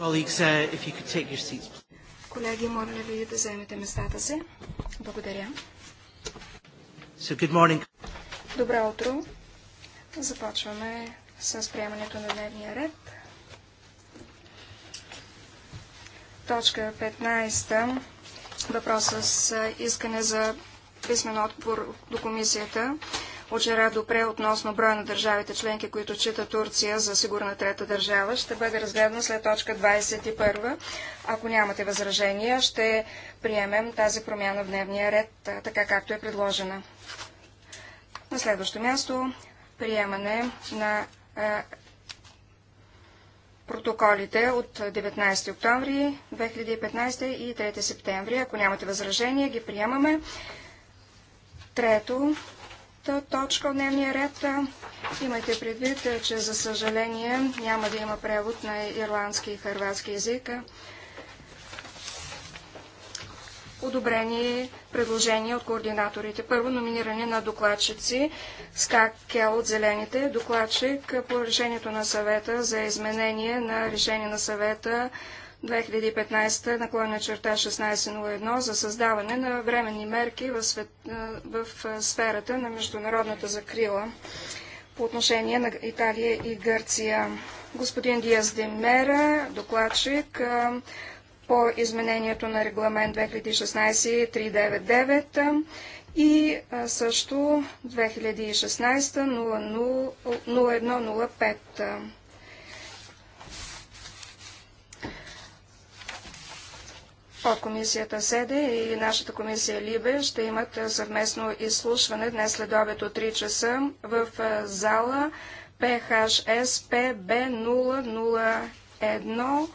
Uh, Колеги, моля ви да заемете местата си. Благодаря. So Добро утро. Започваме с приемането на дневния ред. Точка 15. Въпрос с искане за писмен отпор до комисията от Допре относно броя на държавите членки, които чита Турция за сигурна трета държава, ще бъде разгледана след точка 21. Ако нямате възражения, ще приемем тази промяна в дневния ред, така както е предложена. На следващо място приемане на протоколите от 19 октомври 2015 и 3 септември. Ако нямате възражение, ги приемаме. Трето, пета точка от дневния ред. Имайте предвид, че за съжаление няма да има превод на ирландски и хърватски язик. Одобрени предложения от координаторите. Първо номиниране на докладчици Скак Кел от Зелените, докладчик по решението на съвета за изменение на решение на съвета 2015 наклонна черта 1601 за създаване на временни мерки в, свет, в сферата на международната закрила по отношение на Италия и Гърция. Господин Диас Демера, докладчик по изменението на регламент 2016-399 и също 2016-0105. комисията СЕДЕ и нашата комисия ЛИБЕ ще имат съвместно изслушване днес след обед от 3 часа в зала пхспб 001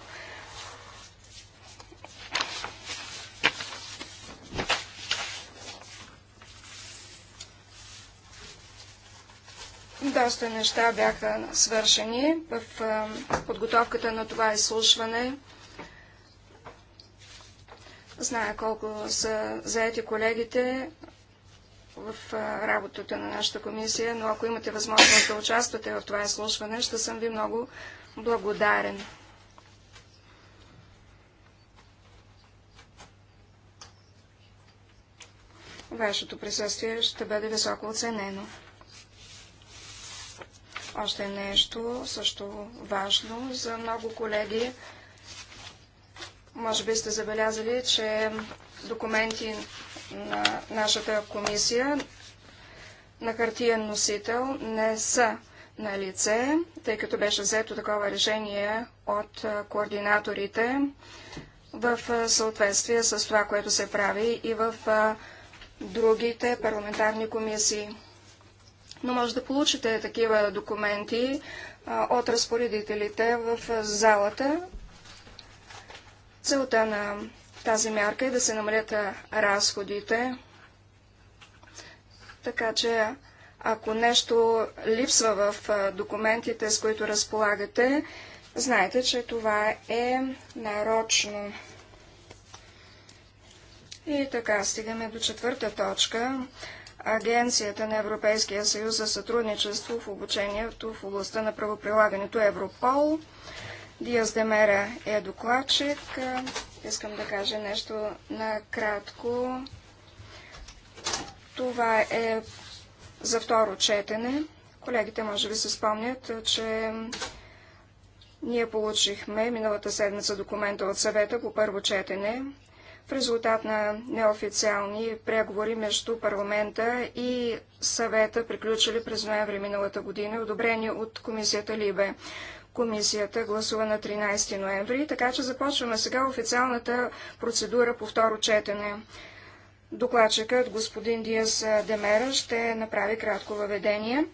Доста неща бяха свършени в подготовката на това изслушване. Зная колко са заети колегите в работата на нашата комисия, но ако имате възможност да участвате в това изслушване, ще съм ви много благодарен. Вашето присъствие ще бъде високо оценено. Още нещо също важно за много колеги може би сте забелязали, че документи на нашата комисия на хартиен носител не са на лице, тъй като беше взето такова решение от координаторите в съответствие с това, което се прави и в другите парламентарни комисии. Но може да получите такива документи от разпоредителите в залата Целта на тази мярка е да се намалят разходите, така че ако нещо липсва в документите, с които разполагате, знаете, че това е нарочно. И така стигаме до четвърта точка. Агенцията на Европейския съюз за сътрудничество в обучението в областта на правоприлагането Европол. Диас Демера е докладчик. Искам да кажа нещо накратко. Това е за второ четене. Колегите може би се спомнят, че ние получихме миналата седмица документа от съвета по първо четене в резултат на неофициални преговори между парламента и съвета, приключили през ноември миналата година, одобрени от комисията Либе. Комисията гласува на 13 ноември, така че започваме сега официалната процедура по второ четене. Докладчикът господин Диас Демера ще направи кратко въведение,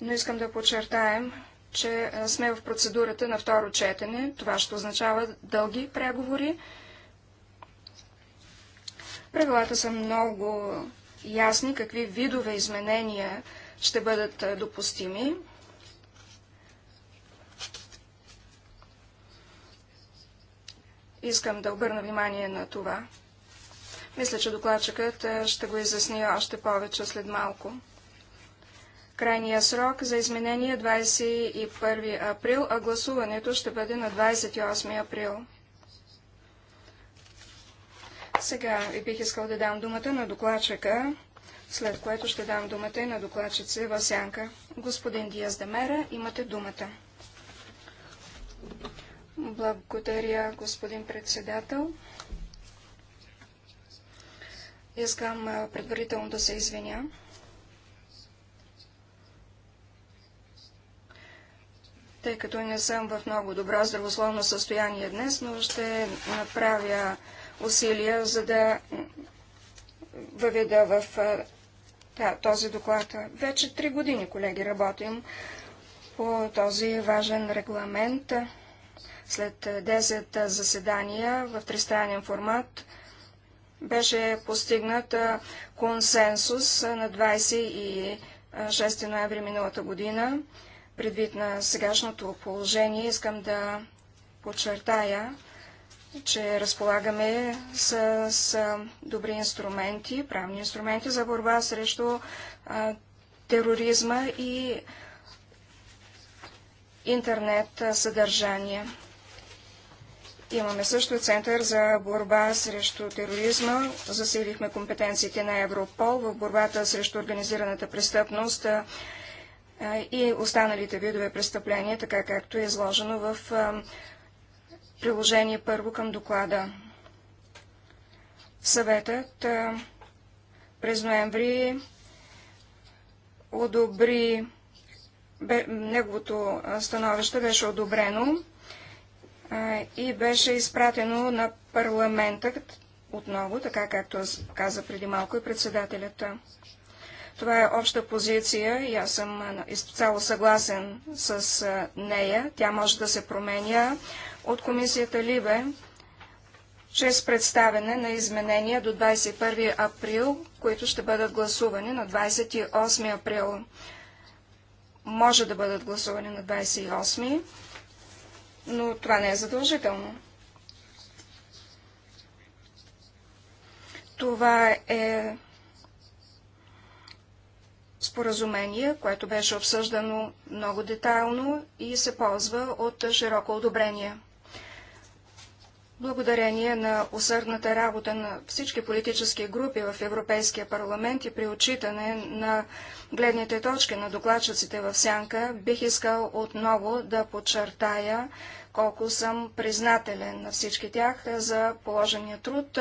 но искам да подчертаем, че сме в процедурата на второ четене. Това ще означава дълги преговори. Правилата са много ясни какви видове изменения ще бъдат допустими. Искам да обърна внимание на това. Мисля, че докладчикът е, ще го изясни още повече след малко. Крайния срок за изменение 21 е април, а гласуването ще бъде на 28 април. Сега и бих искал да дам думата на докладчика, след което ще дам думата и на докладчице Васянка. Господин Диаз Демера, имате думата. Благодаря, господин председател. Искам предварително да се извиня. Тъй като не съм в много добро здравословно състояние днес, но ще направя усилия, за да въведа в да, този доклад. Вече три години, колеги, работим по този важен регламент след 10 е, е, заседания в тристранен формат беше постигнат е, консенсус на 26 ноември миналата година. Предвид на сегашното положение искам да подчертая, че разполагаме с, с добри инструменти, правни инструменти за борба срещу а, тероризма и интернет съдържание. Имаме също Център за борба срещу тероризма. Засилихме компетенциите на Европол в борбата срещу организираната престъпност и останалите видове престъпления, така както е изложено в приложение първо към доклада. Съветът през ноември одобри неговото становище беше одобрено и беше изпратено на парламента отново, така както каза преди малко и председателят. Това е обща позиция и аз съм изцяло съгласен с нея. Тя може да се променя от комисията Либе чрез представяне на изменения до 21 април, които ще бъдат гласувани на 28 април. Може да бъдат гласувани на 28 но това не е задължително. Това е споразумение, което беше обсъждано много детайлно и се ползва от широко одобрение благодарение на усърдната работа на всички политически групи в Европейския парламент и при отчитане на гледните точки на докладчиците в Сянка, бих искал отново да подчертая колко съм признателен на всички тях за положения труд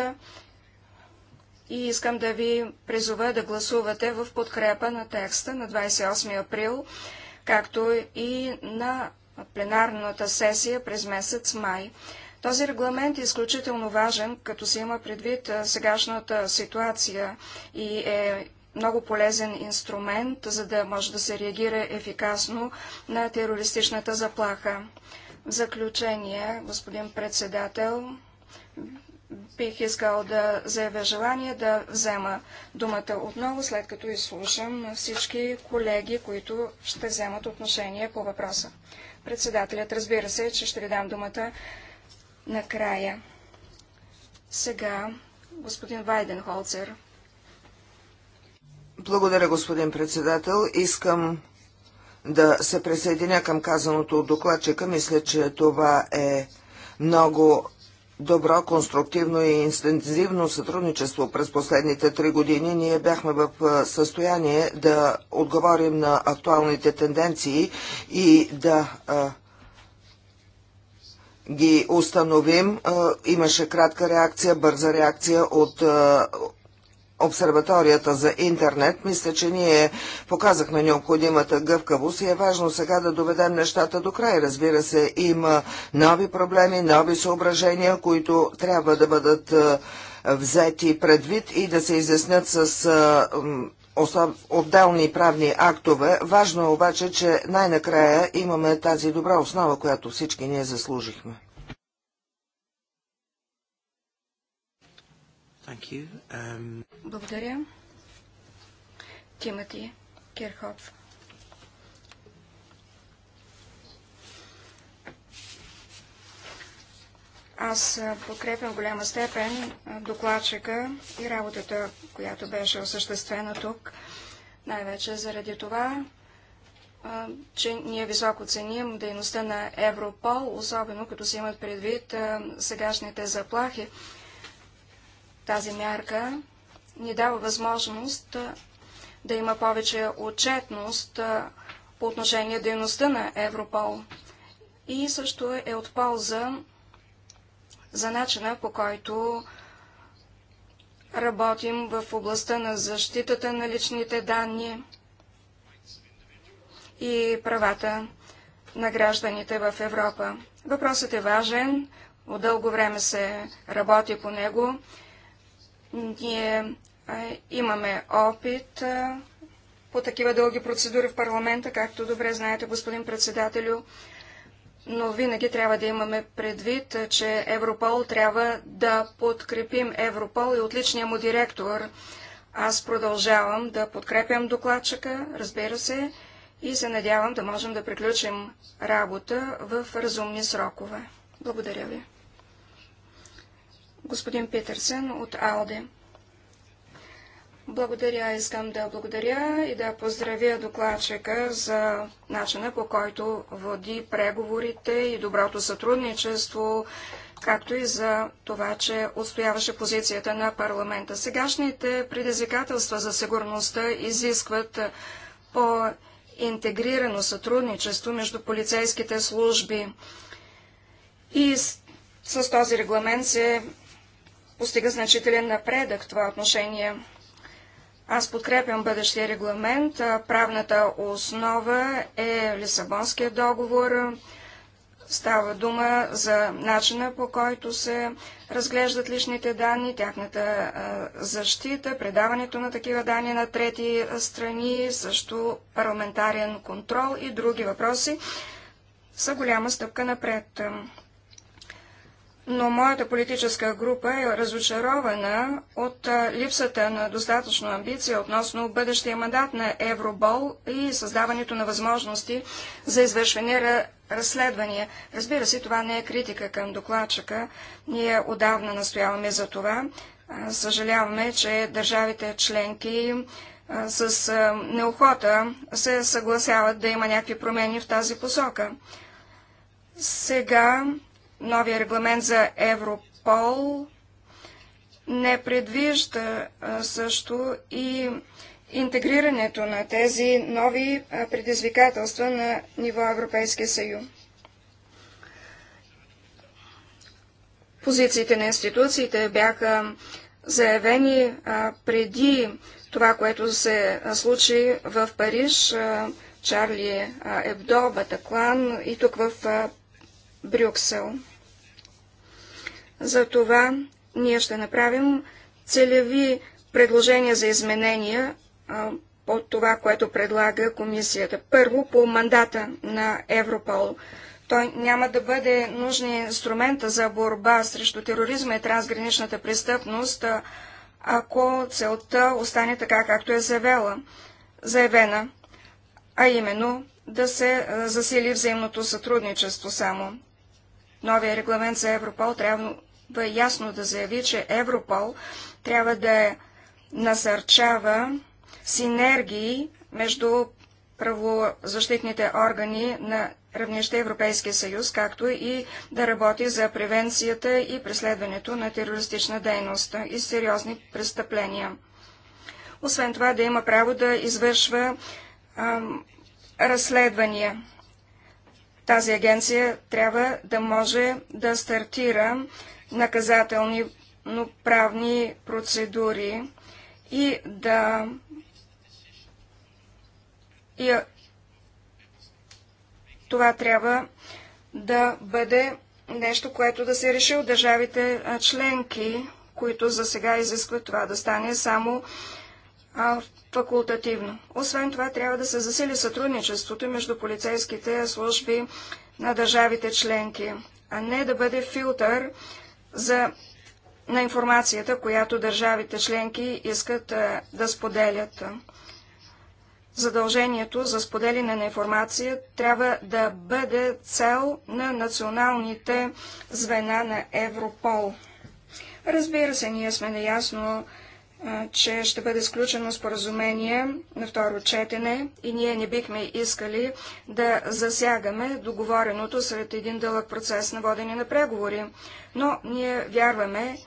и искам да ви призова да гласувате в подкрепа на текста на 28 април, както и на пленарната сесия през месец май. Този регламент е изключително важен, като се има предвид сегашната ситуация и е много полезен инструмент, за да може да се реагира ефикасно на терористичната заплаха. В заключение, господин председател, бих искал да заявя желание да взема думата отново, след като изслушам всички колеги, които ще вземат отношение по въпроса. Председателят разбира се, че ще ви дам думата накрая. Сега господин Вайденхолцер. Благодаря, господин председател. Искам да се присъединя към казаното от докладчика. Мисля, че това е много добро, конструктивно и интензивно сътрудничество през последните три години ние бяхме в състояние да отговорим на актуалните тенденции и да ги установим. Имаше кратка реакция, бърза реакция от обсерваторията за интернет, мисля, че ние показахме необходимата гъвкавост и е важно сега да доведем нещата до край. Разбира се, има нови проблеми, нови съображения, които трябва да бъдат взети предвид и да се изяснят с отделни правни актове. Важно е обаче, че най-накрая имаме тази добра основа, която всички ние заслужихме. Um... Благодаря. Тимати Кирхов. Аз подкрепям в голяма степен докладчика и работата, която беше осъществена тук, най-вече заради това, че ние високо ценим дейността на Европол, особено като се имат предвид сегашните заплахи. Тази мярка ни дава възможност да има повече отчетност по отношение дейността на Европол. И също е от полза за начина по който работим в областта на защитата на личните данни и правата на гражданите в Европа. Въпросът е важен, от дълго време се работи по него. Ние имаме опит по такива дълги процедури в парламента, както добре знаете, господин председателю но винаги трябва да имаме предвид, че Европол трябва да подкрепим Европол и отличния му директор. Аз продължавам да подкрепям докладчика, разбира се, и се надявам да можем да приключим работа в разумни срокове. Благодаря ви. Господин Питерсен от Алде. Благодаря. Искам да благодаря и да поздравя докладчика за начина по който води преговорите и доброто сътрудничество, както и за това, че отстояваше позицията на парламента. Сегашните предизвикателства за сигурността изискват по-интегрирано сътрудничество между полицейските служби. И с, с този регламент се постига значителен напредък в това отношение. Аз подкрепям бъдещия регламент. Правната основа е Лисабонския договор. Става дума за начина по който се разглеждат личните данни, тяхната защита, предаването на такива данни на трети страни, също парламентарен контрол и други въпроси са голяма стъпка напред но моята политическа група е разочарована от липсата на достатъчно амбиция относно бъдещия мандат на Евробол и създаването на възможности за извършване разследвания. Разбира се, това не е критика към докладчика. Ние отдавна настояваме за това. Съжаляваме, че държавите членки с неохота се съгласяват да има някакви промени в тази посока. Сега Новия регламент за Европол не предвижда също и интегрирането на тези нови предизвикателства на ниво Европейския съюз. Позициите на институциите бяха заявени преди това, което се случи в Париж, Чарли Ебдо, Батаклан и тук в Брюксел. За това ние ще направим целеви предложения за изменения от това, което предлага комисията. Първо, по мандата на Европол. Той няма да бъде нужни инструмента за борба срещу тероризма и трансграничната престъпност, ако целта остане така, както е заявела, заявена, а именно да се засили взаимното сътрудничество само. Новия регламент за Европол трябва ясно да заяви, че Европол трябва да насърчава синергии между правозащитните органи на равнище Европейския съюз, както и да работи за превенцията и преследването на терористична дейност и сериозни престъпления. Освен това да има право да извършва ам, разследвания. Тази агенция трябва да може да стартира наказателни но правни процедури и да и това трябва да бъде нещо, което да се реши от държавите членки, които за сега изискват това да стане само а, факултативно. Освен това, трябва да се засили сътрудничеството между полицейските служби на държавите членки, а не да бъде филтър за, на информацията, която държавите членки искат а, да споделят. Задължението за споделяне на информация трябва да бъде цел на националните звена на Европол. Разбира се, ние сме наясно, че ще бъде сключено споразумение на второ четене и ние не бихме искали да засягаме договореното сред един дълъг процес на водене на преговори. Но ние вярваме,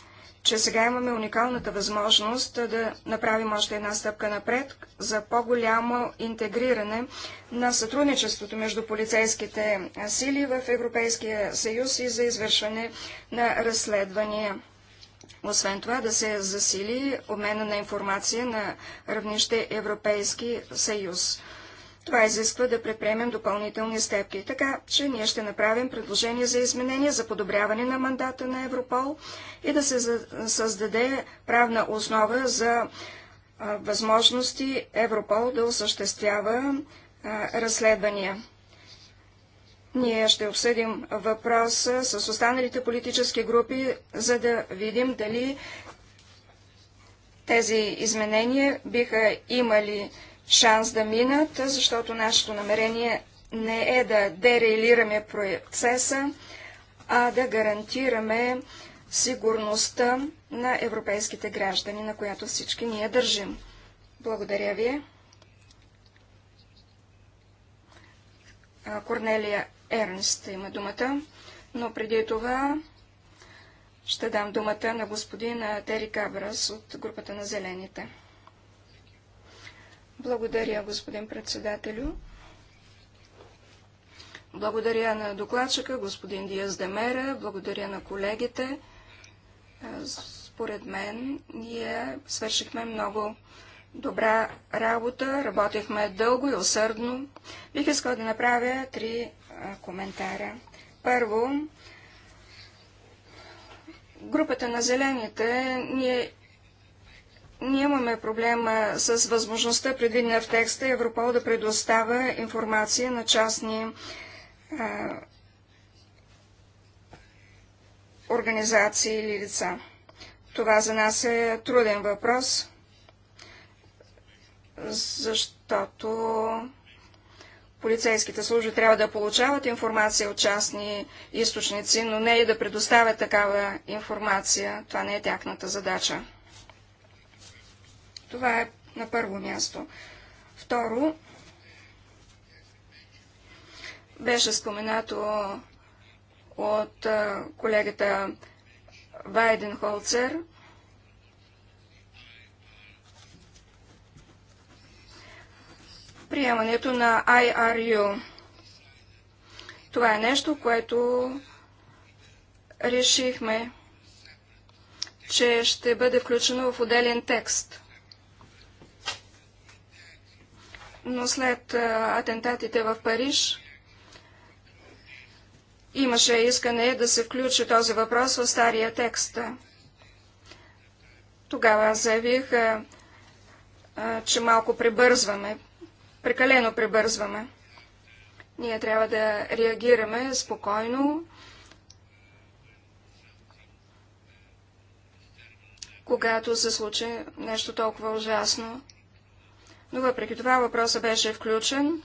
че сега имаме уникалната възможност да направим още една стъпка напред за по-голямо интегриране на сътрудничеството между полицейските сили в Европейския съюз и за извършване на разследвания. Освен това да се засили обмена на информация на равнище Европейски съюз. Това изисква да предприемем допълнителни степки, така че ние ще направим предложение за изменение за подобряване на мандата на Европол и да се създаде правна основа за възможности Европол да осъществява разследвания. Ние ще обсъдим въпроса с останалите политически групи, за да видим дали тези изменения биха имали шанс да минат, защото нашето намерение не е да дереилираме процеса, а да гарантираме сигурността на европейските граждани, на която всички ние държим. Благодаря ви. Корнелия Ернст има думата, но преди това ще дам думата на господин Тери Кабрас от групата на Зелените. Благодаря, господин председателю. Благодаря на докладчика, господин Диас Демера, благодаря на колегите. Според мен ние свършихме много добра работа, работихме дълго и усърдно. Бих искал да направя три коментара. Първо, групата на зелените ние ние имаме проблема с възможността, предвидена в текста, Европол да предоставя информация на частни а, организации или лица. Това за нас е труден въпрос, защото полицейските служби трябва да получават информация от частни източници, но не и да предоставят такава информация. Това не е тяхната задача. Това е на първо място. Второ, беше споменато от колегата Вайден Холцер. приемането на IRU. Това е нещо, което решихме, че ще бъде включено в отделен текст. Но след атентатите в Париж имаше искане да се включи този въпрос в стария текст. Тогава заявих, че малко прибързваме Прекалено пребързваме. Ние трябва да реагираме спокойно, когато се случи нещо толкова ужасно. Но въпреки това въпросът беше включен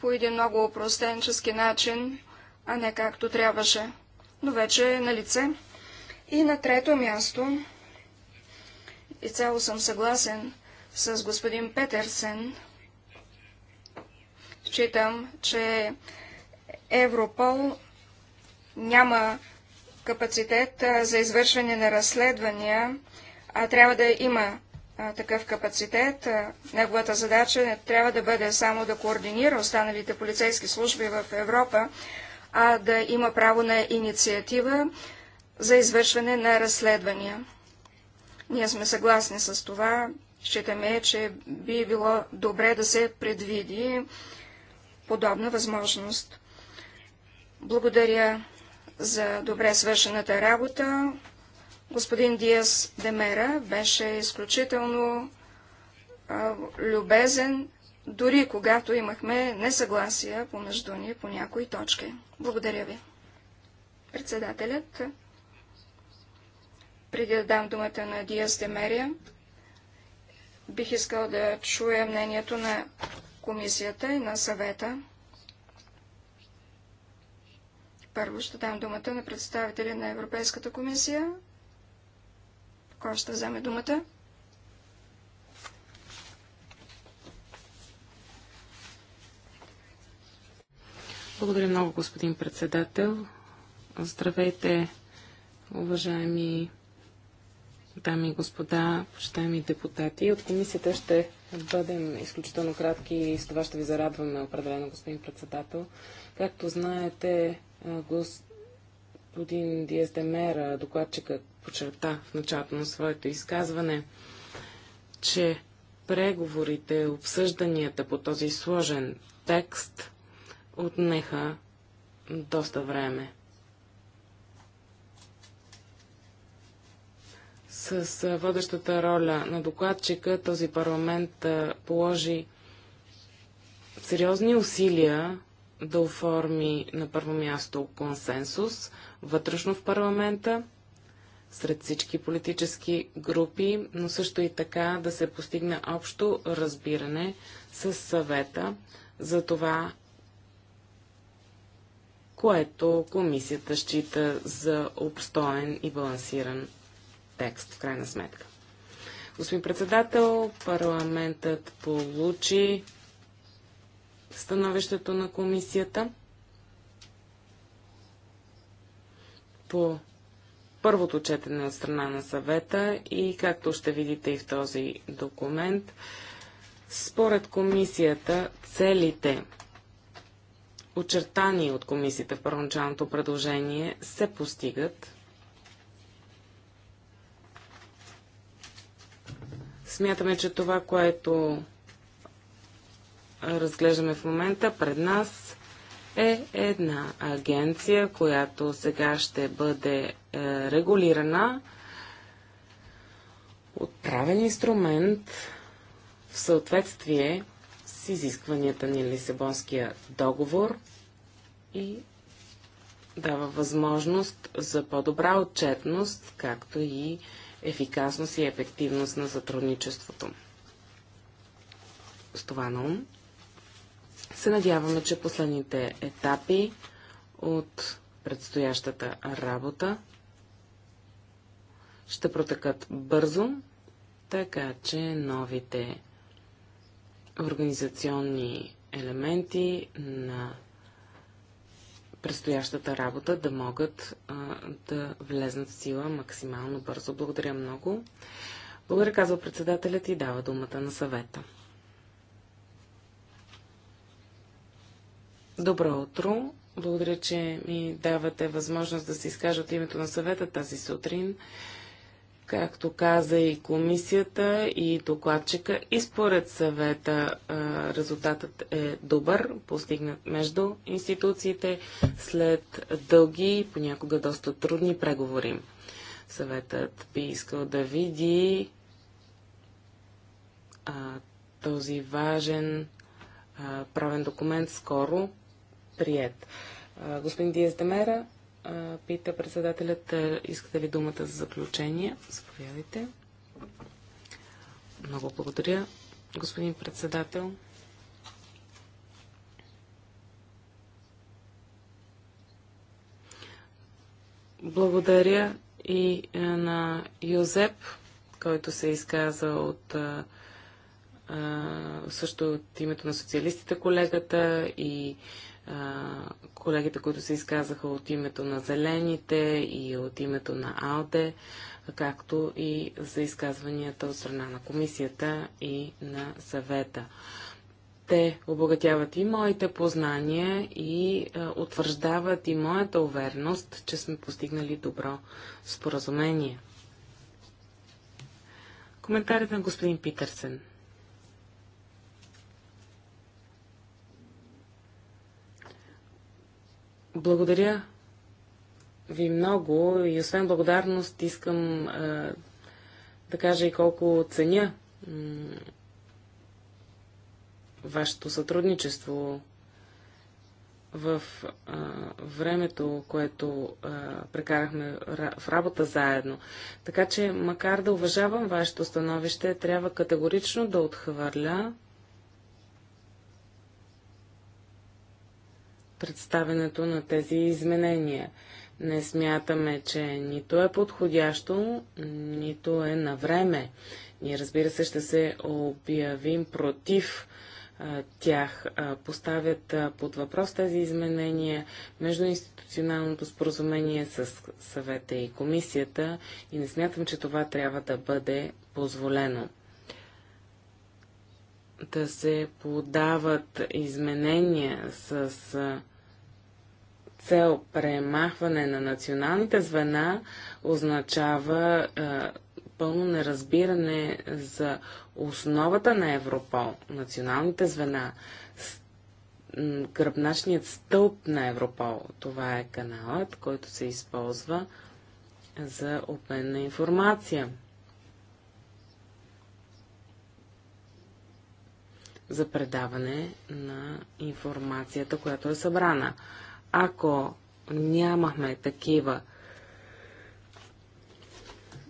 по един много упростенчески начин, а не както трябваше, но вече е на лице. И на трето място, и цяло съм съгласен с господин Петерсен. Считам, че Европол няма капацитет за извършване на разследвания, а трябва да има такъв капацитет. Неговата задача не трябва да бъде само да координира останалите полицейски служби в Европа, а да има право на инициатива за извършване на разследвания. Ние сме съгласни с това, Считаме, че би било добре да се предвиди подобна възможност. Благодаря за добре свършената работа. Господин Диас Демера беше изключително а, любезен, дори когато имахме несъгласия помежду ни по някои точки. Благодаря ви. Председателят, преди да дам думата на Диас Демерия, Бих искал да чуя мнението на комисията и на съвета. Първо ще дам думата на представителя на Европейската комисия. Кой ще вземе думата? Благодаря много, господин председател. Здравейте, уважаеми дами и господа, почитаеми депутати. От комисията ще бъдем изключително кратки и с това ще ви зарадваме определено, господин председател. Както знаете, господин Диес Демера, докладчикът, почерта в началото на своето изказване, че преговорите, обсъжданията по този сложен текст отнеха доста време. с водещата роля на докладчика този парламент положи сериозни усилия да оформи на първо място консенсус вътрешно в парламента, сред всички политически групи, но също и така да се постигне общо разбиране с съвета за това, което комисията счита за обстоен и балансиран текст, в крайна сметка. Господин председател, парламентът получи становището на комисията по първото четене от страна на съвета и както ще видите и в този документ, според комисията целите очертани от комисията в първоначалното предложение се постигат Смятаме, че това, което разглеждаме в момента пред нас е една агенция, която сега ще бъде е, регулирана от правен инструмент в съответствие с изискванията на Лисабонския договор и дава възможност за по-добра отчетност, както и ефикасност и ефективност на сътрудничеството. С това на ум се надяваме, че последните етапи от предстоящата работа ще протекат бързо, така че новите организационни елементи на предстоящата работа да могат а, да влезнат в сила максимално бързо. Благодаря много. Благодаря, казва председателят и дава думата на съвета. Добро утро! Благодаря, че ми давате възможност да се изкажа от името на съвета тази сутрин. Както каза и комисията, и докладчика, и според съвета резултатът е добър, постигнат между институциите след дълги и понякога доста трудни преговори. Съветът би искал да види а, този важен а, правен документ скоро прият. А, господин Диез Демера пита председателят. Искате ли думата за заключение? Заповядайте. Много благодаря, господин председател. Благодаря и на Юзеп, който се изказа от също от името на социалистите колегата и колегите, които се изказаха от името на Зелените и от името на АЛДЕ, както и за изказванията от страна на комисията и на съвета. Те обогатяват и моите познания и а, утвърждават и моята увереност, че сме постигнали добро споразумение. Коментарите на господин Питърсен – Благодаря ви много и освен благодарност искам а, да кажа и колко ценя вашето сътрудничество в а, времето, което а, прекарахме в работа заедно. Така че, макар да уважавам вашето становище, трябва категорично да отхвърля представенето на тези изменения. Не смятаме, че нито е подходящо, нито е на време. Ние, разбира се, ще се обявим против а, тях. А, поставят а, под въпрос тези изменения между институционалното споразумение с съвета и комисията и не смятам, че това трябва да бъде позволено да се подават изменения с цел премахване на националните звена означава е, пълно неразбиране за основата на Европол, националните звена, гръбначният стълб на Европол. Това е каналът, който се използва за обмен на информация. за предаване на информацията, която е събрана. Ако нямахме такива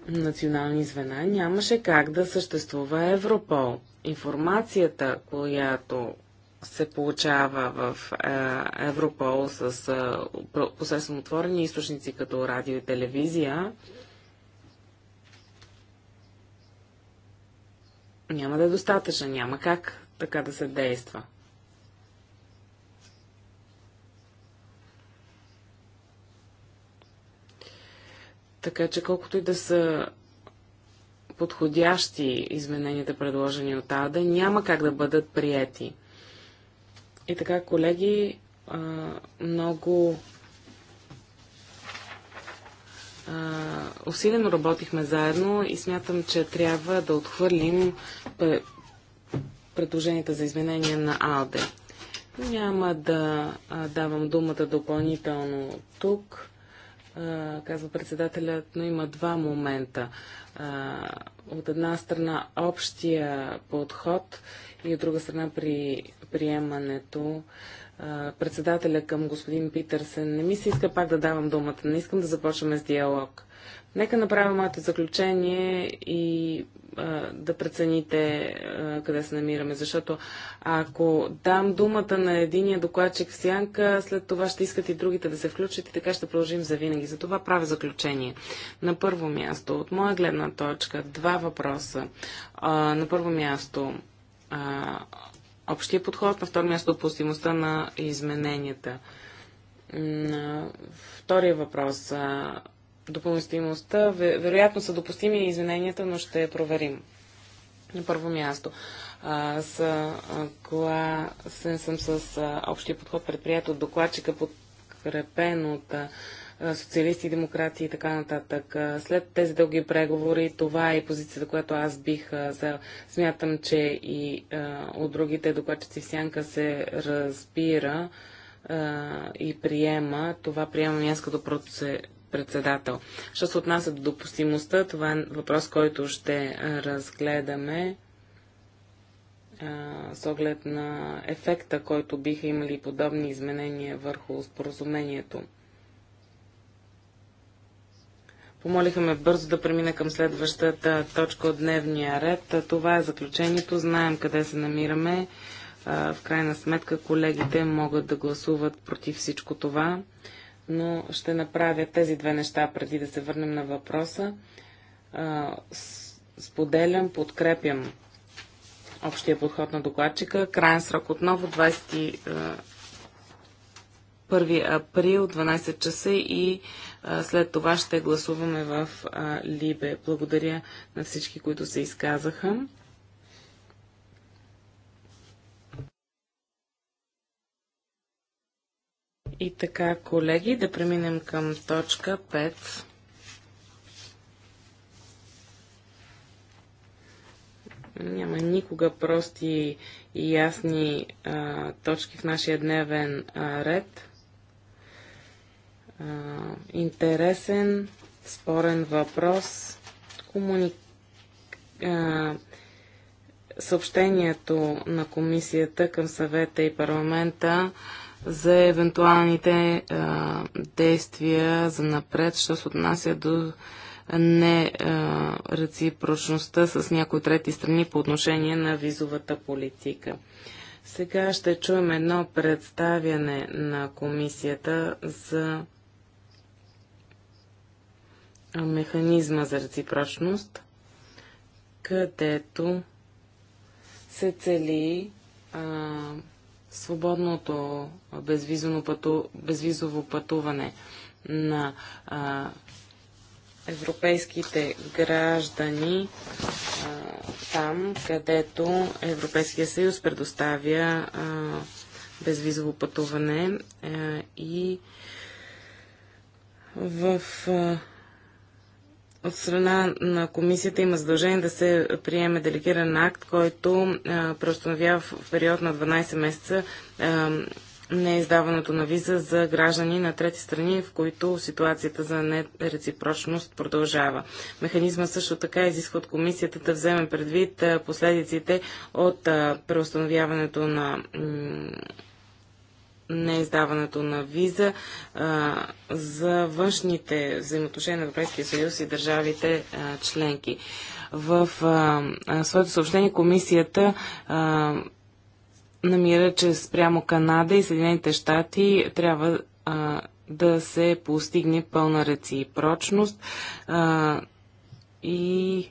национални звена, нямаше как да съществува Европол. Информацията, която се получава в е, Европол с е, посредством отворени източници като радио и телевизия, няма да е достатъчна, няма как така да се действа. Така че колкото и да са подходящи измененията, предложени от АДА, няма как да бъдат приети. И така, колеги, много усилено работихме заедно и смятам, че трябва да отхвърлим предложенията за изменения на АЛДЕ. Няма да давам думата допълнително тук казва председателят, но има два момента. От една страна общия подход и от друга страна при приемането председателя към господин Питърсен. Не ми се иска пак да давам думата. Не искам да започваме с диалог. Нека направя моето заключение и а, да прецените а, къде се намираме, защото ако дам думата на единия докладчик в сянка, след това ще искат и другите да се включат и така ще продължим за винаги. Затова правя заключение. На първо място, от моя гледна точка, два въпроса. А, на първо място, а, общия подход, на второ място, допустимостта на измененията. На втория въпрос. А, допустимостта. Вероятно са допустими извиненията, но ще проверим. На първо място. Съгласен съм с а, общия подход, предприят от докладчика, подкрепен от а, социалисти, демократи и така нататък. А, след тези дълги преговори, това е позицията, която аз бих взел. Смятам, че и от другите докладчици в сянка се разбира и приема. Това приемам аз като процедура председател. Що се отнася до допустимостта, това е въпрос, който ще разгледаме с оглед на ефекта, който биха имали подобни изменения върху споразумението. Помолиха ме бързо да премина към следващата точка от дневния ред. Това е заключението. Знаем къде се намираме. В крайна сметка колегите могат да гласуват против всичко това но ще направя тези две неща преди да се върнем на въпроса. Споделям, подкрепям общия подход на докладчика. Крайен срок отново 21 април, 12 часа и след това ще гласуваме в Либе. Благодаря на всички, които се изказаха. И така, колеги, да преминем към точка 5. Няма никога прости и ясни а, точки в нашия дневен а, ред. А, интересен, спорен въпрос. Комуни... А, съобщението на комисията към съвета и парламента а, за евентуалните а, действия за напред, що се отнася до не а, реципрочността с някои трети страни по отношение на визовата политика. Сега ще чуем едно представяне на комисията за механизма за реципрочност, където се цели а, свободното пъту, безвизово пътуване на а, европейските граждани а, там, където Европейския съюз предоставя а, безвизово пътуване а, и в а, от страна на комисията има задължение да се приеме делегиран акт, който преустановява в период на 12 месеца не неиздаването на виза за граждани на трети страни, в които ситуацията за нереципрочност продължава. Механизма също така изисква от комисията да вземе предвид последиците от преустановяването на неиздаването на виза а, за външните взаимоотношения на Европейския съюз и държавите а, членки. В а, а, своето съобщение комисията а, намира, че спрямо Канада и Съединените щати трябва а, да се постигне пълна реципрочност а, и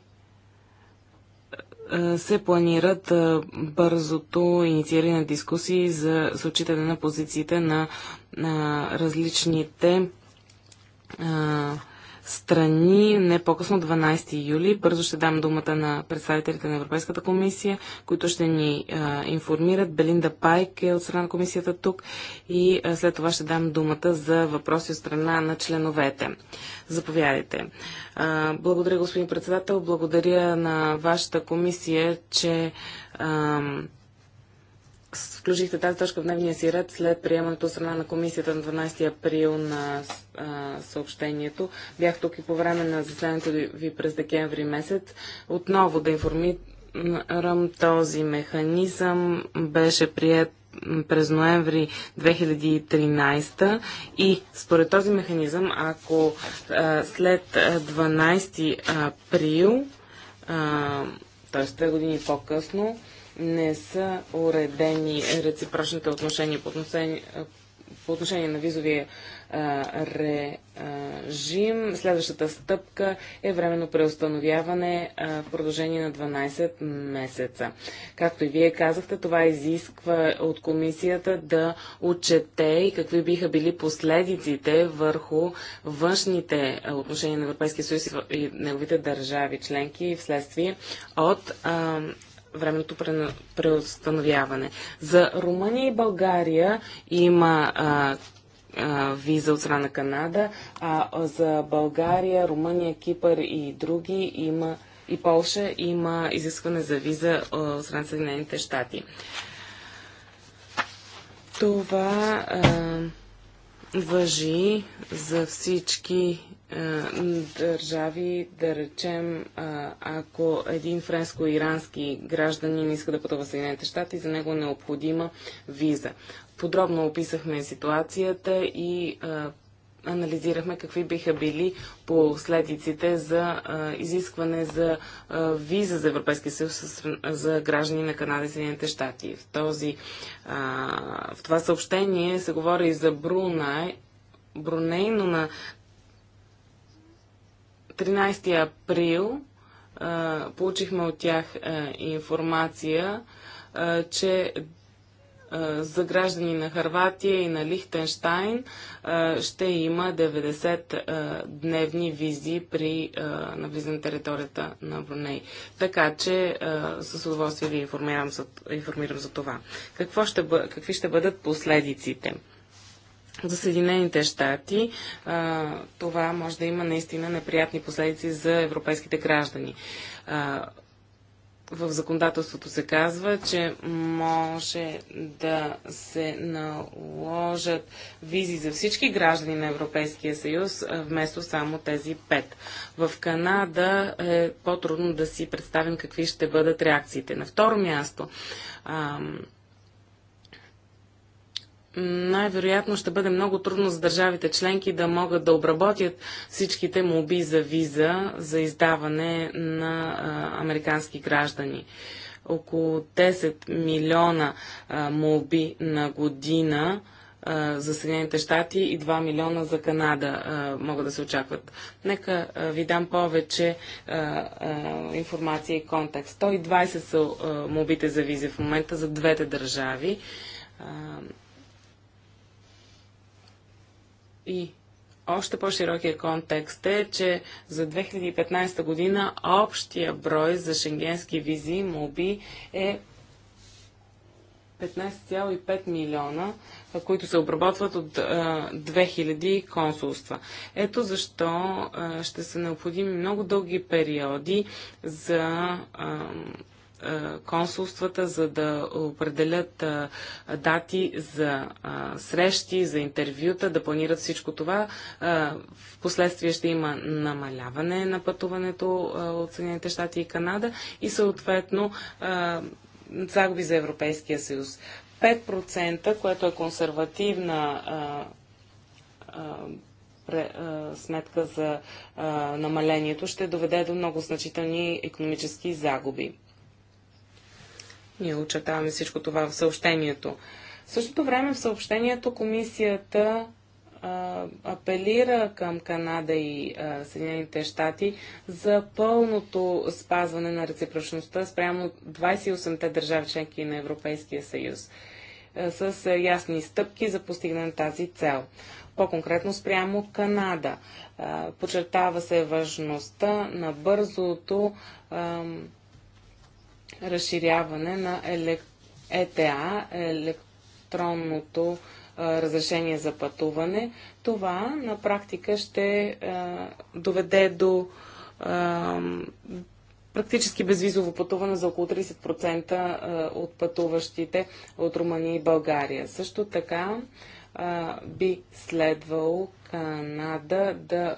е, се планират е, бързото иницииране на дискусии за, за на позициите на, на различните а, е, страни не по-късно 12 юли. Бързо ще дам думата на представителите на Европейската комисия, които ще ни а, информират. Белинда Пайк е от страна на комисията тук и а, след това ще дам думата за въпроси от страна на членовете. Заповядайте. А, благодаря, господин председател. Благодаря на вашата комисия, че. А, включихте тази точка в дневния си ред след приемането от страна на комисията на 12 април на а, съобщението. Бях тук и по време на заседанието ви през декември месец. Отново да информирам този механизъм беше прият през ноември 2013 и според този механизъм, ако а, след 12 април, т.е. 2 години по-късно, не са уредени реципрочните отношения по отношение, по отношение на визовия а, режим. Следващата стъпка е временно преустановяване а, в продължение на 12 месеца. Както и вие казахте, това изисква от комисията да отчете и какви биха били последиците върху външните отношения на Европейския съюз и неговите държави членки вследствие от а, временното преустановяване. За Румъния и България има а, а, виза от страна на Канада, а за България, Румъния, Кипър и други има и Полша има изискване за виза от страна Съединените щати. Това а, въжи за всички държави, да речем, ако един френско-ирански гражданин иска да пътува в Съединените щати, за него е необходима виза. Подробно описахме ситуацията и анализирахме какви биха били последиците за а, изискване за а, виза за Европейския съюз за граждани на Канада и Съединените щати. В, този, в това съобщение се говори и за бруна, Бруней, но на 13 април а, получихме от тях а, информация, а, че за граждани на Харватия и на Лихтенштайн ще има 90 дневни визи при навлизане на територията на Бруней. Така че с удоволствие ви информирам за, информирам за това. Какво ще бъ, какви ще бъдат последиците? за Съединените щати, това може да има наистина неприятни последици за европейските граждани. В законодателството се казва, че може да се наложат визи за всички граждани на Европейския съюз, вместо само тези пет. В Канада е по-трудно да си представим какви ще бъдат реакциите. На второ място, най-вероятно ще бъде много трудно за държавите членки да могат да обработят всичките молби за виза за издаване на американски граждани. Около 10 милиона молби на година за Съединените щати и 2 милиона за Канада могат да се очакват. Нека ви дам повече информация и контекст. 120 са молбите за визи в момента за двете държави и още по-широкия контекст е, че за 2015 година общия брой за шенгенски визи моби е 15,5 милиона, които се обработват от 2000 консулства. Ето защо ще са необходими много дълги периоди за е, консулствата, за да определят е, дати за е, срещи, за интервюта, да планират всичко това. В последствие ще има намаляване на пътуването от Съединените щати и Канада и съответно загуби за Европейския съюз. 5%, което е консервативна а, сметка за намалението, ще доведе до много значителни економически загуби. Ние очертаваме всичко това в съобщението. В същото време в съобщението комисията а, апелира към Канада и а, Съединените щати за пълното спазване на реципрочността спрямо 28-те държави членки на Европейския съюз а, с ясни стъпки за постигане на тази цел. По-конкретно спрямо Канада. Подчертава се важността на бързото разширяване на елек... ЕТА, електронното а, разрешение за пътуване. Това на практика ще а, доведе до а, практически безвизово пътуване за около 30% от пътуващите от Румъния и България. Също така би следвало Канада да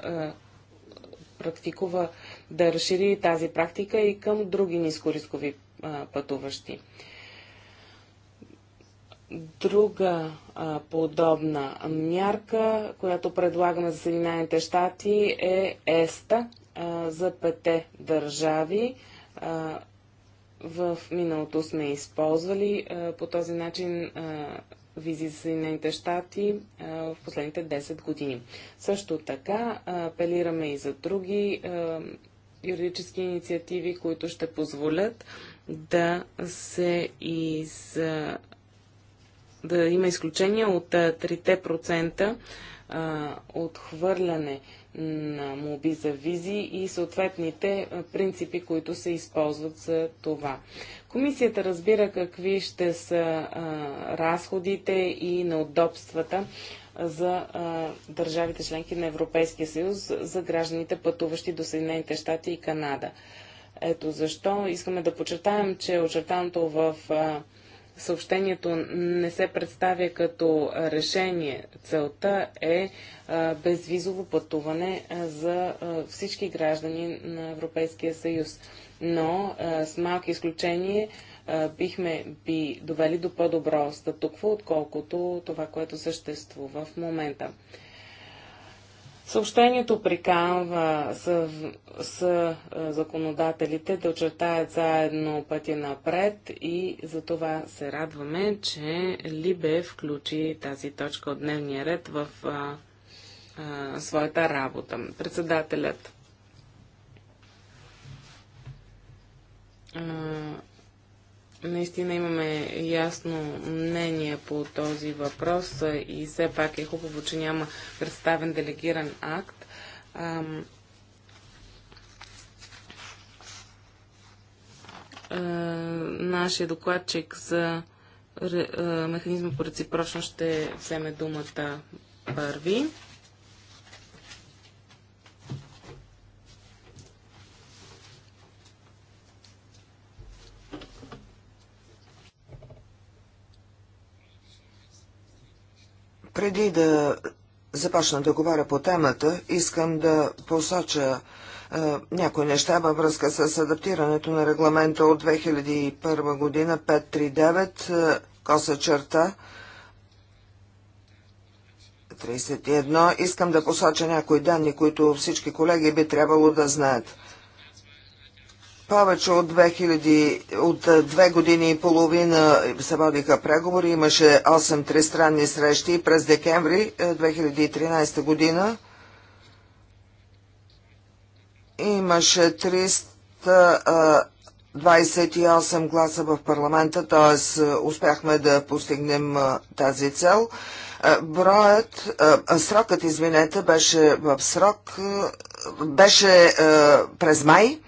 практикува, да разшири тази практика и към други нискорискови пътуващи. Друга а, подобна мярка, която предлагаме за Съединените щати е ЕСТА а, за пете държави. А, в миналото сме използвали а, по този начин а, визи за Съединените щати в последните 10 години. Също така апелираме и за други юридически инициативи, които ще позволят да се из... да има изключение от 3% отхвърляне на моби за визи и съответните принципи, които се използват за това. Комисията разбира какви ще са разходите и неудобствата за държавите членки на Европейския съюз, за гражданите пътуващи до Съединените щати и Канада. Ето защо искаме да подчертаем, че очертаното в съобщението не се представя като решение. Целта е безвизово пътуване за всички граждани на Европейския съюз. Но с малки изключение бихме би довели до по-добро статукво, отколкото това, което съществува в момента. Съобщението приканва с, законодателите да очертаят заедно пътя напред и за това се радваме, че Либе включи тази точка от дневния ред в а, а, своята работа. Председателят а, Наистина имаме ясно мнение по този въпрос и все пак е хубаво, че няма представен делегиран акт. Ам... А, нашия докладчик за механизма по реципрочност ще вземе думата първи. Преди да започна да говоря по темата, искам да посоча е, някои неща във връзка с адаптирането на регламента от 2001 година 539 е, коса черта 31. Искам да посоча някои данни, които всички колеги би трябвало да знаят повече от, 2000, от е, две години и половина се водиха преговори. Имаше 8 тристранни срещи през декември 2013 е, година. Имаше 328 е, гласа в парламента, т.е. успяхме да постигнем тази цел. Броят, срокът, извинете, беше в срок, беше през май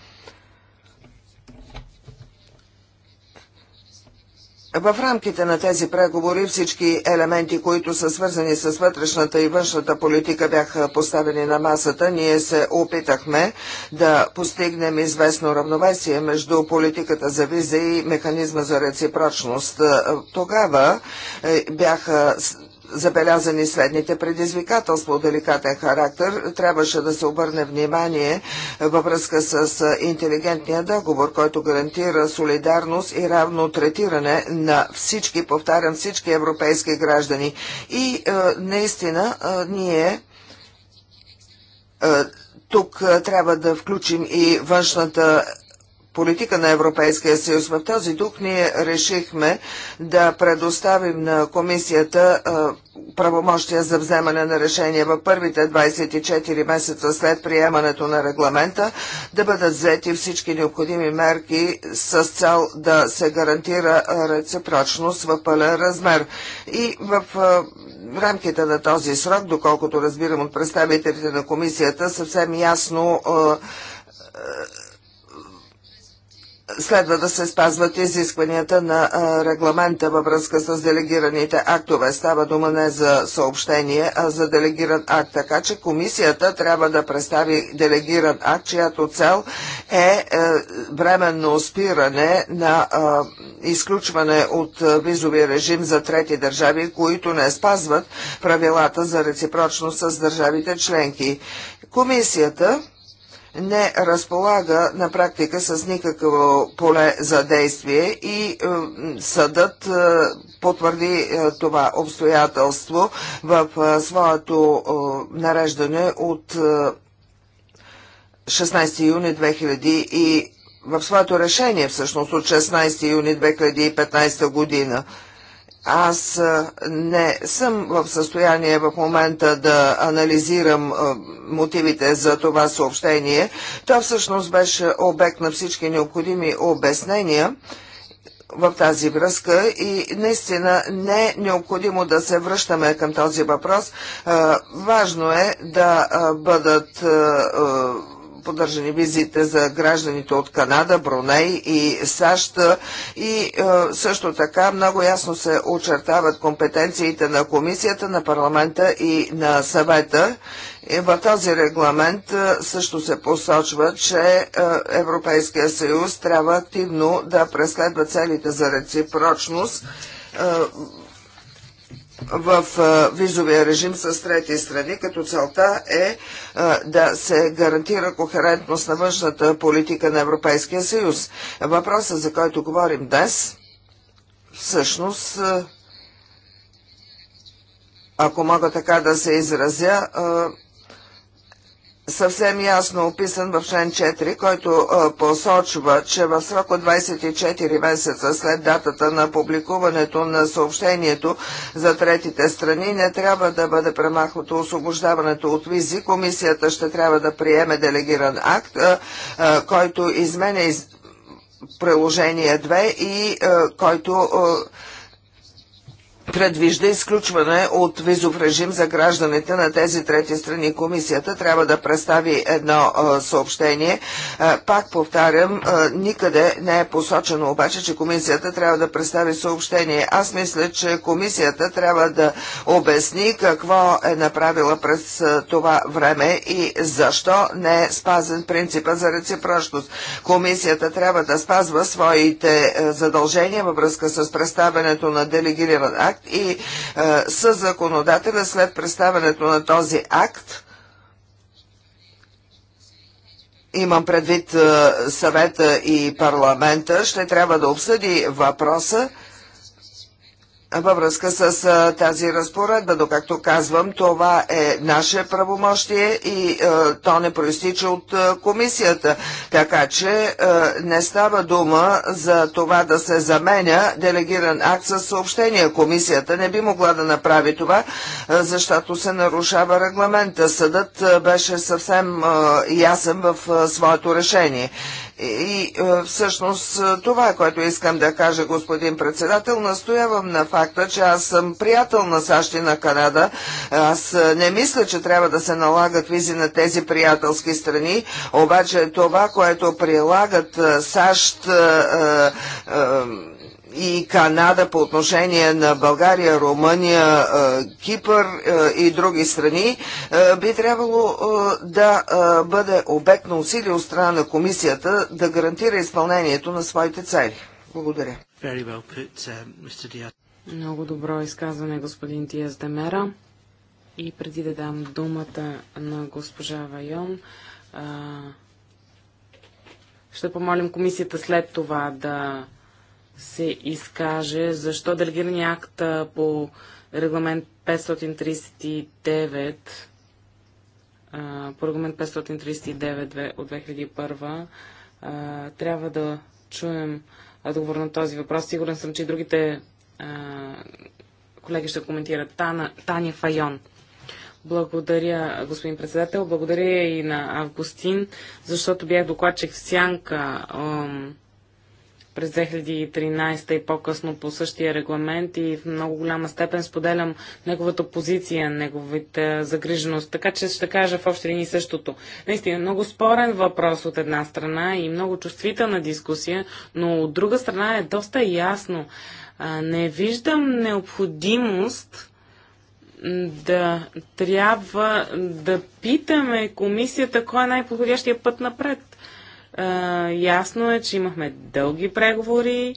в рамките на тези преговори всички елементи, които са свързани с вътрешната и външната политика, бяха поставени на масата. Ние се опитахме да постигнем известно равновесие между политиката за виза и механизма за реципрочност. Тогава е, бяха забелязани следните предизвикателства от деликатен характер. Трябваше да се обърне внимание във връзка с интелигентния договор, който гарантира солидарност и равно третиране на всички, повтарям, всички европейски граждани. И е, наистина е, ние е, тук е, трябва да включим и външната политика на Европейския съюз. В този дух ние решихме да предоставим на комисията правомощия за вземане на решение в първите 24 месеца след приемането на регламента да бъдат взети всички необходими мерки с цел да се гарантира реципрочност в пълен размер. И в рамките на този срок, доколкото разбирам от представителите на комисията, съвсем ясно следва да се спазват изискванията на регламента във връзка с делегираните актове. Става дума не за съобщение, а за делегиран акт, така че комисията трябва да представи делегиран акт, чиято цел е, е временно спиране на изключване от визови режим за трети държави, които не спазват правилата за реципрочност с държавите членки. Комисията не разполага на практика с никакво поле за действие и е, съдът е, потвърди е, това обстоятелство в своето нареждане от 16 юни 2000 и в своето решение всъщност от 16 юни 2015 година. Аз не съм в състояние в момента да анализирам мотивите за това съобщение. То всъщност беше обект на всички необходими обяснения в тази връзка и наистина не е необходимо да се връщаме към този въпрос. Важно е да бъдат поддържани визите за гражданите от Канада, Бруней и САЩ и е, също така много ясно се очертават компетенциите на комисията, на парламента и на съвета. И в този регламент е, също се посочва, че е, Европейския съюз трябва активно да преследва целите за реципрочност в визовия режим с трети страни, като целта е да се гарантира кохерентност на външната политика на Европейския съюз. Въпросът, за който говорим днес, всъщност, ако мога така да се изразя, съвсем ясно описан в член 4, който а, посочва, че в срок от 24 месеца след датата на публикуването на съобщението за третите страни не трябва да бъде премахнато освобождаването от визи. Комисията ще трябва да приеме делегиран акт, а, а, който изменя из... приложение 2 и който предвижда изключване от визов режим за гражданите на тези трети страни. Комисията трябва да представи едно а, съобщение. А, пак повтарям, а, никъде не е посочено обаче, че комисията трябва да представи съобщение. Аз мисля, че комисията трябва да обясни какво е направила през това време и защо не е спазен принципа за реципрочност. Комисията трябва да спазва своите задължения във връзка с представянето на делегиран акт акт и е, със законодателя след представянето на този акт имам предвид е, съвета и парламента, ще трябва да обсъди въпроса във връзка с а, тази разпоредба. докато казвам, това е наше правомощие и а, то не проистича от а, комисията. Така че а, не става дума за това да се заменя делегиран акт с съобщение. Комисията не би могла да направи това, а, защото се нарушава регламента. Съдът а, беше съвсем а, ясен в а, своето решение. И е, всъщност е, това е което искам да кажа, господин председател. Настоявам на факта, че аз съм приятел на САЩ и на Канада. Аз не мисля, че трябва да се налагат визи на тези приятелски страни, обаче това, което прилагат САЩ е, е, и Канада по отношение на България, Румъния, е, Кипър е, и други страни, е, би трябвало да бъде обект на усилие от страна на комисията да гарантира изпълнението на своите цели. Благодаря. Uh, Много добро изказване, господин Диас Демера. И преди да дам думата на госпожа Вайон, ще помолим комисията след това да се изкаже защо делегирания акт по регламент 539 по регламент 539 от 2001 трябва да чуем отговор на този въпрос. Сигурен съм, че и другите колеги ще коментират. Тана, Таня Файон. Благодаря, господин председател. Благодаря и на Августин, защото бях докладчик в Сянка през 2013 и по-късно по същия регламент и в много голяма степен споделям неговата позиция, неговите загриженост. Така че ще кажа в общи линии същото. Наистина, много спорен въпрос от една страна и много чувствителна дискусия, но от друга страна е доста ясно. не виждам необходимост да трябва да питаме комисията кой е най-подходящия път напред ясно е, че имахме дълги преговори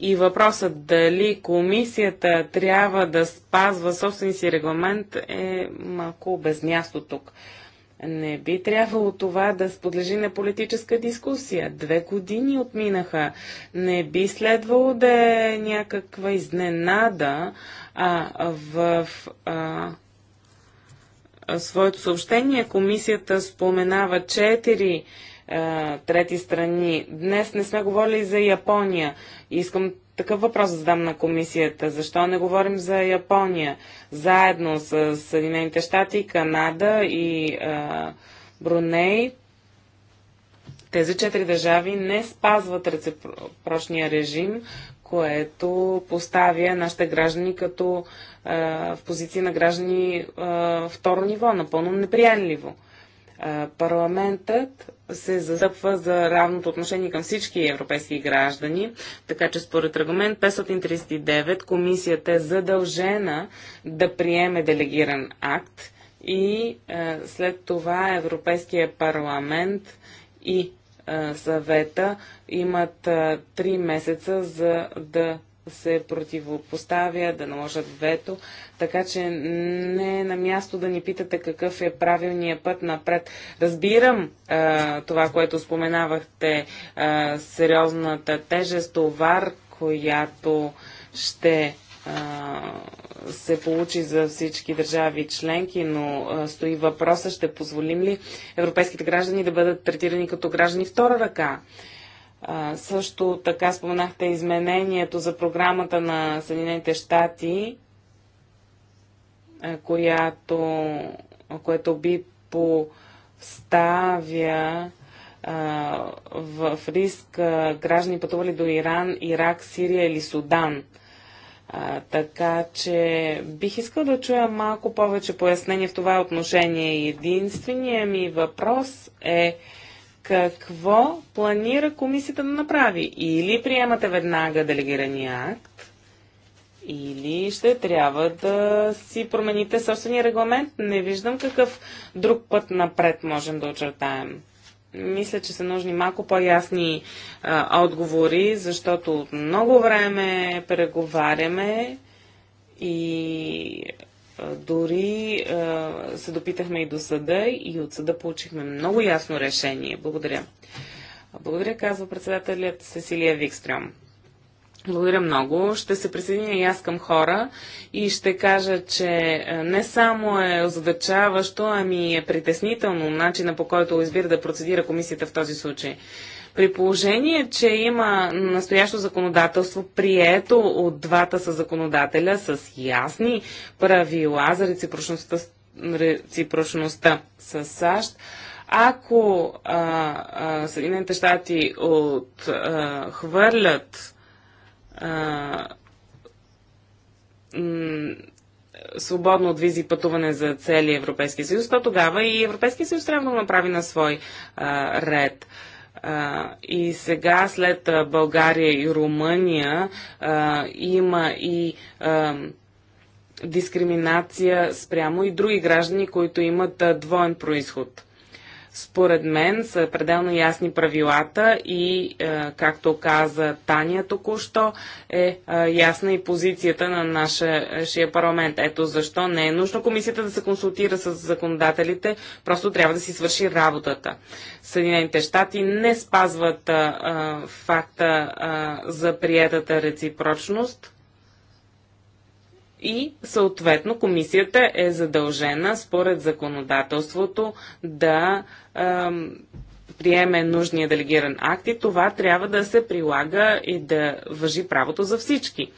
и въпросът дали комисията трябва да спазва собствени си регламент е малко без място тук. Не би трябвало това да сподлежи на политическа дискусия. Две години отминаха. Не би следвало да е някаква изненада а, в. А, своето съобщение комисията споменава четири а, трети страни. Днес не сме говорили за Япония. Искам такъв въпрос да задам на комисията. Защо не говорим за Япония? Заедно с Съединените щати, Канада и а, Бруней, тези четири държави не спазват реципрочния режим, което поставя нашите граждани като а, в позиции на граждани а, второ ниво, напълно неприемливо. Парламентът се застъпва за равното отношение към всички европейски граждани, така че според регламент 539 комисията е задължена да приеме делегиран акт и е, след това Европейския парламент и е, съвета имат е, 3 месеца за да се противопоставя, да наложат вето, така че не е на място да ни питате какъв е правилният път напред. Разбирам а, това, което споменавахте, а, сериозната тежест, товар, която ще се получи за всички държави членки, но стои въпроса, ще позволим ли европейските граждани да бъдат третирани като граждани втора ръка също така споменахте изменението за програмата на Съединените щати, която, което би поставя а, в риск а, граждани пътували до Иран, Ирак, Сирия или Судан. А, така че бих искал да чуя малко повече пояснение в това отношение. Единственият ми въпрос е какво планира комисията да направи. Или приемате веднага делегирания акт, или ще трябва да си промените собствения регламент. Не виждам какъв друг път напред можем да очертаем. Мисля, че са нужни малко по-ясни отговори, защото от много време преговаряме и дори се допитахме и до съда и от съда получихме много ясно решение. Благодаря. Благодаря, казва председателят Сесилия Викстрем. Благодаря много. Ще се присъединя и аз към хора и ще кажа, че не само е озадачаващо, ами е притеснително начина по който избира да процедира комисията в този случай. При положение, че има настоящо законодателство, прието от двата са законодателя с ясни правила за реципрочността, реципрочността с САЩ, ако Съединените щати отхвърлят свободно от визи пътуване за целия Европейски съюз, то тогава и Европейския съюз трябва да го направи на свой а, ред и сега след България и Румъния има и дискриминация спрямо и други граждани, които имат двоен происход. Според мен са пределно ясни правилата и, е, както каза Таня току-що, е, е, ясна и позицията на нашия парламент. Ето защо не е нужно комисията да се консултира с законодателите, просто трябва да си свърши работата. Съединените щати не спазват е, факта за приятата реципрочност – и съответно комисията е задължена според законодателството да е, приеме нужния делегиран акт и това трябва да се прилага и да въжи правото за всички.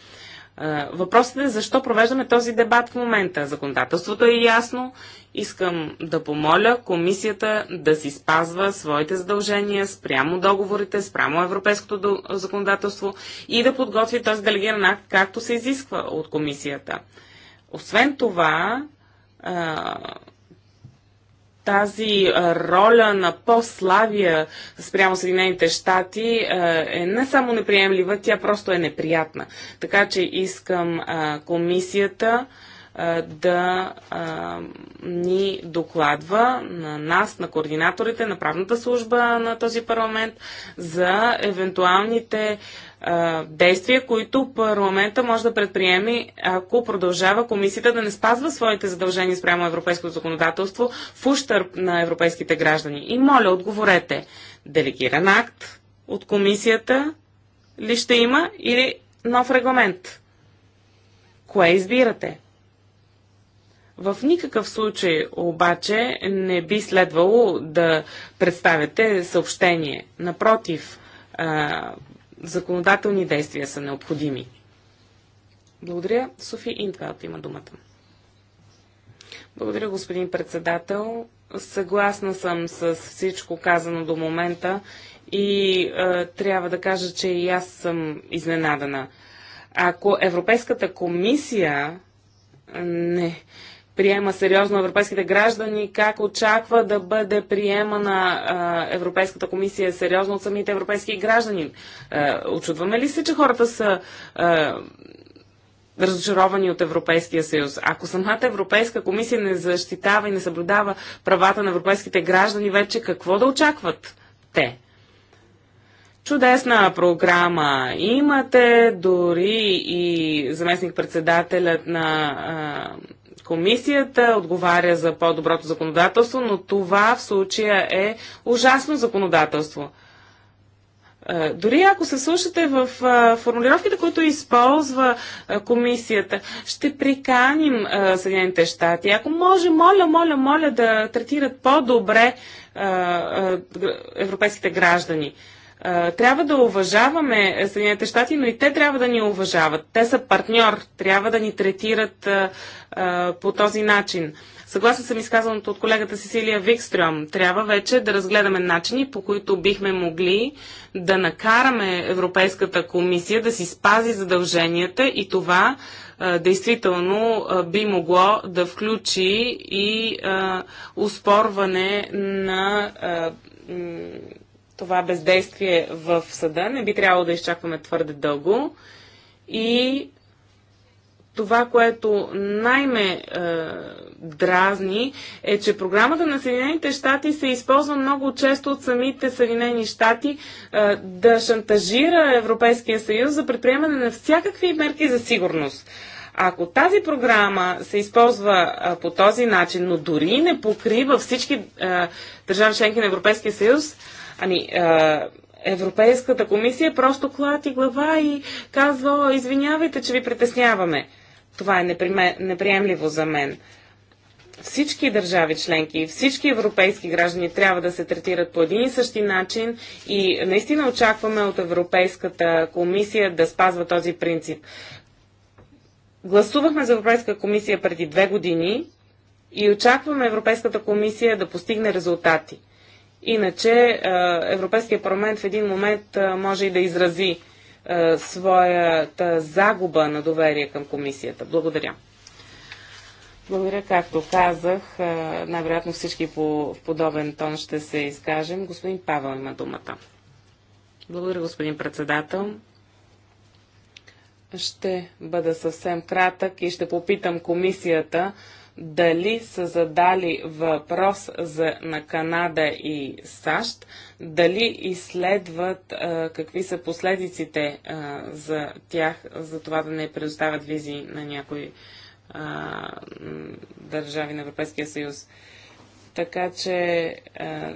Е, въпросът е защо провеждаме този дебат в момента. Законодателството е ясно. Искам да помоля комисията да си спазва своите задължения спрямо договорите, спрямо европейското законодателство и да подготви този делегиран акт, както се изисква от комисията. Освен това, е, тази роля на по-славия спрямо Съединените щати е не само неприемлива, тя просто е неприятна. Така че искам комисията да ни докладва на нас, на координаторите, на правната служба на този парламент за евентуалните действия, които парламента може да предприеме, ако продължава комисията да не спазва своите задължения спрямо европейското законодателство в ущърп на европейските граждани. И моля, отговорете, делегиран акт от комисията ли ще има или нов регламент? Кое избирате? В никакъв случай обаче не би следвало да представяте съобщение. Напротив, законодателни действия са необходими. Благодаря. Софи Интвелт има думата. Благодаря, господин председател. Съгласна съм с всичко казано до момента и е, трябва да кажа, че и аз съм изненадана. Ако Европейската комисия не приема сериозно европейските граждани, как очаква да бъде приемана Европейската комисия сериозно от самите европейски граждани. Е, очудваме ли се, че хората са е, разочаровани от Европейския съюз? Ако самата Европейска комисия не защитава и не съблюдава правата на европейските граждани, вече какво да очакват те? Чудесна програма имате, дори и заместник-председателят на Комисията отговаря за по-доброто законодателство, но това в случая е ужасно законодателство. Е, дори ако се слушате в е, формулировките, които използва е, комисията, ще приканим Съединените щати. Ако може, моля, моля, моля да третират по-добре европейските граждани трябва да уважаваме Съединените щати, но и те трябва да ни уважават. Те са партньор, трябва да ни третират а, а, по този начин. Съгласен съм изказаното от колегата Сесилия Викстрюм. Трябва вече да разгледаме начини, по които бихме могли да накараме Европейската комисия да си спази задълженията и това а, действително а, би могло да включи и а, успорване на. А, това бездействие в съда. Не би трябвало да изчакваме твърде дълго. И това, което най-ме е, дразни, е, че програмата на Съединените щати се използва много често от самите Съединени щати е, да шантажира Европейския съюз за предприемане на всякакви мерки за сигурност. Ако тази програма се използва е, по този начин, но дори не покрива всички а, е, държави членки на Европейския съюз, Ами, а, е, Европейската комисия просто клати глава и казва, извинявайте, че ви притесняваме. Това е неприемливо за мен. Всички държави членки всички европейски граждани трябва да се третират по един и същи начин и наистина очакваме от Европейската комисия да спазва този принцип. Гласувахме за Европейска комисия преди две години и очакваме Европейската комисия да постигне резултати. Иначе Европейския парламент в един момент може и да изрази своята загуба на доверие към комисията. Благодаря. Благодаря, както казах. Най-вероятно всички по подобен тон ще се изкажем. Господин Павел има думата. Благодаря, господин председател. Ще бъда съвсем кратък и ще попитам комисията дали са задали въпрос за, на Канада и САЩ, дали изследват а, какви са последиците а, за тях, за това да не предоставят визи на някои а, държави на Европейския съюз. Така че а,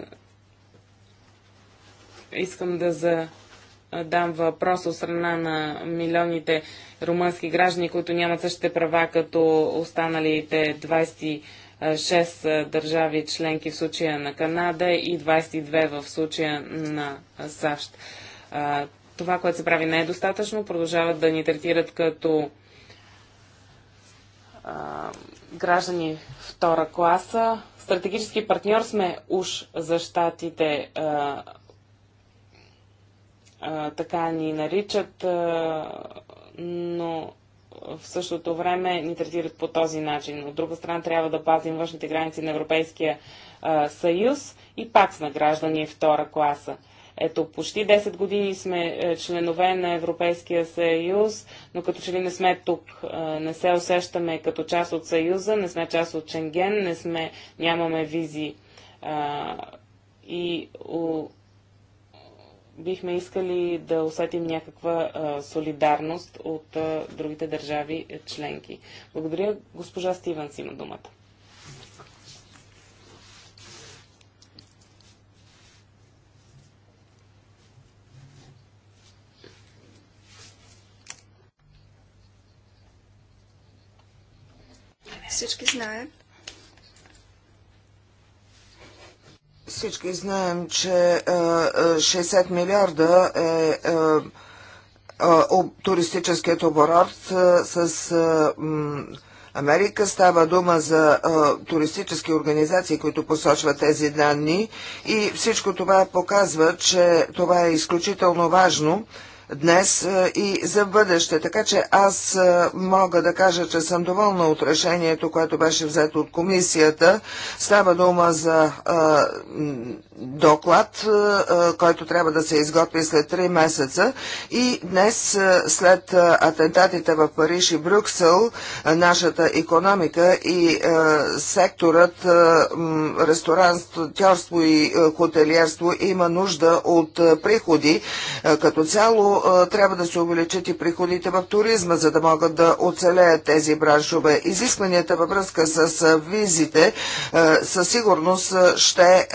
искам да задам въпрос от страна на милионите румънски граждани, които нямат същите права като останалите 26 държави членки в случая на Канада и 22 в случая на САЩ. Това, което се прави не е достатъчно. Продължават да ни третират като граждани втора класа. Стратегически партньор сме уж за щатите. А, а, така ни наричат а, но в същото време ни третират по този начин. От друга страна трябва да пазим външните граници на Европейския а, съюз и пак сме граждани втора класа. Ето, почти 10 години сме е, членове на Европейския съюз, но като че ли не сме тук, е, не се усещаме като част от съюза, не сме част от Шенген, не сме, нямаме визи. и бихме искали да усетим някаква а, солидарност от а, другите държави е, членки. Благодаря. Госпожа Стивенс има думата. Всички знаят, Всички знаем, че 60 е, е, милиарда е, е туристическият оборот с Америка. Става дума за туристически организации, които посочват тези данни и всичко това показва, че това е изключително важно днес и за бъдеще. Така че аз мога да кажа, че съм доволна от решението, което беше взето от комисията. Става дума за доклад, който трябва да се изготви след 3 месеца. И днес, след атентатите в Париж и Брюксел, нашата економика и секторът ресторанство и хотелиерство има нужда от приходи. Като цяло трябва да се увеличат и приходите в туризма, за да могат да оцелеят тези браншове. Изискванията във връзка с визите със сигурност ще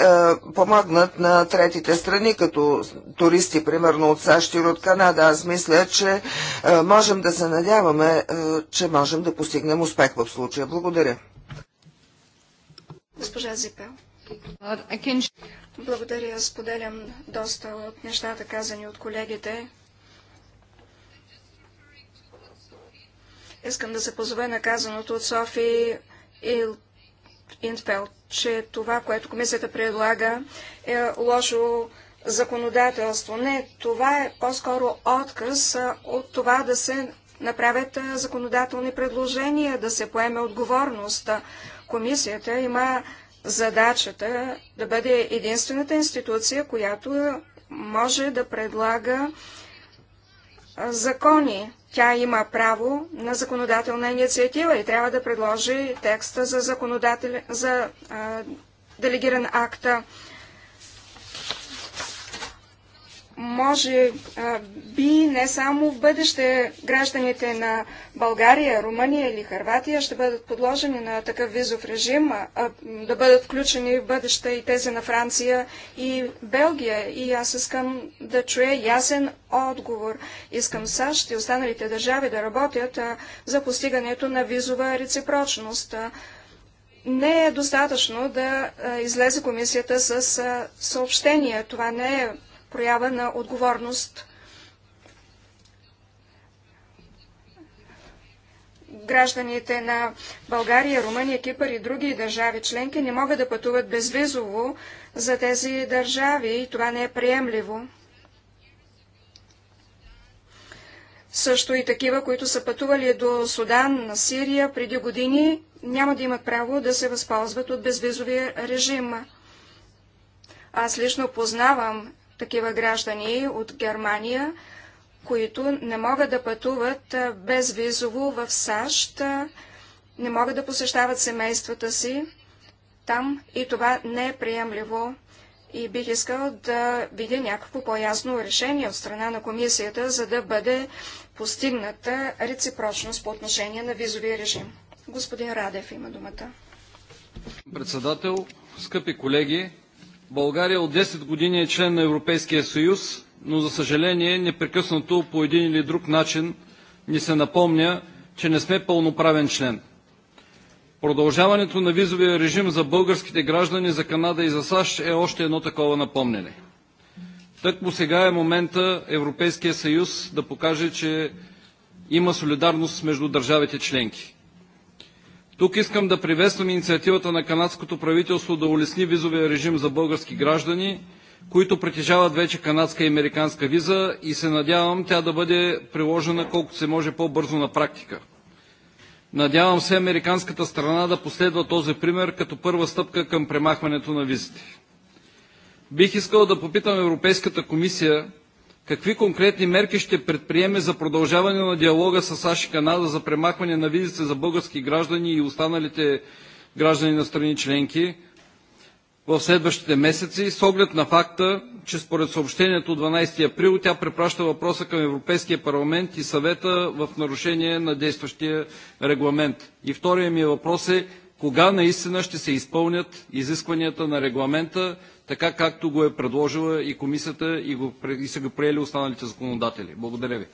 помогнат на третите страни, като туристи, примерно от САЩ или от Канада. Аз мисля, че можем да се надяваме, че можем да постигнем успех в случая. Благодаря. Госпожа Зипел. Uh, Благодаря. Споделям доста от нещата, казани от колегите. Искам да се позове на казаното от Софи Ил... Инфелд, че това, което комисията предлага, е лошо законодателство. Не, това е по-скоро отказ от това да се направят законодателни предложения, да се поеме отговорност. Комисията има задачата да бъде единствената институция, която може да предлага закони. Тя има право на законодателна инициатива и трябва да предложи текста за, законодател... за а, делегиран акта. може би не само в бъдеще гражданите на България, Румъния или Харватия ще бъдат подложени на такъв визов режим, а да бъдат включени в бъдеще и тези на Франция и Белгия. И аз искам да чуя ясен отговор. Искам САЩ и останалите държави да работят за постигането на визова реципрочност не е достатъчно да излезе комисията с съобщение. Това не е проява на отговорност. Гражданите на България, Румъния, Кипър и други държави членки не могат да пътуват безвизово за тези държави и това не е приемливо. Също и такива, които са пътували до Судан, на Сирия преди години, няма да имат право да се възползват от безвизовия режим. Аз лично познавам такива граждани от Германия, които не могат да пътуват безвизово в САЩ, не могат да посещават семействата си там и това не е приемливо. И бих искал да видя някакво по-ясно решение от страна на комисията, за да бъде постигната реципрочност по отношение на визовия режим. Господин Радев има думата. Председател, скъпи колеги, България от 10 години е член на Европейския съюз, но за съжаление непрекъснато по един или друг начин ни се напомня, че не сме пълноправен член. Продължаването на визовия режим за българските граждани за Канада и за САЩ е още едно такова напомнене. Тък Тъкмо сега е момента Европейския съюз да покаже, че има солидарност между държавите членки – тук искам да приветствам инициативата на канадското правителство да улесни визовия режим за български граждани, които притежават вече канадска и американска виза и се надявам тя да бъде приложена колкото се може по-бързо на практика. Надявам се американската страна да последва този пример като първа стъпка към премахването на визите. Бих искал да попитам Европейската комисия какви конкретни мерки ще предприеме за продължаване на диалога с САЩ и Канада за премахване на визите за български граждани и останалите граждани на страни членки в следващите месеци, с оглед на факта, че според съобщението от 12 април тя препраща въпроса към Европейския парламент и съвета в нарушение на действащия регламент. И втория ми въпрос е кога наистина ще се изпълнят изискванията на регламента така както го е предложила и комисията и, го, и са го приели останалите законодатели. Благодаря ви.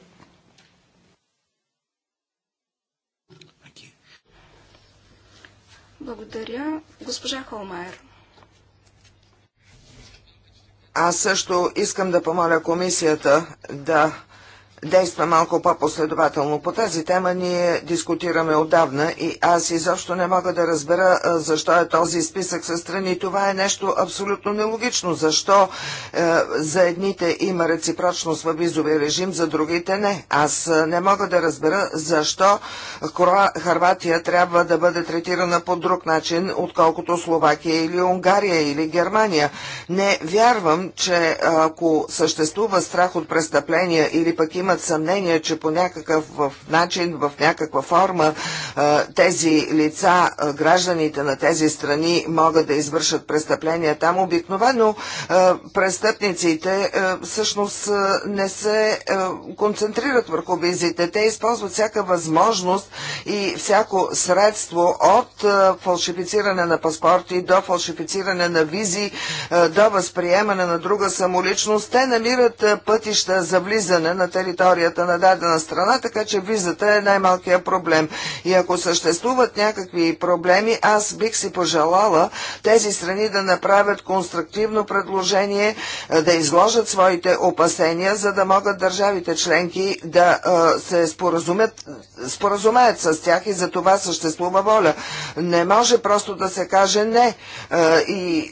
Благодаря. Госпожа Холмайер. Аз също искам да помоля комисията да действа малко по-последователно. По тази тема ние дискутираме отдавна и аз изобщо не мога да разбера защо е този списък със страни. Това е нещо абсолютно нелогично. Защо е, за едните има реципрочност в визовия режим, за другите не. Аз е, не мога да разбера защо Харватия трябва да бъде третирана по друг начин, отколкото Словакия или Унгария или Германия. Не вярвам, че ако съществува страх от престъпления или пък има имат съмнение, че по някакъв начин, в някаква форма тези лица, гражданите на тези страни могат да извършат престъпления там, обикновено престъпниците всъщност не се концентрират върху визите. Те използват всяка възможност и всяко средство от фалшифициране на паспорти до фалшифициране на визи, до възприемане на друга самоличност. Те намират пътища за влизане на територията територията на дадена страна, така че визата е най-малкият проблем. И ако съществуват някакви проблеми, аз бих си пожелала тези страни да направят конструктивно предложение, е, да изложат своите опасения, за да могат държавите членки да е, се споразумят, споразумеят с тях и за това съществува воля. Не може просто да се каже не е, и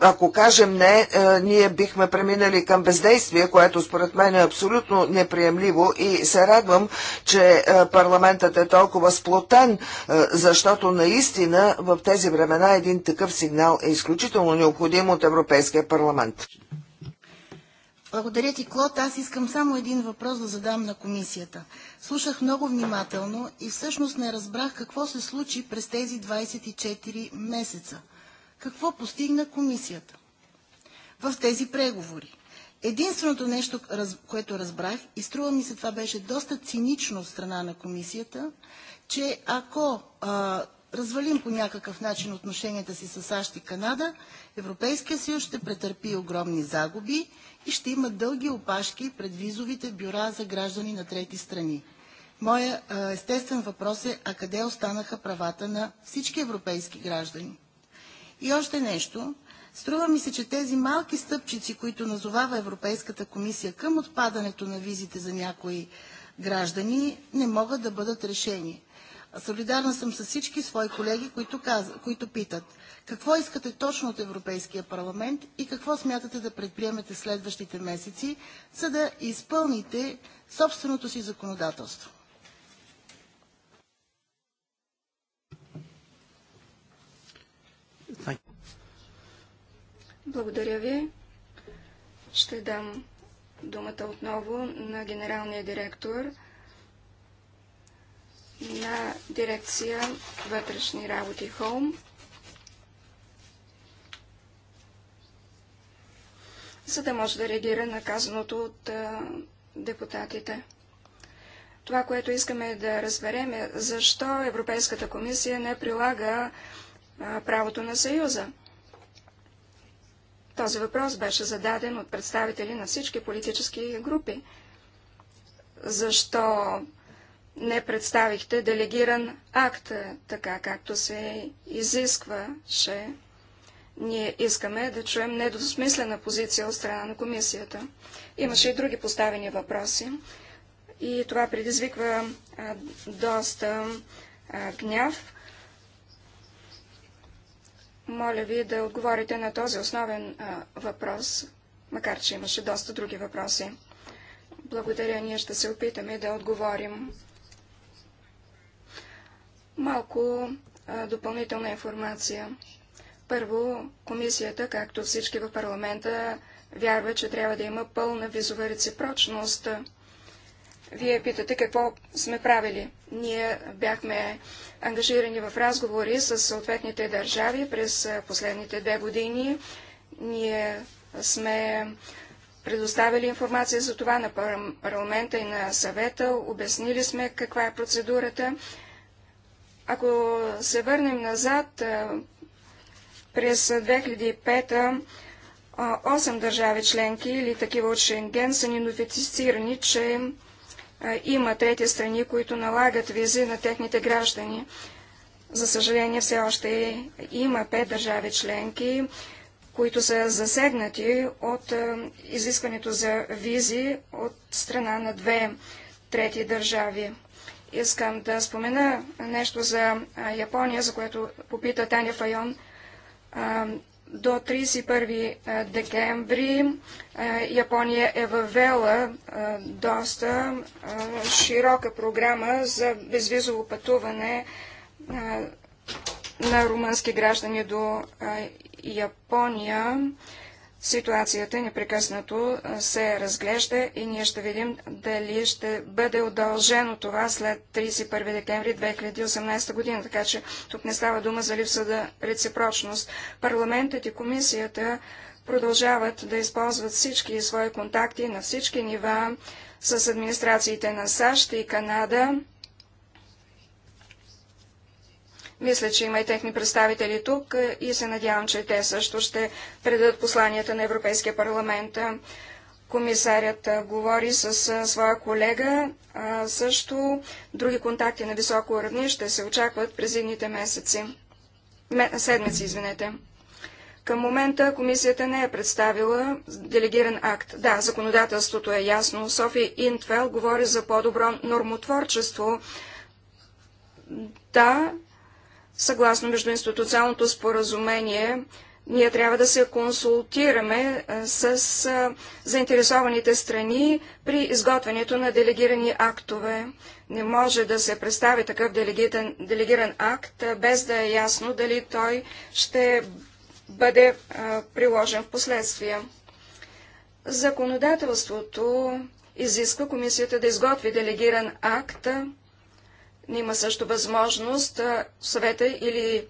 ако кажем не, е, ние бихме преминали към бездействие, което според мен е абсолютно неприемливо и се радвам, че е, парламентът е толкова сплотен, е, защото наистина в тези времена един такъв сигнал е изключително необходим от Европейския парламент. Благодаря ти, Клод. Аз искам само един въпрос да задам на комисията. Слушах много внимателно и всъщност не разбрах какво се случи през тези 24 месеца – какво постигна комисията в тези преговори? Единственото нещо, което разбрах, и струва ми се това беше доста цинично от страна на комисията, че ако а, развалим по някакъв начин отношенията си с САЩ и Канада, Европейския съюз ще претърпи огромни загуби и ще има дълги опашки пред визовите бюра за граждани на трети страни. Моя естествен въпрос е, а къде останаха правата на всички европейски граждани? И още нещо. Струва ми се, че тези малки стъпчици, които назовава Европейската комисия към отпадането на визите за някои граждани, не могат да бъдат решени. Солидарна съм с всички свои колеги, които, каз... които питат какво искате точно от Европейския парламент и какво смятате да предприемете следващите месеци, за да изпълните собственото си законодателство. Благодаря ви. Ще дам думата отново на генералния директор на дирекция вътрешни работи Холм. за да може да реагира на казаното от а, депутатите. Това, което искаме е да разберем е защо Европейската комисия не прилага а, правото на Съюза. Този въпрос беше зададен от представители на всички политически групи. Защо не представихте делегиран акт, така както се изискваше? Ние искаме да чуем недосмислена позиция от страна на комисията. Имаше и други поставени въпроси. И това предизвиква а, доста а, гняв. Моля ви да отговорите на този основен а, въпрос, макар че имаше доста други въпроси. Благодаря, ние ще се опитаме да отговорим. Малко а, допълнителна информация. Първо, комисията, както всички в парламента, вярва, че трябва да има пълна визова реципрочност. Вие питате какво сме правили. Ние бяхме ангажирани в разговори с съответните държави през последните две години. Ние сме предоставили информация за това на парламента и на съвета, обяснили сме каква е процедурата. Ако се върнем назад, през 2005 8 държави членки или такива от Шенген са ни нотифицирани, че има трети страни, които налагат визи на техните граждани. За съжаление, все още има пет държави членки, които са засегнати от изискването за визи от страна на две трети държави. Искам да спомена нещо за Япония, за което попита Таня Файон до 31 декември Япония е въвела доста широка програма за безвизово пътуване на румънски граждани до Япония. Ситуацията непрекъснато се разглежда и ние ще видим дали ще бъде удължено това след 31 декември 2018 година, така че тук не става дума за липса да реципрочност. Парламентът и комисията продължават да използват всички свои контакти на всички нива с администрациите на САЩ и Канада, мисля, че има и техни представители тук е, и се надявам, че те също ще предадат посланията на Европейския парламент. Е, комисарят е, говори с своя колега. Също други контакти на високо равнище се очакват през едните месеци. Седмици, извинете. Към момента комисията не е представила делегиран акт. Да, законодателството е ясно. Софи Интвел говори за по-добро нормотворчество. Да, Съгласно междуинституционалното споразумение, ние трябва да се консултираме е, с е, заинтересованите страни при изготвянето на делегирани актове. Не може да се представи такъв делегиран, делегиран акт, е, без да е ясно дали той ще бъде приложен в последствие. Законодателството изисква комисията да изготви делегиран акт, има също възможност съвета или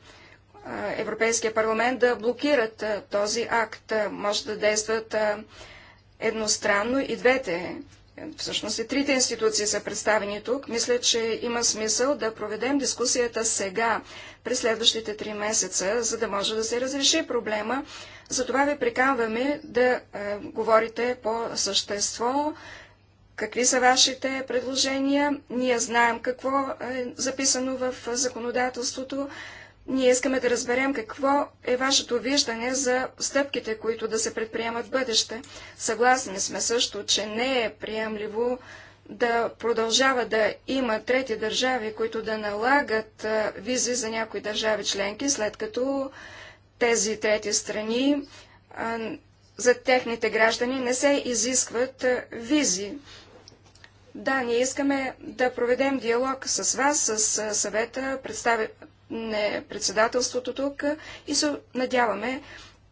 Европейския парламент да блокират този акт. Може да действат едностранно и двете. Всъщност и трите институции са представени тук. Мисля, че има смисъл да проведем дискусията сега, през следващите три месеца, за да може да се разреши проблема. Затова ви приканваме да е, говорите по същество, какви са вашите предложения. Ние знаем какво е записано в законодателството. Ние искаме да разберем какво е вашето виждане за стъпките, които да се предприемат в бъдеще. Съгласни сме също, че не е приемливо да продължава да има трети държави, които да налагат визи за някои държави членки, след като тези трети страни за техните граждани не се изискват визи да, ние искаме да проведем диалог с вас, с съвета, представя... не, председателството тук и се надяваме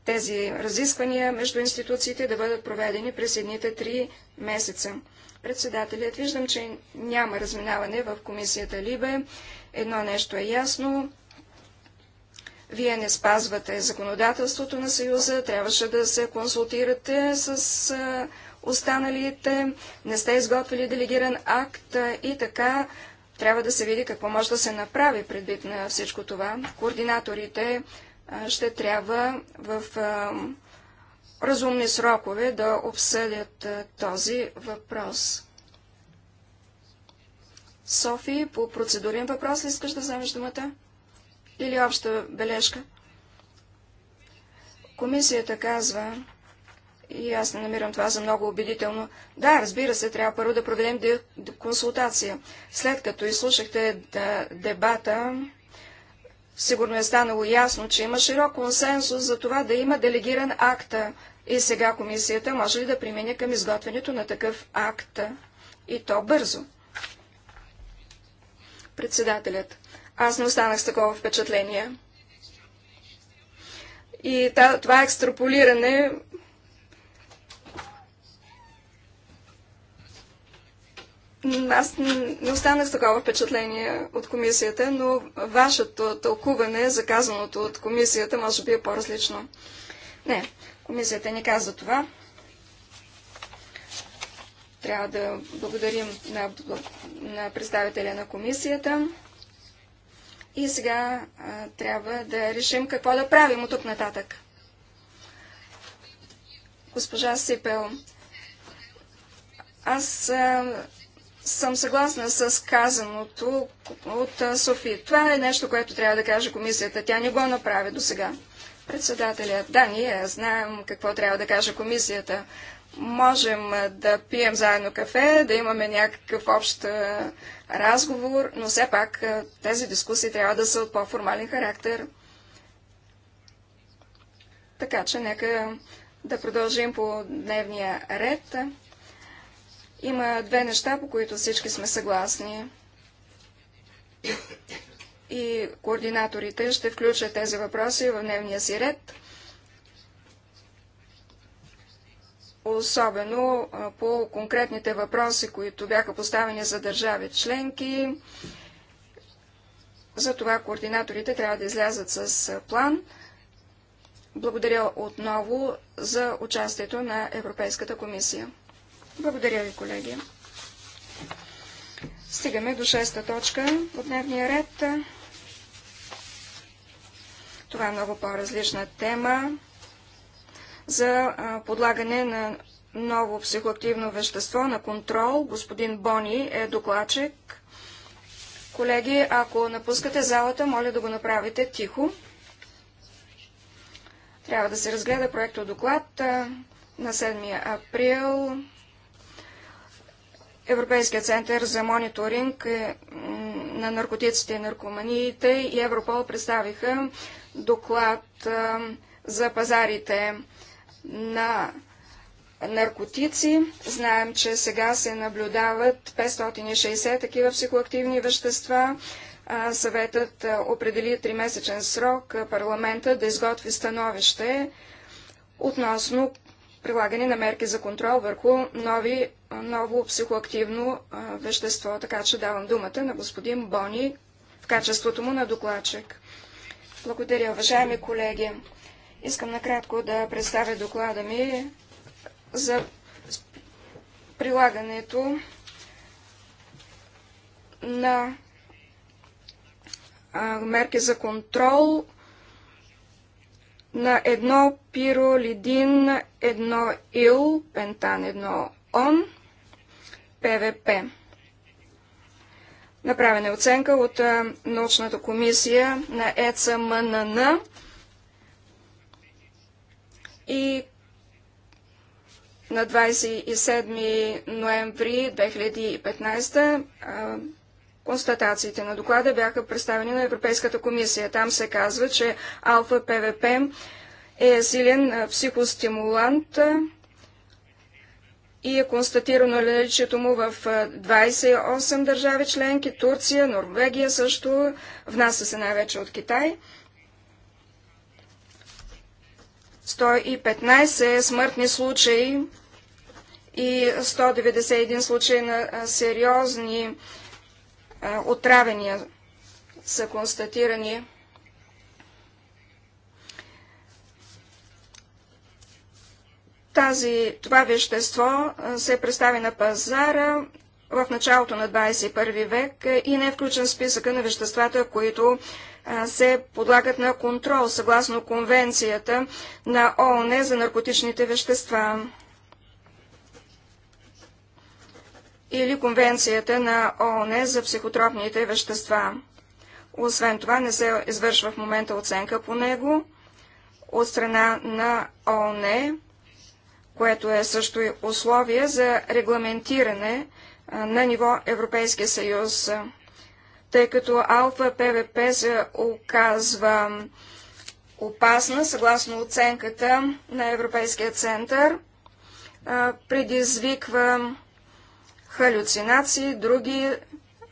тези разисквания между институциите да бъдат проведени през едните три месеца. Председателят, виждам, че няма разминаване в комисията Либе. Едно нещо е ясно. Вие не спазвате законодателството на Съюза, трябваше да се консултирате с останалите, не сте изготвили делегиран акт и така трябва да се види какво може да се направи предвид на всичко това. Координаторите ще трябва в разумни срокове да обсъдят този въпрос. Софи, по процедурен въпрос ли искаш да вземеш думата? Или обща бележка? Комисията казва, и аз не намирам това за много убедително. Да, разбира се, трябва първо да проведем де, де, консултация. След като изслушахте да, дебата, сигурно е станало ясно, че има широк консенсус за това да има делегиран акта. И сега комисията може ли да премине към изготвянето на такъв акт? И то бързо. Председателят. Аз не останах с такова впечатление. И това екстраполиране Аз не останах с такова впечатление от комисията, но вашето тълкуване за казаното от комисията може би е по-различно. Не, комисията ни каза това. Трябва да благодарим на, на представителя на комисията. И сега а, трябва да решим какво да правим от тук нататък. Госпожа Сипел, аз а, съм съгласна с казаното от Софи. Това е нещо, което трябва да каже комисията. Тя не го направи до сега. Председателят. да, ние знаем какво трябва да каже комисията. Можем да пием заедно кафе, да имаме някакъв общ разговор, но все пак тези дискусии трябва да са от по-формален характер. Така че нека да продължим по дневния ред. Има две неща, по които всички сме съгласни. И координаторите ще включат тези въпроси в дневния си ред. Особено по конкретните въпроси, които бяха поставени за държави членки. Затова координаторите трябва да излязат с план. Благодаря отново за участието на Европейската комисия. Благодаря ви, колеги. Стигаме до шеста точка от дневния ред. Това е много по-различна тема за подлагане на ново психоактивно вещество на контрол. Господин Бони е докладчик. Колеги, ако напускате залата, моля да го направите тихо. Трябва да се разгледа проекто доклад на 7 април Европейския център за мониторинг е, на наркотиците и наркоманиите и Европол представиха доклад е, за пазарите на наркотици. Знаем, че сега се наблюдават 560 такива психоактивни вещества. Съветът е, определи 3-месечен срок парламента да изготви становище относно прилагане на мерки за контрол върху нови, ново психоактивно вещество. Така че давам думата на господин Бони в качеството му на докладчик. Благодаря, уважаеми колеги. Искам накратко да представя доклада ми за прилагането на мерки за контрол на едно пиролидин, едно ил, пентан, едно он, ПВП. Направена е оценка от научната комисия на ЕЦМНН и на 27 ноември 2015 Констатациите на доклада бяха представени на Европейската комисия. Там се казва, че алфа-ПВП е силен психостимулант и е констатирано наличието му в 28 държави членки, Турция, Норвегия също, внася се най-вече от Китай. 115 е смъртни случаи и 191 случаи на сериозни отравения са констатирани. Тази, това вещество се представи на пазара в началото на 21 век и не е включен в списъка на веществата, които се подлагат на контрол съгласно Конвенцията на ООН за наркотичните вещества. или Конвенцията на ООН за психотропните вещества. Освен това не се извършва в момента оценка по него от страна на ООН, което е също и условие за регламентиране на ниво Европейския съюз, тъй като алфа ПВП се оказва опасна, съгласно оценката на Европейския център, предизвиква халюцинации, други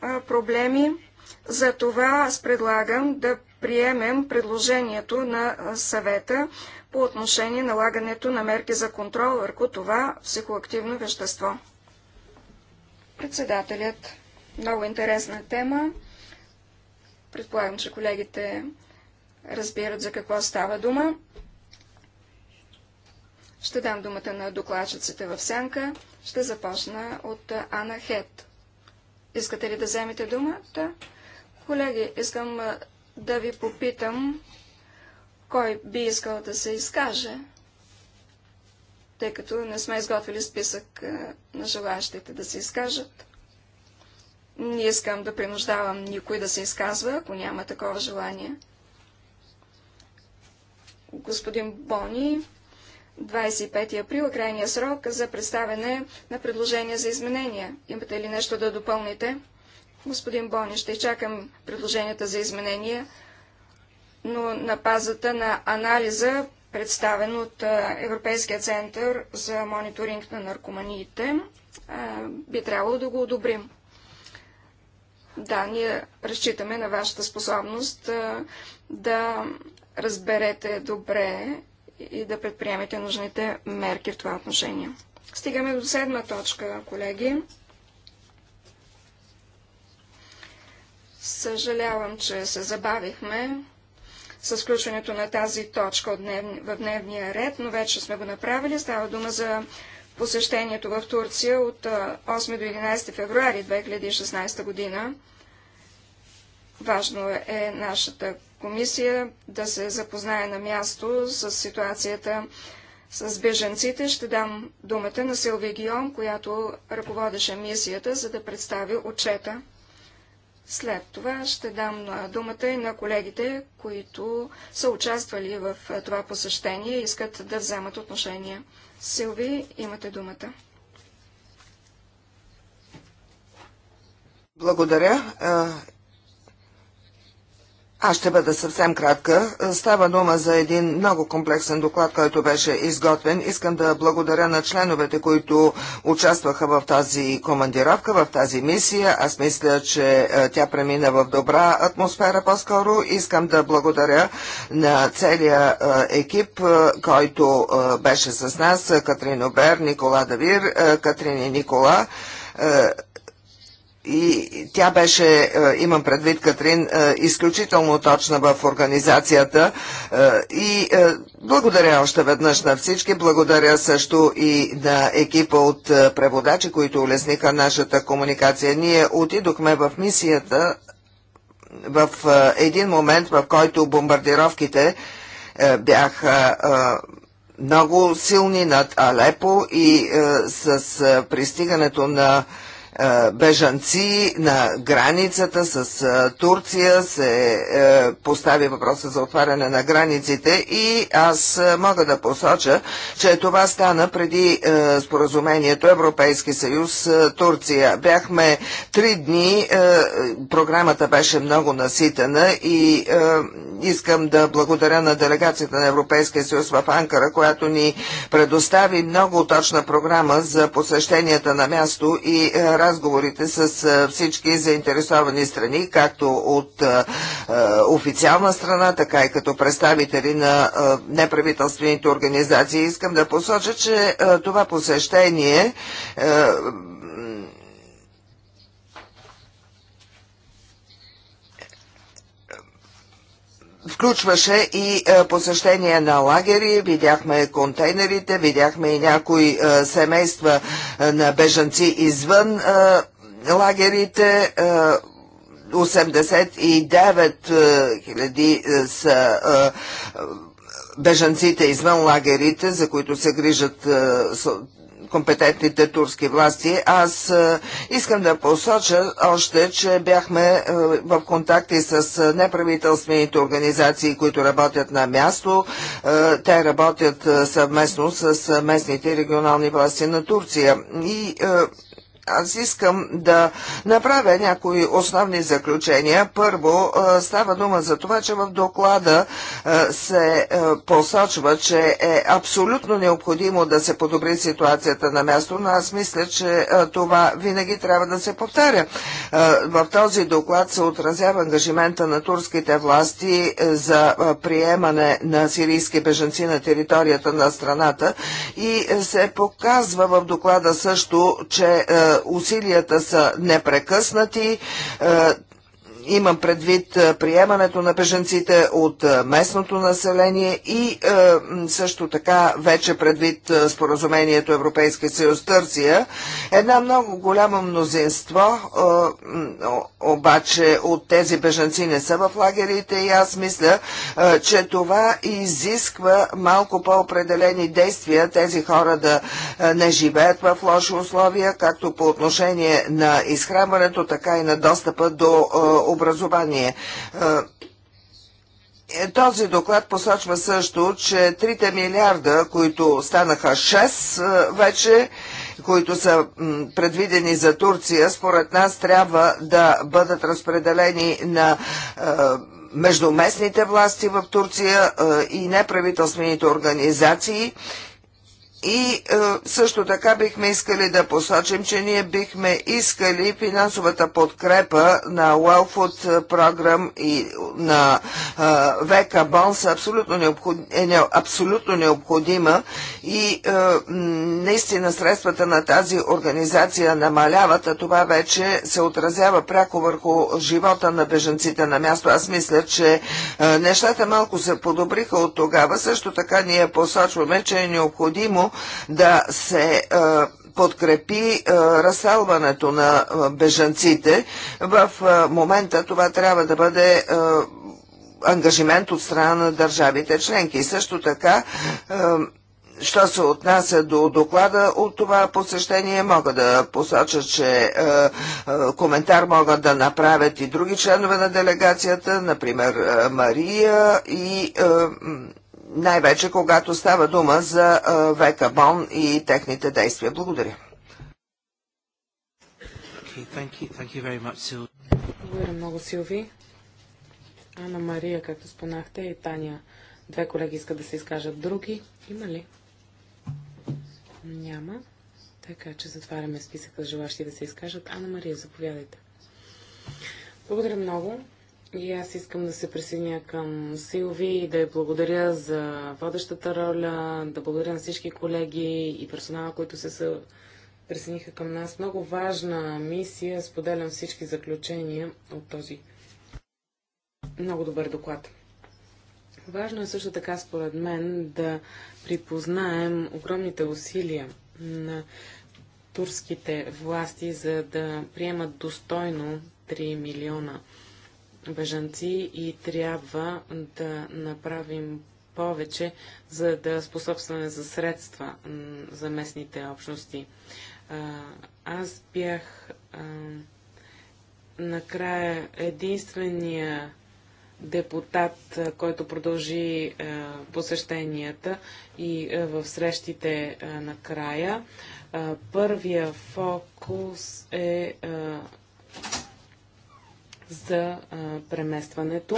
а, проблеми. Затова аз предлагам да приемем предложението на съвета по отношение налагането на мерки за контрол върху това психоактивно вещество. Председателят. Много интересна тема. Предполагам, че колегите разбират за какво става дума. Ще дам думата на докладчиците в сянка. Ще започна от Ана Хет. Искате ли да вземете думата? Колеги, искам да ви попитам, кой би искал да се изкаже, тъй като не сме изготвили списък на желаящите да се изкажат. Не искам да принуждавам никой да се изказва, ако няма такова желание. Господин Бони 25 април е крайния срок за представяне на предложения за изменения. Имате ли нещо да допълните? Господин Бони, ще чакам предложенията за изменения, но на базата на анализа, представен от Европейския център за мониторинг на наркоманиите, би трябвало да го одобрим. Да, ние разчитаме на вашата способност да разберете добре и да предприемете нужните мерки в това отношение. Стигаме до седма точка, колеги. Съжалявам, че се забавихме с включването на тази точка в дневния ред, но вече сме го направили. Става дума за посещението в Турция от 8 до 11 февруари 2016 година. Важно е, е нашата комисия да се запознае на място с ситуацията с беженците. Ще дам думата на Силви Гион, която ръководеше мисията, за да представи отчета. След това ще дам думата и на колегите, които са участвали в това посещение и искат да вземат отношение. Силви, имате думата. Благодаря. Аз ще бъда съвсем кратка. Става дума за един много комплексен доклад, който беше изготвен. Искам да благодаря на членовете, които участваха в тази командировка, в тази мисия. Аз мисля, че е, тя премина в добра атмосфера по-скоро. Искам да благодаря на целия е, екип, е, който беше с нас. Катрин Обер, Никола Давир, Катрин и Никола и тя беше, е, имам предвид Катрин, е, изключително точна в организацията е, и благодаря още веднъж на всички, благодаря също и на екипа от преводачи, които улесниха нашата комуникация. Ние отидохме в мисията в един момент, в който бомбардировките бяха много силни над Алепо и с пристигането на е, бежанци на границата с е, Турция, се е, постави въпроса за отваряне на границите и аз мога да посоча, че това стана преди споразумението Европейски съюз Турция. Бяхме три дни, програмата беше много наситена и искам да благодаря на делегацията на Европейския съюз в Анкара, която ни предостави много точна програма за посещенията на място и разговорите с всички заинтересовани страни, както от официална страна, така и като представители на неправителствените организации. Искам да посоча, че това посещение включваше и е, посещение на лагери, видяхме контейнерите, видяхме и някои е, семейства е, на бежанци извън лагерите. 89 хиляди са бежанците извън лагерите, за които се грижат компетентните турски власти. Аз е, искам да посоча още, че бяхме е, в контакти с неправителствените организации, които работят на място. Е, те работят съвместно с местните регионални власти на Турция. И аз искам да направя някои основни заключения. Първо, е, става дума за това, че в доклада е, се е, посочва, че е абсолютно необходимо да се подобри ситуацията на място, но аз мисля, че това винаги трябва да се повтаря. В този доклад се отразява ангажимента на турските власти за приемане на сирийски беженци на територията на страната и се показва в доклада също, че усилията са непрекъснати, е, имам предвид приемането на беженците от местното население и също така вече предвид споразумението Европейска съюз Търция. Една много голяма мнозинство обаче от тези беженци не са в лагерите и аз мисля, че това изисква малко по-определени действия тези хора да не живеят в лоши условия, както по отношение на изхранването, така и на достъпа до образование. Е, този доклад посочва също, че 3 милиарда, които станаха 6, е, вече които са предвидени за Турция, според нас трябва да бъдат разпределени на е, междуместните власти в Турция и неправителствените организации и е, също така бихме искали да посочим, че ние бихме искали финансовата подкрепа на Wellfood Program и на е, VK Bonds абсолютно, е, абсолютно необходима и е, наистина средствата на тази организация намаляват, а това вече се отразява пряко върху живота на беженците на място. Аз мисля, че е, нещата малко се подобриха от тогава. Също така ние посочваме, че е необходимо да се е, подкрепи е, разселването на е, бежанците. В момента това трябва да бъде ангажимент от страна на държавите членки. И също така Що се отнася до доклада от това посещение, мога да посоча, че е, е, коментар могат да направят и други членове на делегацията, например е, Мария и. Е, най-вече когато става дума за Века Бон и техните действия. Благодаря. Благодаря много, Силви. Анна Мария, както спонахте, и Таня. Две колеги искат да се изкажат. Други има ли? Няма. Така че затваряме списъка желащи да се изкажат. Анна Мария, заповядайте. Благодаря много. И аз искам да се присъединя към Силви и да я благодаря за водещата роля, да благодаря на всички колеги и персонала, които се присъединиха към нас. Много важна мисия, споделям всички заключения от този много добър доклад. Важно е също така, според мен, да припознаем огромните усилия на турските власти, за да приемат достойно 3 милиона бежанци и трябва да направим повече, за да способстваме за средства за местните общности. Аз бях а, накрая единствения депутат, който продължи а, посещенията и а, в срещите накрая. Първия фокус е за а, преместването,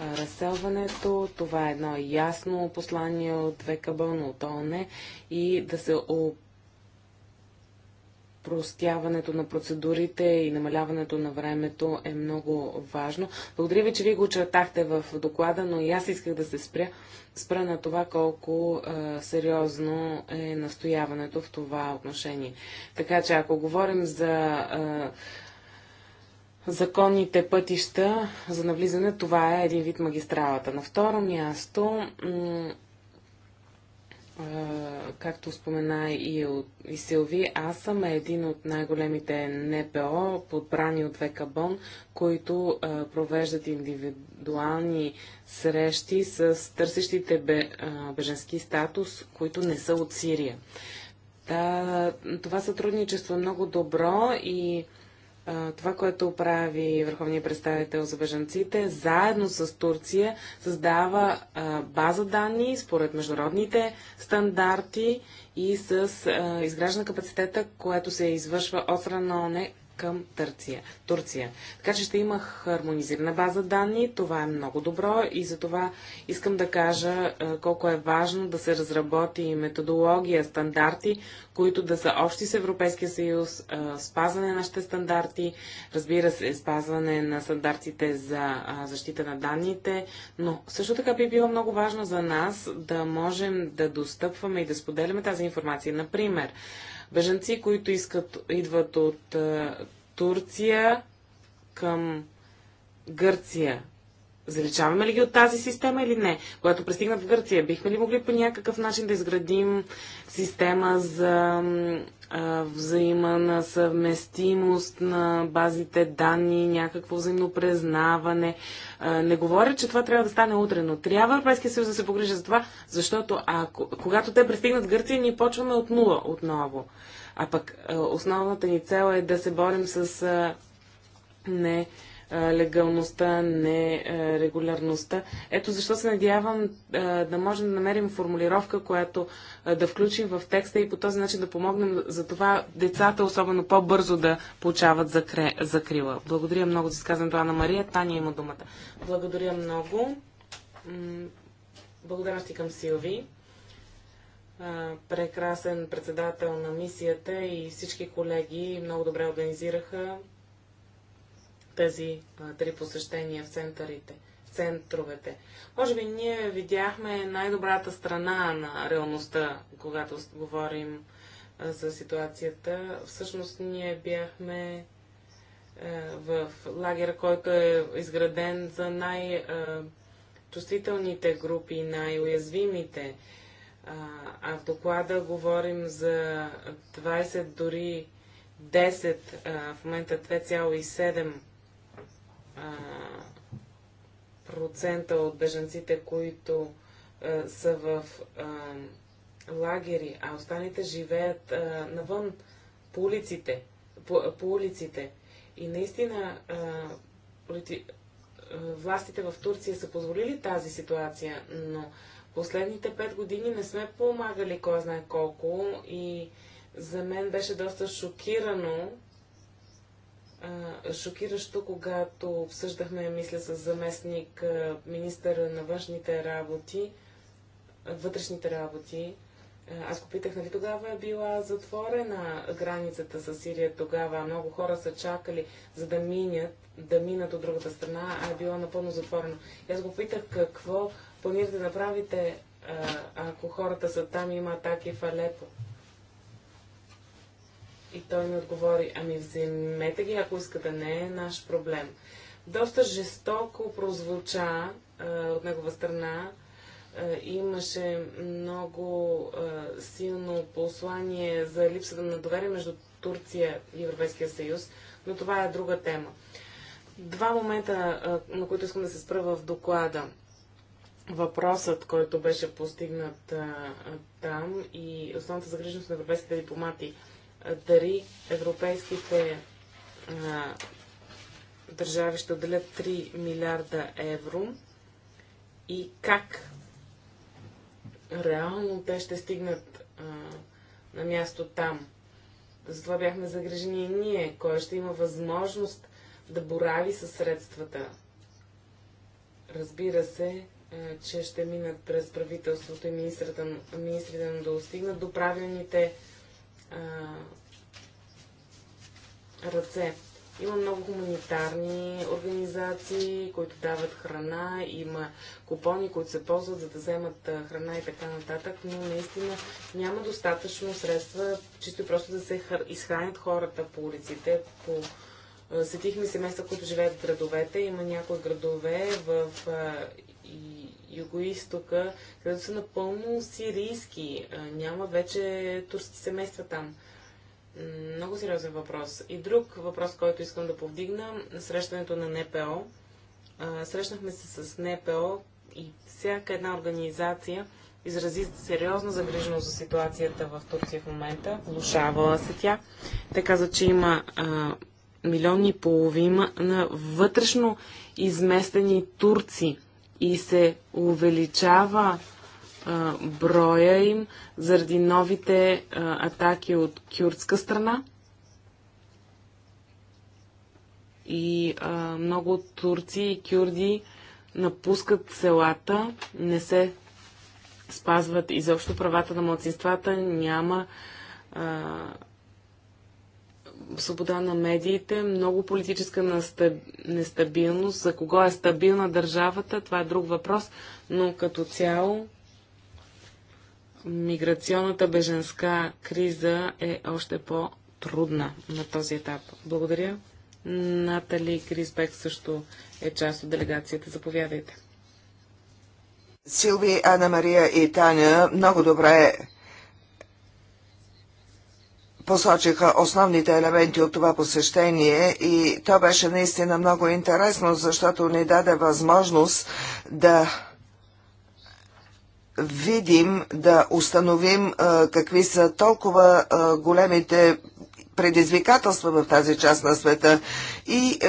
а, разселването. Това е едно ясно послание от ВКБ, от ООН и да се простяването на процедурите и намаляването на времето е много важно. Благодаря ви, че ви го очертахте в доклада, но и аз исках да се спря, спра на това колко а, сериозно е настояването в това отношение. Така че ако говорим за а, законните пътища за навлизане, това е един вид магистралата. На второ място, както спомена и, от, и Силви, аз съм един от най-големите НПО, подбрани от Векабон, които провеждат индивидуални срещи с търсещите беженски статус, които не са от Сирия. това сътрудничество е много добро и а, това, което прави върховният представител за бежанците, заедно с Турция създава база данни според международните стандарти и с изграждане капацитета, което се извършва от страна на ОНЕ към Търция, Турция. Така че ще има хармонизирана база данни. Това е много добро и за това искам да кажа е, колко е важно да се разработи методология, стандарти, които да са общи с Европейския съюз, е, спазване на нашите стандарти, разбира се, спазване на стандартите за е, защита на данните, но също така би било много важно за нас да можем да достъпваме и да споделяме тази информация. Например, бежанци, които искат, идват от Турция към Гърция. Заличаваме ли ги от тази система или не? Когато пристигнат в Гърция, бихме ли могли по някакъв начин да изградим система за а, взаимна съвместимост на базите данни, някакво взаимно признаване? не говоря, че това трябва да стане утре, но трябва Европейския съюз да се погрижи за това, защото ако, когато те пристигнат в Гърция, ние почваме от нула отново. А пък основната ни цел е да се борим с не легалността, нерегулярността. Ето защо се надявам да можем да намерим формулировка, която да включим в текста и по този начин да помогнем за това децата, особено по-бързо да получават закрила. Благодаря много за изказването Ана Мария. Таня има думата. Благодаря много. Благодарности към Силви прекрасен председател на мисията и всички колеги много добре организираха тези три посещения в центърите, в центровете. Може би ние видяхме най-добрата страна на реалността, когато говорим за ситуацията. Всъщност ние бяхме е, в лагер, който е изграден за най- чувствителните групи, най-уязвимите. А в доклада говорим за 20, дори 10, в момента 2,7 процента от беженците, които а, са в а, лагери, а останалите живеят а, навън по улиците. По, по улиците. И наистина а, полити... властите в Турция са позволили тази ситуация, но последните пет години не сме помагали кой знае колко и за мен беше доста шокирано шокиращо, когато обсъждахме, мисля, с заместник министъра на външните работи, вътрешните работи. Аз го питах, нали тогава е била затворена границата с Сирия тогава, много хора са чакали, за да минят, да минат от другата страна, а е била напълно затворена. аз го питах какво планирате да направите, ако хората са там и има атаки в Алепо. И той ми отговори, ами вземете ги, ако искате, не е наш проблем. Доста жестоко прозвуча а, от негова страна. А, имаше много а, силно послание за липсата на доверие между Турция и Европейския съюз, но това е друга тема. Два момента, а, на които искам да се спра в доклада въпросът, който беше постигнат а, там и основната загриженост на европейските дипломати. Дари, европейските а, държави ще отделят 3 милиарда евро и как реално те ще стигнат а, на място там. Затова бяхме загрежени и ние, кой ще има възможност да борави със средствата. Разбира се, а, че ще минат през правителството и министрите, министрите да достигнат до правилните а, ръце. Има много хуманитарни организации, които дават храна, има купони, които се ползват за да вземат храна и така нататък, но наистина няма достатъчно средства, чисто просто да се изхранят хората по улиците, по Сетих семейства, които живеят в градовете. Има някои градове в юго-истока, където са напълно сирийски. Няма вече турски семейства там. Много сериозен въпрос. И друг въпрос, който искам да повдигна, срещането на НПО. Срещнахме се с НПО и всяка една организация изрази сериозна загриженост за ситуацията в Турция в момента. Влушавала се тя. Те каза, че има а, милиони и половина на вътрешно изместени турци и се увеличава а, броя им заради новите а, атаки от кюрдска страна. И а, много турци и кюрди напускат селата, не се спазват изобщо правата на младсинствата, няма свобода на медиите, много политическа нестабилност. За кого е стабилна държавата, това е друг въпрос, но като цяло миграционната беженска криза е още по-трудна на този етап. Благодаря. Натали Крисбек също е част от делегацията. Заповядайте. Силви, Ана Мария и Таня много добре посочиха основните елементи от това посещение и то беше наистина много интересно, защото ни даде възможност да видим, да установим какви са толкова големите предизвикателства в тази част на света. И е,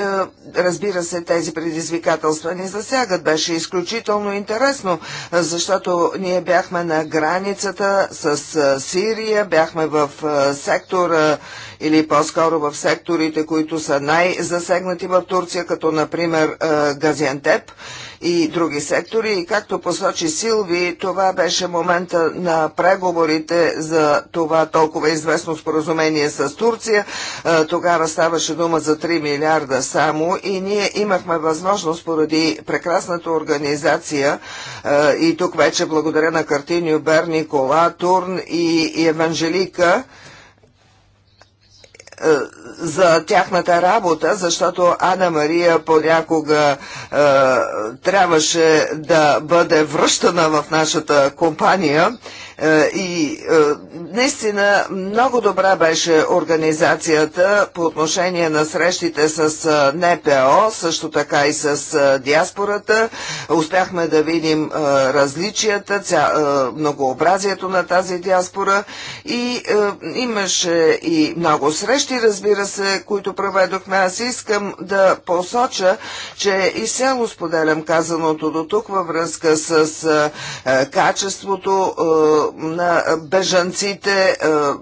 разбира се, тези предизвикателства ни засягат. Беше изключително интересно, е, защото ние бяхме на границата с е, Сирия, бяхме в е, сектора или по-скоро в секторите, които са най-засегнати в Турция, като например е, Газиантеп и други сектори. И както посочи Силви, това беше момента на преговорите за това толкова известно споразумение с Турция. Е, тогава ставаше дума за 3 милиарда само и ние имахме възможност поради прекрасната организация е, и тук вече благодаря на картини Бер, Никола, Турн и Еванжелика, за тяхната работа, защото Ана Мария понякога е, трябваше да бъде връщана в нашата компания е, и е, наистина много добра беше организацията по отношение на срещите с е, НПО, също така и с е, диаспората. Успяхме да видим е, различията, ця, е, многообразието на тази диаспора и е, имаше и много срещи срещи, разбира се, които проведохме. Аз искам да посоча, че и село споделям казаното до тук във връзка с а, качеството а, на бежанците а,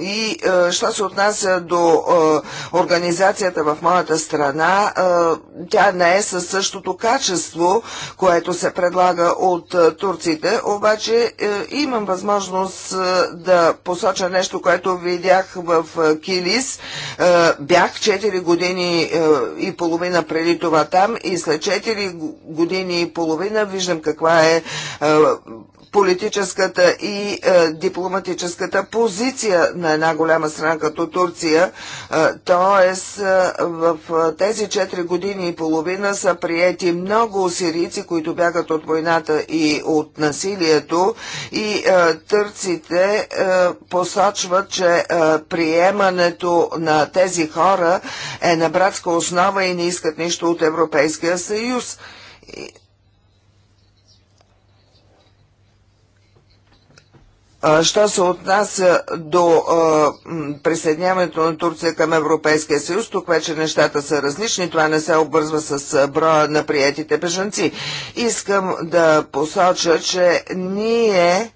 и а, що се отнася до а, организацията в моята страна, а, тя не е със същото качество, което се предлага от а, турците, обаче а, имам възможност а, да посоча нещо, което видях в Килис днес. Бях 4 години и половина преди това там и след 4 години и половина виждам каква е политическата и е, дипломатическата позиция на една голяма страна като Турция. Е, тоест, е, в е, тези 4 години и половина са приети много сирийци, които бягат от войната и от насилието и е, търците е, посочват, че е, приемането на тези хора е на братска основа и не искат нищо от Европейския съюз. Що се отнася до присъединяването на Турция към Европейския съюз, тук вече нещата са различни. Това не се обвързва с броя на приетите бежанци. Искам да посоча, че ние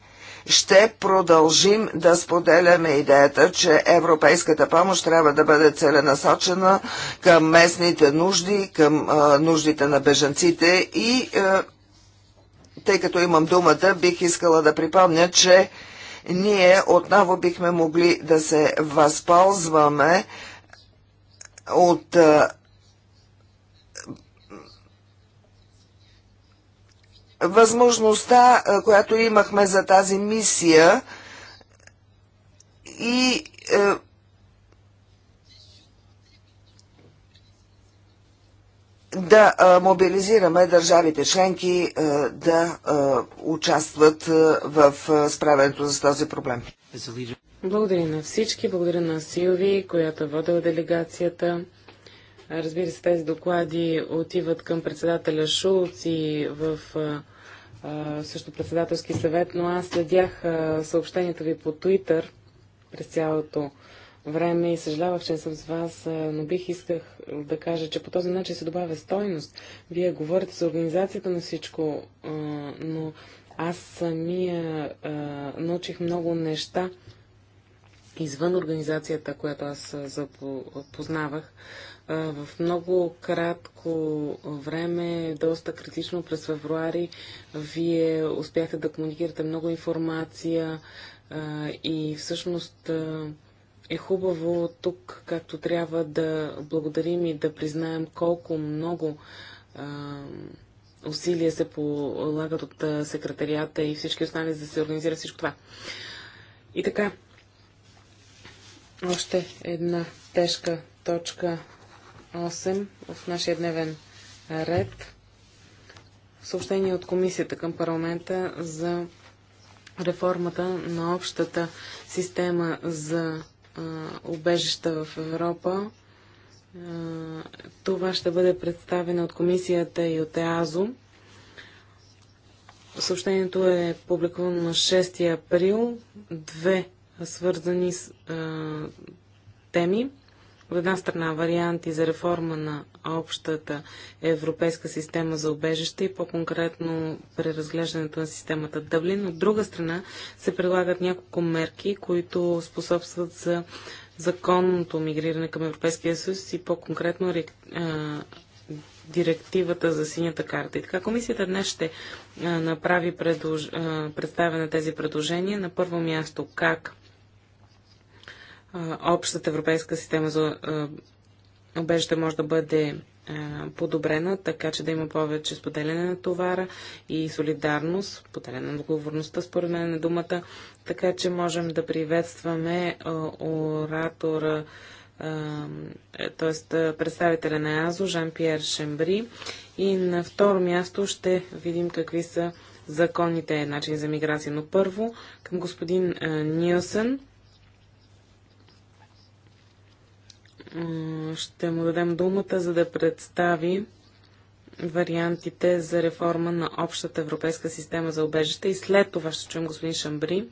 ще продължим да споделяме идеята, че европейската помощ трябва да бъде целенасочена към местните нужди, към а, нуждите на бежанците и а, тъй като имам думата, бих искала да припомня, че ние отново бихме могли да се възползваме от възможността, която имахме за тази мисия и е, да мобилизираме държавите членки да участват в справянето с този проблем. Благодаря на всички, благодаря на Силви, която водила делегацията. Разбира се, тези доклади отиват към председателя Шулц и в а, също председателски съвет, но аз следях съобщението съобщенията ви по Твитър през цялото време и съжалявах, че не съм с вас, но бих исках да кажа, че по този начин се добавя стойност. Вие говорите за организацията на всичко, но аз самия научих много неща извън организацията, която аз запознавах. В много кратко време, доста критично през февруари, вие успяхте да комуникирате много информация и всъщност е хубаво тук, както трябва да благодарим и да признаем колко много а, усилия се полагат от секретарията и всички останали за да се организира всичко това. И така, още една тежка точка 8 в нашия дневен ред. Съобщение от комисията към парламента за реформата на общата система за убежища в Европа. Това ще бъде представено от комисията и от ЕАЗО. Съобщението е публикувано на 6 април. Две свързани с, а, теми. От една страна варианти за реформа на общата европейска система за обежище и по-конкретно преразглеждането на системата Дъблин. От друга страна се прилагат няколко мерки, които способстват за законното мигриране към Европейския съюз и по-конкретно директивата за синята карта. И така, комисията днес ще направи предлож... представя на тези предложения. На първо място как общата европейска система за убежище може да бъде подобрена, така че да има повече споделяне на товара и солидарност, споделяне на отговорността, според мен на думата, така че можем да приветстваме оратора, т.е. представителя на АЗО, Жан-Пьер Шембри. И на второ място ще видим какви са законните начини за миграция. Но първо към господин Нилсън Ще му дадем думата, за да представи вариантите за реформа на общата европейска система за обежище и след това ще чуем господин Шамбри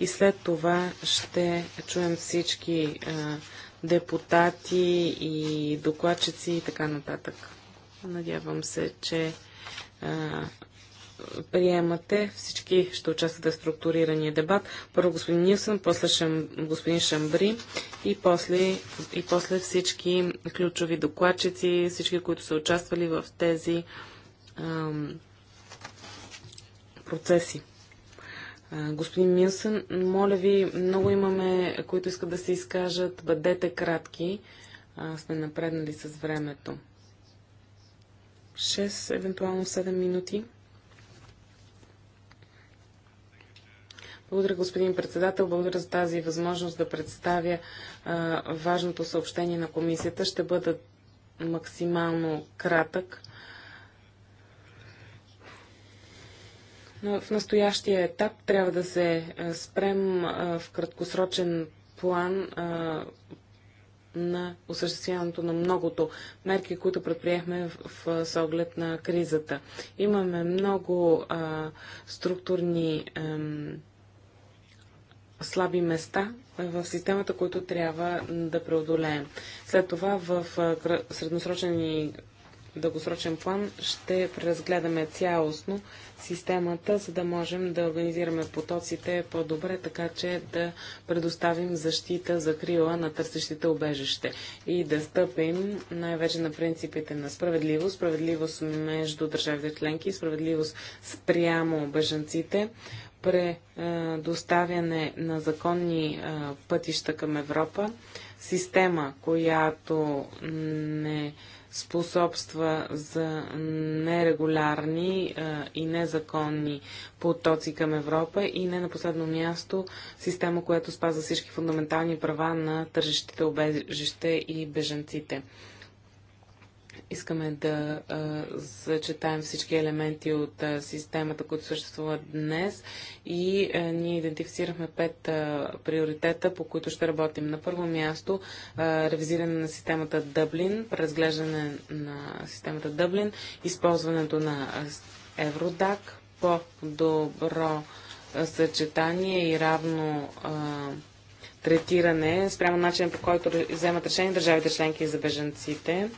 и след това ще чуем всички депутати и докладчици и така нататък. Надявам се, че приемате. Всички ще участвате в структурирания дебат. Първо господин Нилсън, после Шем, господин Шамбри и после, и после всички ключови докладчици, всички, които са участвали в тези ам, процеси. господин Милсън, моля ви, много имаме, които искат да се изкажат. Бъдете кратки. А, сме напреднали с времето. 6, евентуално 7 минути. Благодаря, господин председател. Благодаря за тази възможност да представя а, важното съобщение на комисията. Ще бъда максимално кратък. Но в настоящия етап трябва да се спрем а, в краткосрочен план а, на осъществяването на многото мерки, които предприехме в, в, с оглед на кризата. Имаме много а, структурни ам, слаби места в системата, които трябва да преодолеем. След това в средносрочен и дългосрочен план ще преразгледаме цялостно системата, за да можем да организираме потоците по-добре, така че да предоставим защита, за крила на търсещите обежище и да стъпим най-вече на принципите на справедливост, справедливост между държавите членки, справедливост спрямо бежанците, предоставяне на законни пътища към Европа, система, която не способства за нерегулярни и незаконни потоци към Европа и не на последно място система, която спазва всички фундаментални права на тържещите обежище и беженците. Искаме да а, съчетаем всички елементи от а, системата, които съществуват днес и а, ние идентифицирахме пет а, приоритета, по които ще работим. На първо място а, ревизиране на системата Дъблин, разглеждане на системата Дъблин, използването на Евродак, по-добро съчетание и равно а, третиране спрямо начин по който вземат решение държавите членки за беженците.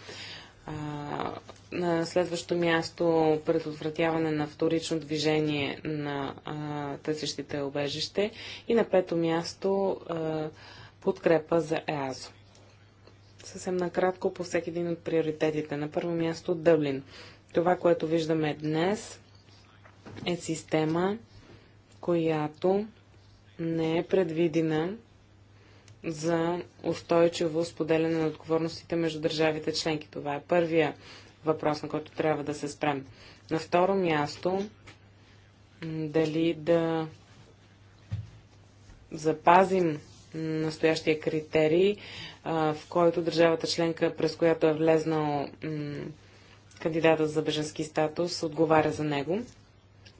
На следващо място предотвратяване на вторично движение на тъсещите обежище и на пето място а, подкрепа за ЕАЗО. Съвсем накратко по всеки един от приоритетите. На първо място Дъблин. Това, което виждаме днес е система, която не е предвидена за устойчиво споделяне на отговорностите между държавите членки. Това е първия въпрос, на който трябва да се спрем. На второ място, дали да запазим настоящия критерий, в който държавата членка, през която е влезнал кандидата за беженски статус, отговаря за него.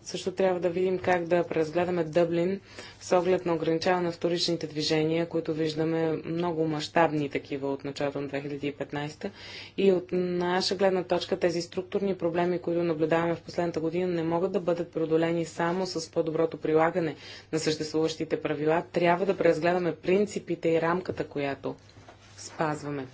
Също трябва да видим как да преразгледаме Дъблин с оглед на ограничаване на вторичните движения, които виждаме много мащабни такива от началото на 2015. И от наша гледна точка тези структурни проблеми, които наблюдаваме в последната година, не могат да бъдат преодолени само с по-доброто прилагане на съществуващите правила. Трябва да преразгледаме принципите и рамката, която спазваме.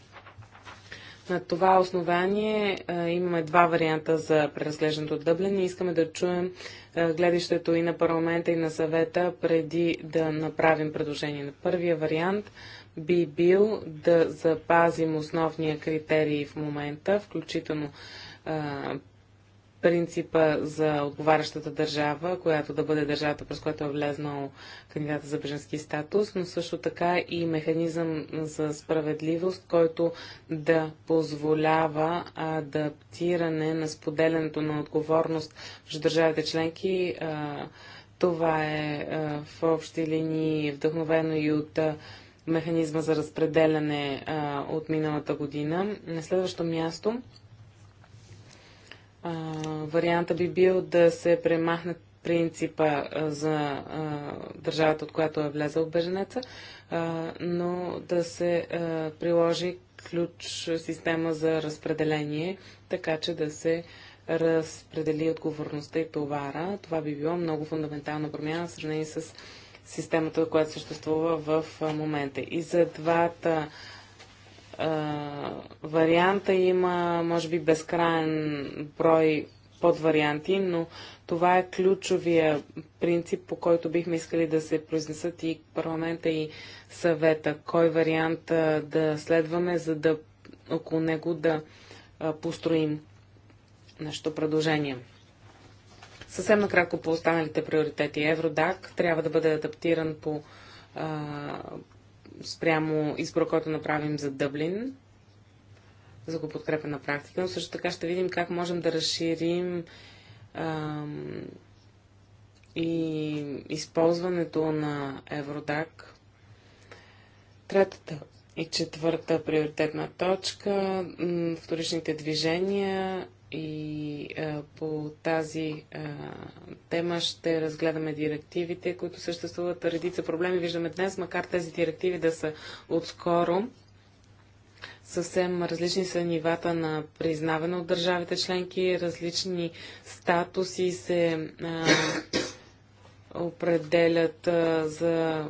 На това основание а, имаме два варианта за преразглеждането от Дъблин и искаме да чуем е, гледището и на парламента и на съвета преди да направим предложение. първия вариант би бил да запазим основния критерий в момента, включително е, принципа за отговарящата държава, която да бъде държавата, през която е влезнал кандидата за беженски статус, но също така и механизъм за справедливост, който да позволява адаптиране на споделянето на отговорност между държавите членки. Това е в общи линии вдъхновено и от механизма за разпределяне от миналата година. На следващо място варианта би бил да се премахнат принципа за а, държавата, от която е влязъл беженеца, а, но да се а, приложи ключ система за разпределение, така че да се разпредели отговорността и товара. Това би било много фундаментална промяна в сравнение с системата, която съществува в момента. И за двата варианта има, може би, безкраен брой подварианти, но това е ключовия принцип, по който бихме искали да се произнесат и парламента и съвета. Кой вариант да следваме, за да около него да а, построим нашето предложение. Съвсем накратко по останалите приоритети. Евродак трябва да бъде адаптиран по спрямо избора, който направим за Дъблин, за го подкрепа на практика, но също така ще видим как можем да разширим ам, и използването на Евродак. Третата и четвърта приоритетна точка вторичните движения и а, по тази а, тема ще разгледаме директивите, които съществуват. Редица проблеми виждаме днес, макар тези директиви да са отскоро. Съвсем различни са нивата на признаване от държавите членки, различни статуси се а, определят а, за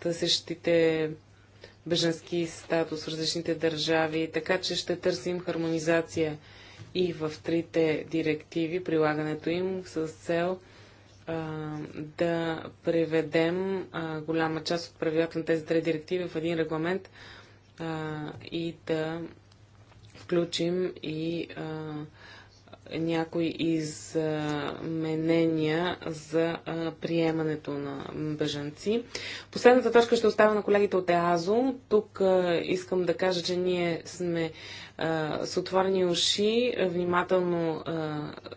тъсещите беженски статус в различните държави, така че ще търсим хармонизация и в трите директиви, прилагането им с цел а, да преведем а, голяма част от правилата на тези три директиви в един регламент а, и да включим и а, някои изменения за приемането на бежанци. Последната точка ще оставя на колегите от ЕАЗО. Тук искам да кажа, че ние сме с отворени уши, внимателно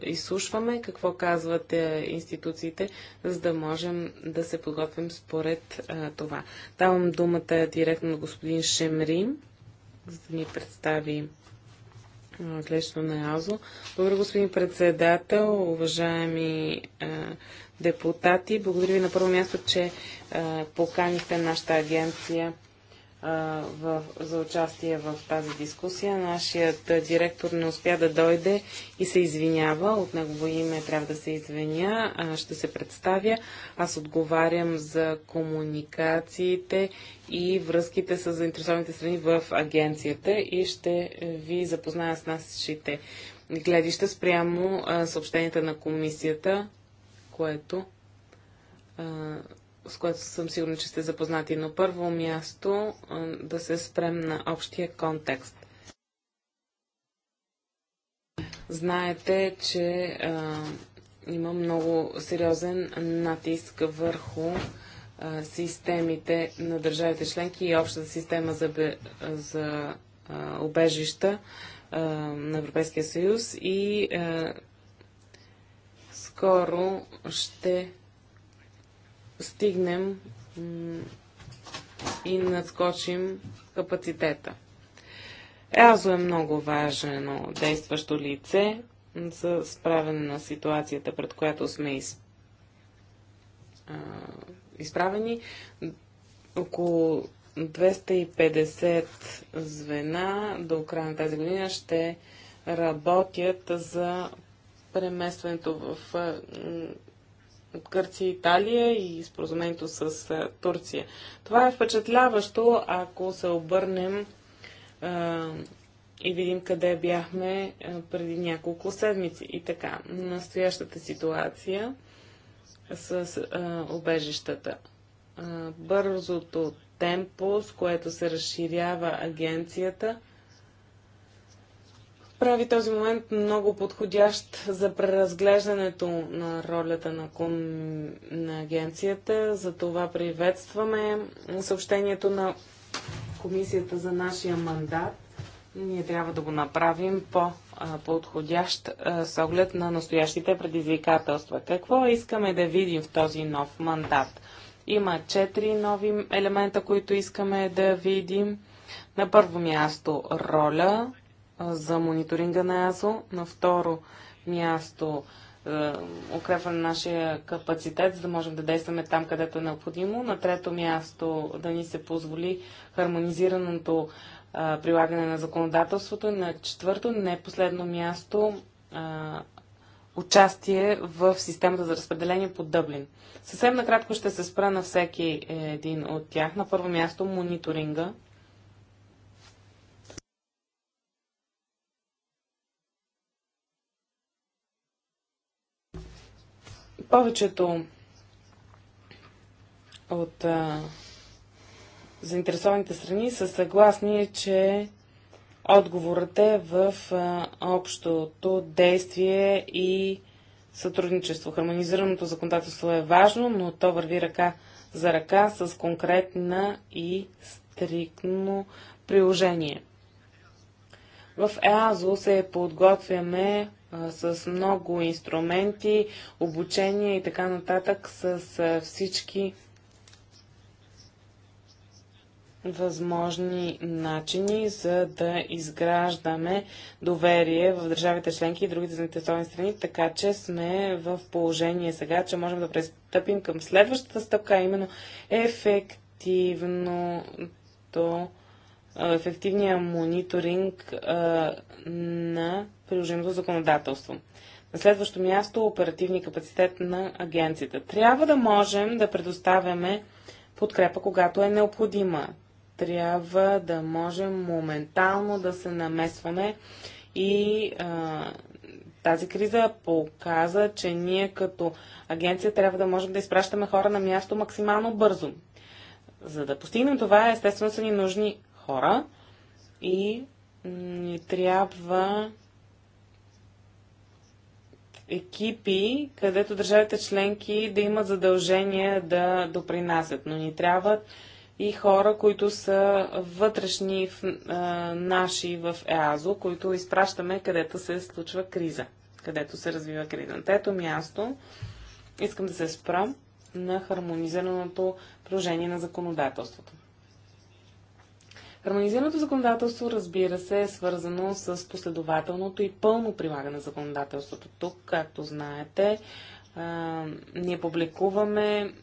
изслушваме какво казват институциите, за да можем да се подготвим според това. Давам думата директно на господин Шемри, за да ни представи Отлично на Азо. Добре, господин председател, уважаеми е, депутати. Благодаря ви на първо място, че е, поканихте нашата агенция в, за участие в тази дискусия. Нашият директор не успя да дойде и се извинява. От негово име трябва да се извиня. Ще се представя. Аз отговарям за комуникациите и връзките с заинтересованите страни в агенцията и ще ви запозная с нашите гледища спрямо съобщенията на комисията, което с което съм сигурна, че сте запознати. Но първо място да се спрем на общия контекст. Знаете, че а, има много сериозен натиск върху а, системите на държавите членки и общата система за, за а, обежища а, на Европейския съюз и а, скоро ще стигнем и надскочим капацитета. Еазо е много важно действащо лице за справяне на ситуацията, пред която сме из... изправени. Около 250 звена до края на тази година ще работят за преместването в от Гърция и Италия и споразумението с Турция. Това е впечатляващо, ако се обърнем а, и видим къде бяхме а, преди няколко седмици. И така, настоящата ситуация с а, обежищата. А, бързото темпо, с което се разширява агенцията – прави този момент много подходящ за преразглеждането на ролята на, кон... на агенцията. За това приветстваме съобщението на комисията за нашия мандат. Ние трябва да го направим по-подходящ с оглед на настоящите предизвикателства. Какво искаме да видим в този нов мандат? Има четири нови елемента, които искаме да видим. На първо място роля за мониторинга на ЕАСО. На второ място укрепване на нашия капацитет, за да можем да действаме там, където е необходимо. На трето място да ни се позволи хармонизираното прилагане на законодателството. На четвърто, не последно място, участие в системата за разпределение по Дъблин. Съвсем накратко ще се спра на всеки един от тях. На първо място мониторинга Повечето от а, заинтересованите страни са съгласни, че отговорът е в а, общото действие и сътрудничество. Хармонизираното законодателство е важно, но то върви ръка за ръка с конкретна и стриктно приложение. В ЕАЗО се подготвяме а, с много инструменти, обучение и така нататък, с а, всички възможни начини, за да изграждаме доверие в държавите членки и другите заинтересовани страни, така че сме в положение сега, че можем да пристъпим към следващата стъпка, а именно ефективното ефективния мониторинг на приложимото законодателство. На следващо място оперативни капацитет на агенцията. Трябва да можем да предоставяме подкрепа, когато е необходима. Трябва да можем моментално да се намесваме и а, тази криза показа, че ние като агенция трябва да можем да изпращаме хора на място максимално бързо. За да постигнем това, естествено са ни нужни хора и ни трябва екипи, където държавите членки да имат задължение да допринасят, но ни трябват и хора, които са вътрешни в, а, наши в ЕАЗО, които изпращаме където се случва криза, където се развива криза. На трето място искам да се спра на хармонизираното приложение на законодателството. Хармонизираното законодателство, разбира се, е свързано с последователното и пълно прилагане на законодателството. Тук, както знаете, ние публикуваме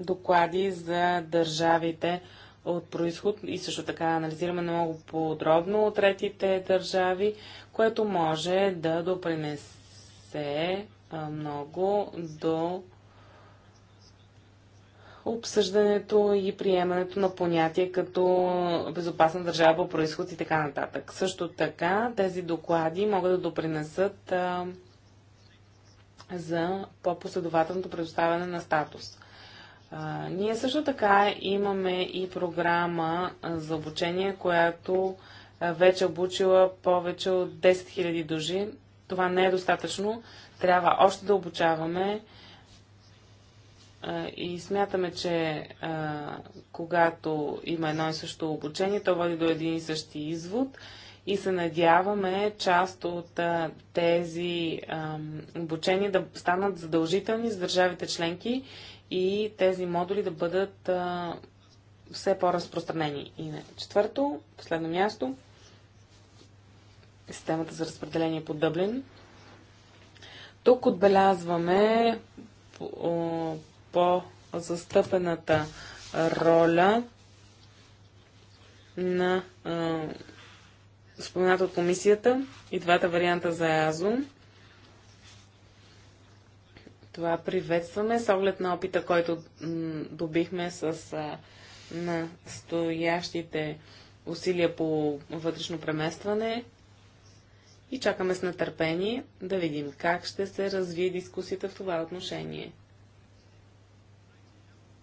доклади за държавите от происход и също така анализираме много подробно от третите държави, което може да допринесе много до обсъждането и приемането на понятия като безопасна държава по происход и така нататък. Също така тези доклади могат да допринесат а, за по-последователното предоставяне на статус. А, ние също така имаме и програма за обучение, която вече обучила повече от 10 000 души. Това не е достатъчно. Трябва още да обучаваме и смятаме, че а, когато има едно и също обучение, то води до един и същи извод и се надяваме част от а, тези а, обучения да станат задължителни за държавите членки и тези модули да бъдат а, все по-разпространени. И на четвърто, последно място, системата за разпределение по Дъблин. Тук отбелязваме по-застъпената роля на спомената от комисията и двата варианта за Азо. Това приветстваме с оглед на опита, който добихме с настоящите усилия по вътрешно преместване и чакаме с нетърпение да видим как ще се развие дискусията в това отношение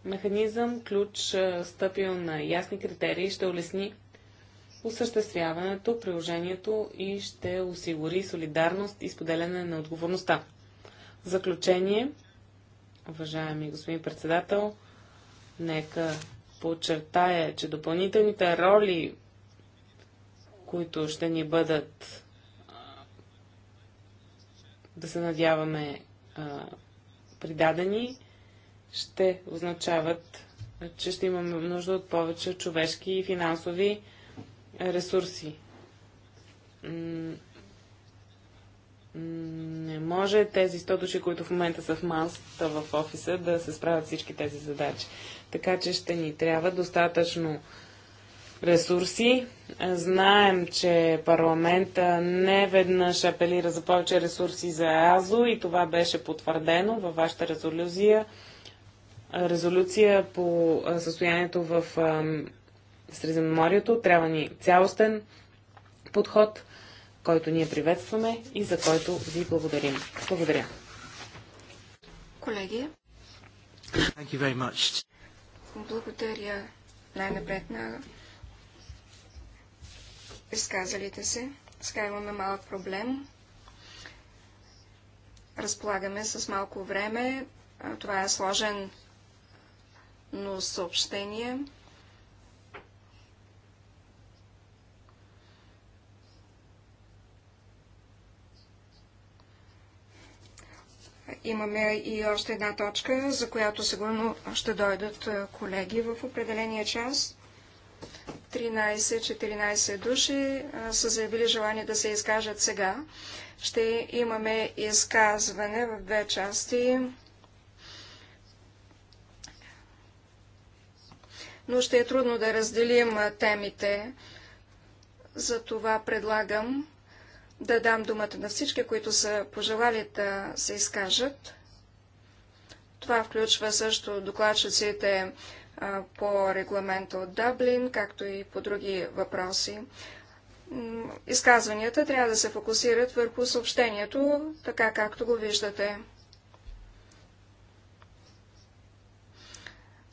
механизъм, ключ, стъпил на ясни критерии, ще улесни осъществяването, приложението и ще осигури солидарност и споделяне на отговорността. В заключение, уважаеми господин председател, нека подчертая, че допълнителните роли, които ще ни бъдат да се надяваме придадени, ще означават, че ще имаме нужда от повече човешки и финансови ресурси. Не може тези 100 души, които в момента са в маста в офиса, да се справят всички тези задачи. Така че ще ни трябва достатъчно ресурси. Знаем, че парламента не веднъж апелира за повече ресурси за АЗО и това беше потвърдено във вашата резолюция резолюция по състоянието в Средиземноморието. Трябва ни цялостен подход, който ние приветстваме и за който ви благодарим. Благодаря. Колеги, Thank you very much. благодаря най-напред на изказалите се. Сега имаме малък проблем. Разполагаме с малко време. Това е сложен но съобщение. Имаме и още една точка, за която сигурно ще дойдат колеги в определения час. 13-14 души са заявили желание да се изкажат сега. Ще имаме изказване в две части. но ще е трудно да разделим темите. Затова предлагам да дам думата на всички, които са пожелали да се изкажат. Това включва също докладчиците по регламента от Даблин, както и по други въпроси. Изказванията трябва да се фокусират върху съобщението, така както го виждате.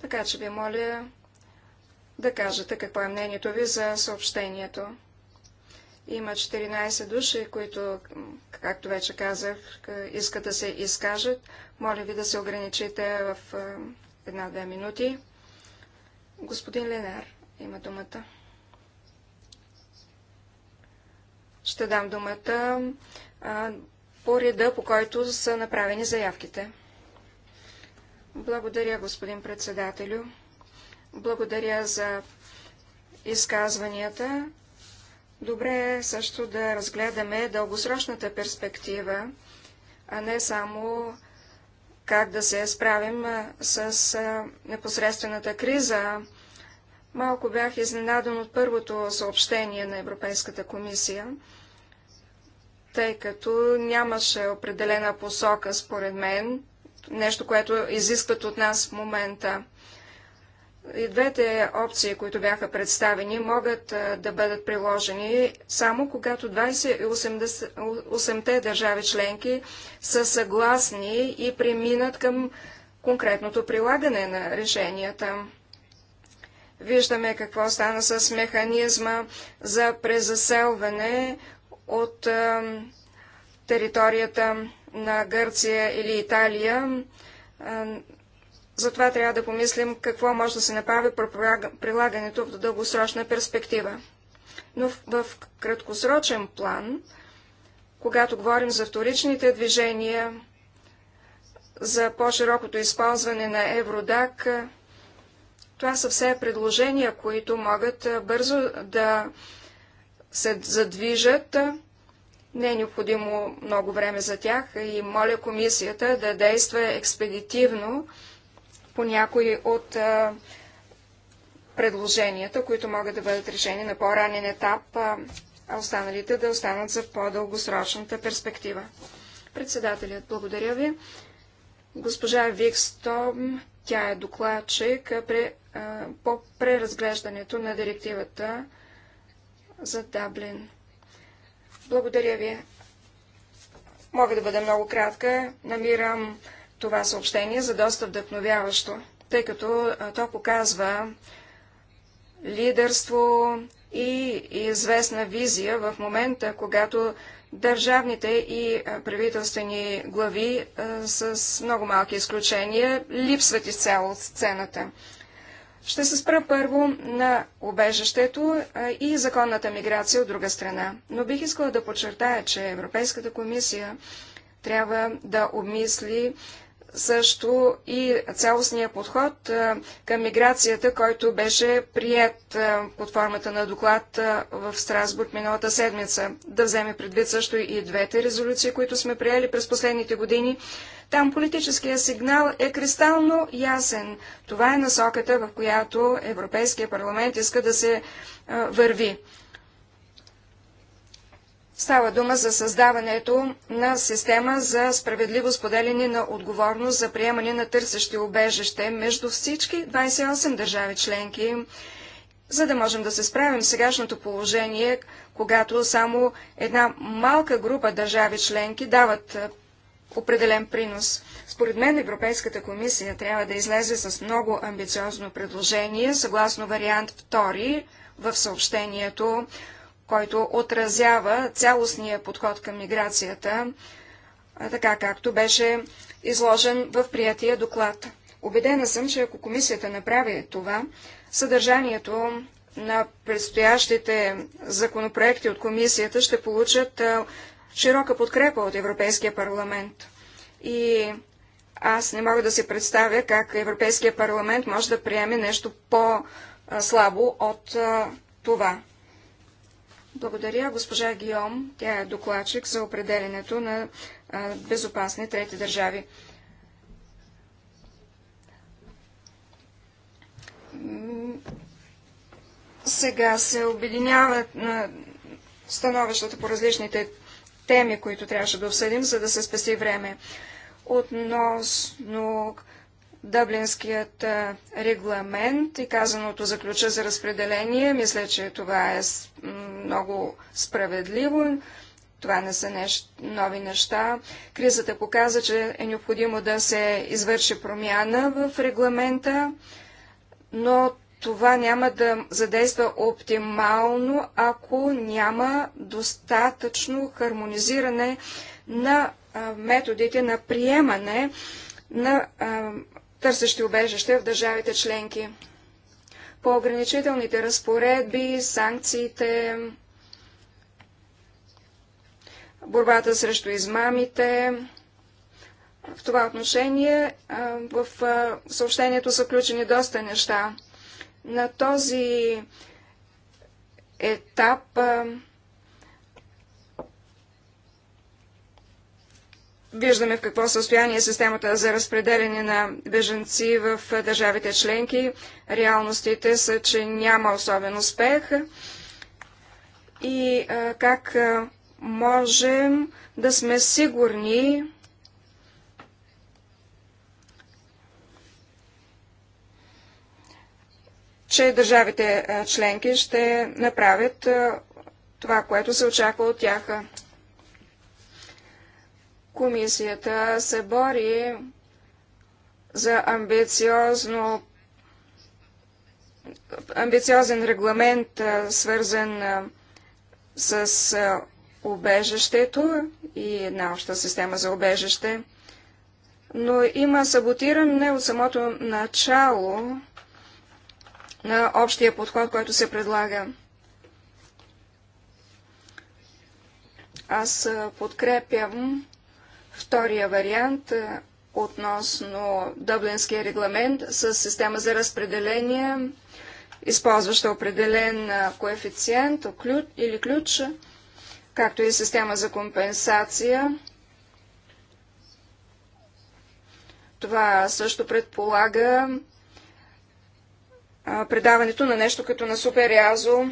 Така че ви моля да кажете какво е мнението ви за съобщението. Има 14 души, които, както вече казах, искат да се изкажат. Моля ви да се ограничите в една-две минути. Господин Ленар има думата. Ще дам думата по реда, по който са направени заявките. Благодаря, господин председателю. Благодаря за изказванията. Добре е също да разгледаме дългосрочната перспектива, а не само как да се справим с непосредствената криза. Малко бях изненадан от първото съобщение на Европейската комисия, тъй като нямаше определена посока, според мен, нещо, което изискват от нас в момента. И двете опции, които бяха представени, могат да бъдат приложени само когато 28-те държави членки са съгласни и преминат към конкретното прилагане на решенията. Виждаме какво стана с механизма за презаселване от територията на Гърция или Италия затова трябва да помислим какво може да се направи при прилагането в дългосрочна перспектива. Но в краткосрочен план, когато говорим за вторичните движения, за по-широкото използване на Евродак, това са все предложения, които могат бързо да се задвижат. Не е необходимо много време за тях и моля комисията да действа експедитивно, по някои от а, предложенията, които могат да бъдат решени на по-ранен етап, а останалите да останат за по-дългосрочната перспектива. Председателят, благодаря ви. Госпожа Викстом, тя е докладчик по преразглеждането на директивата за Даблин. Благодаря ви. Мога да бъда много кратка. Намирам това съобщение за доста вдъхновяващо, тъй като то показва лидерство и известна визия в момента, когато държавните и правителствени глави с много малки изключения липсват изцяло от сцената. Ще се спра първо на обежището и законната миграция от друга страна. Но бих искала да подчертая, че Европейската комисия трябва да обмисли също и цялостния подход към миграцията, който беше прият под формата на доклад в Страсбург миналата седмица. Да вземе предвид също и двете резолюции, които сме приели през последните години. Там политическия сигнал е кристално ясен. Това е насоката, в която Европейския парламент иска да се върви. Става дума за създаването на система за справедливо споделяне на отговорност за приемане на търсещи обежище между всички 28 държави членки, за да можем да се справим с сегашното положение, когато само една малка група държави членки дават е, определен принос. Според мен Европейската комисия трябва да излезе с много амбициозно предложение, съгласно вариант 2 в съобщението, който отразява цялостния подход към миграцията, така както беше изложен в приятия доклад. Обедена съм, че ако комисията направи това, съдържанието на предстоящите законопроекти от комисията ще получат широка подкрепа от Европейския парламент. И аз не мога да се представя как Европейския парламент може да приеме нещо по-слабо от това. Благодаря, госпожа Гиом. Тя е докладчик за определенето на безопасни трети държави. Сега се обединяват на становищата по различните теми, които трябваше да обсъдим, за да се спести време. Относно Дъблинският регламент и казаното за ключа за разпределение. Мисля, че това е много справедливо. Това не са нещ... нови неща. Кризата показа, че е необходимо да се извърши промяна в регламента, но това няма да задейства оптимално, ако няма достатъчно хармонизиране на а, методите на приемане на а, търсещи убежище в държавите членки по ограничителните разпоредби, санкциите, борбата срещу измамите. В това отношение в съобщението са включени доста неща. На този етап Виждаме в какво състояние е системата за разпределение на беженци в държавите членки. Реалностите са, че няма особен успех. И как можем да сме сигурни, че държавите членки ще направят това, което се очаква от тях. Комисията се бори за амбициозно амбициозен регламент, свързан с обежището и една обща система за обежище. Но има саботиране от самото начало на общия подход, който се предлага. Аз подкрепям Втория вариант е, относно Дъблинския регламент с система за разпределение, използваща определен е, коефициент или ключ, както и система за компенсация. Това също предполага предаването на нещо като на супериазо,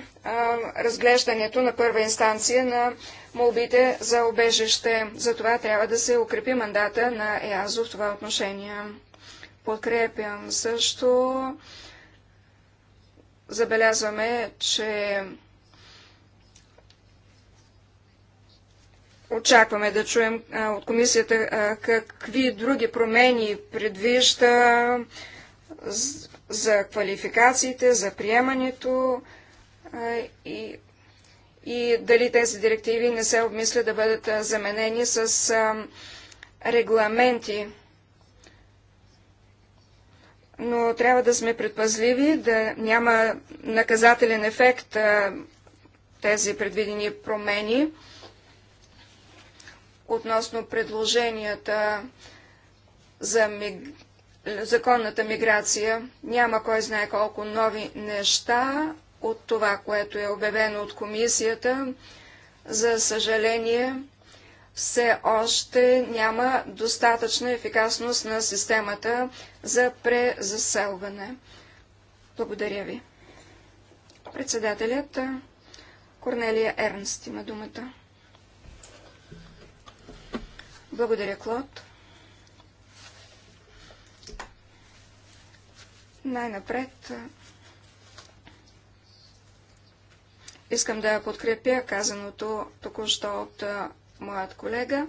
разглеждането на първа инстанция на молбите за обежище. Затова трябва да се укрепи мандата на ЕАЗО в това отношение. Подкрепям също. Забелязваме, че очакваме да чуем от комисията какви други промени предвижда за квалификациите, за приемането и, и дали тези директиви не се обмисля да бъдат заменени с регламенти. Но трябва да сме предпазливи, да няма наказателен ефект тези предвидени промени относно предложенията за миг законната миграция. Няма кой знае колко нови неща от това, което е обявено от комисията. За съжаление, все още няма достатъчна ефикасност на системата за презаселване. Благодаря ви. Председателят Корнелия Ернст има думата. Благодаря, Клод. Най-напред искам да подкрепя казаното току-що от моят колега.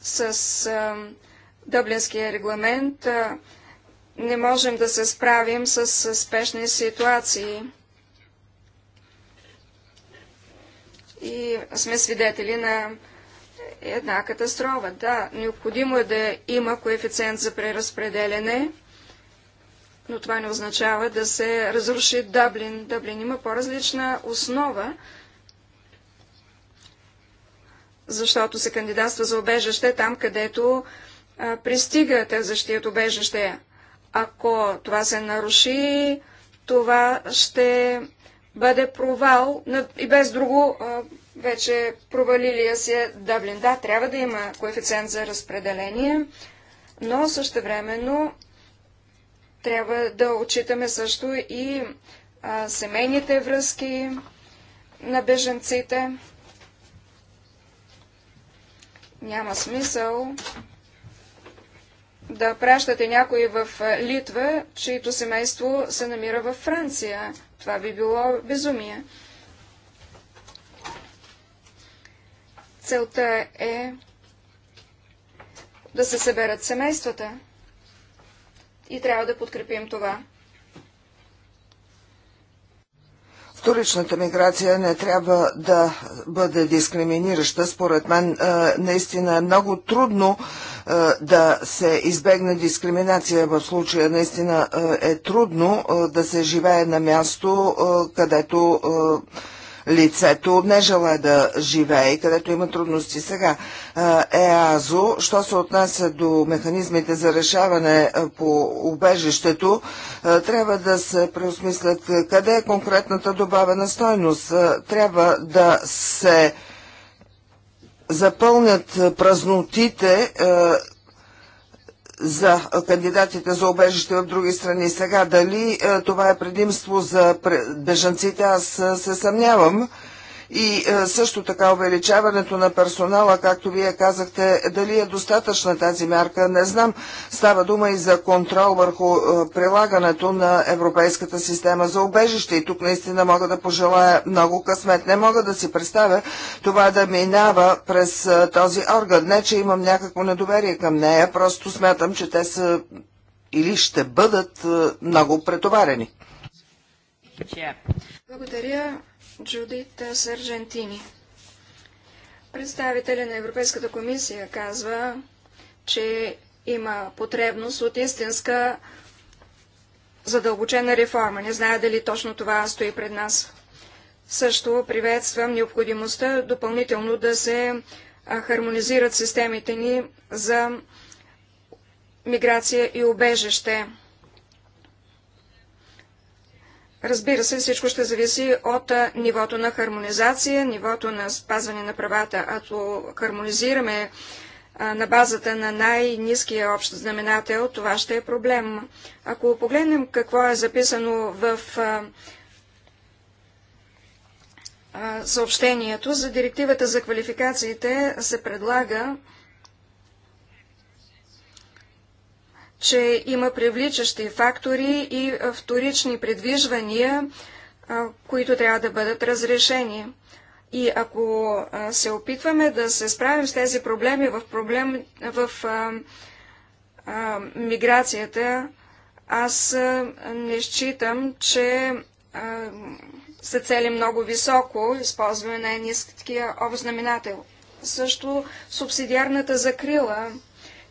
С а, Дъблинския регламент а, не можем да се справим с, с спешни ситуации. И сме свидетели на една катастрофа. Да, необходимо е да има коефициент за преразпределене, но това не означава да се разруши Даблин. Даблин има по-различна основа, защото се кандидатства за обежаще там, където а, пристига тезащият обежаще. Ако това се наруши, това ще бъде провал на, и без друго а, вече провалилия се Дъблин. Да, трябва да има коефициент за разпределение, но същевременно трябва да отчитаме също и а, семейните връзки на беженците. Няма смисъл да пращате някой в Литва, чието семейство се намира във Франция. Това би било безумие. Целта е да се съберат семействата и трябва да подкрепим това. Вторичната миграция не трябва да бъде дискриминираща. Според мен наистина е много трудно да се избегне дискриминация. В случая наистина е трудно да се живее на място, където лицето не желая да живее и където има трудности сега. ЕАЗО, що се отнася до механизмите за решаване по убежището, трябва да се преосмислят къде е конкретната добавена стойност. Трябва да се запълнят празнотите за кандидатите за обежище в други страни. Сега, дали е, това е предимство за бежанците, аз е, се съмнявам и е, също така увеличаването на персонала, както вие казахте, дали е достатъчна тази мярка, не знам. Става дума и за контрол върху е, прилагането на Европейската система за обежище и тук наистина мога да пожелая много късмет. Не мога да си представя това да минава през е, този орган. Не, че имам някакво недоверие към нея, просто смятам, че те са или ще бъдат много претоварени. Благодаря. Джудит Сержентини. Представителя на Европейската комисия казва, че има потребност от истинска задълбочена реформа. Не зная дали точно това стои пред нас. Също приветствам необходимостта допълнително да се хармонизират системите ни за миграция и убежище. Разбира се, всичко ще зависи от нивото на хармонизация, нивото на спазване на правата. Ако хармонизираме на базата на най-низкия общ знаменател, това ще е проблем. Ако погледнем какво е записано в съобщението за директивата за квалификациите, се предлага че има привличащи фактори и вторични предвижвания, които трябва да бъдат разрешени. И ако се опитваме да се справим с тези проблеми в, проблем, в а, а, миграцията, аз не считам, че а, се цели много високо, използваме най-низкия обзнаменател. Също субсидиарната закрила –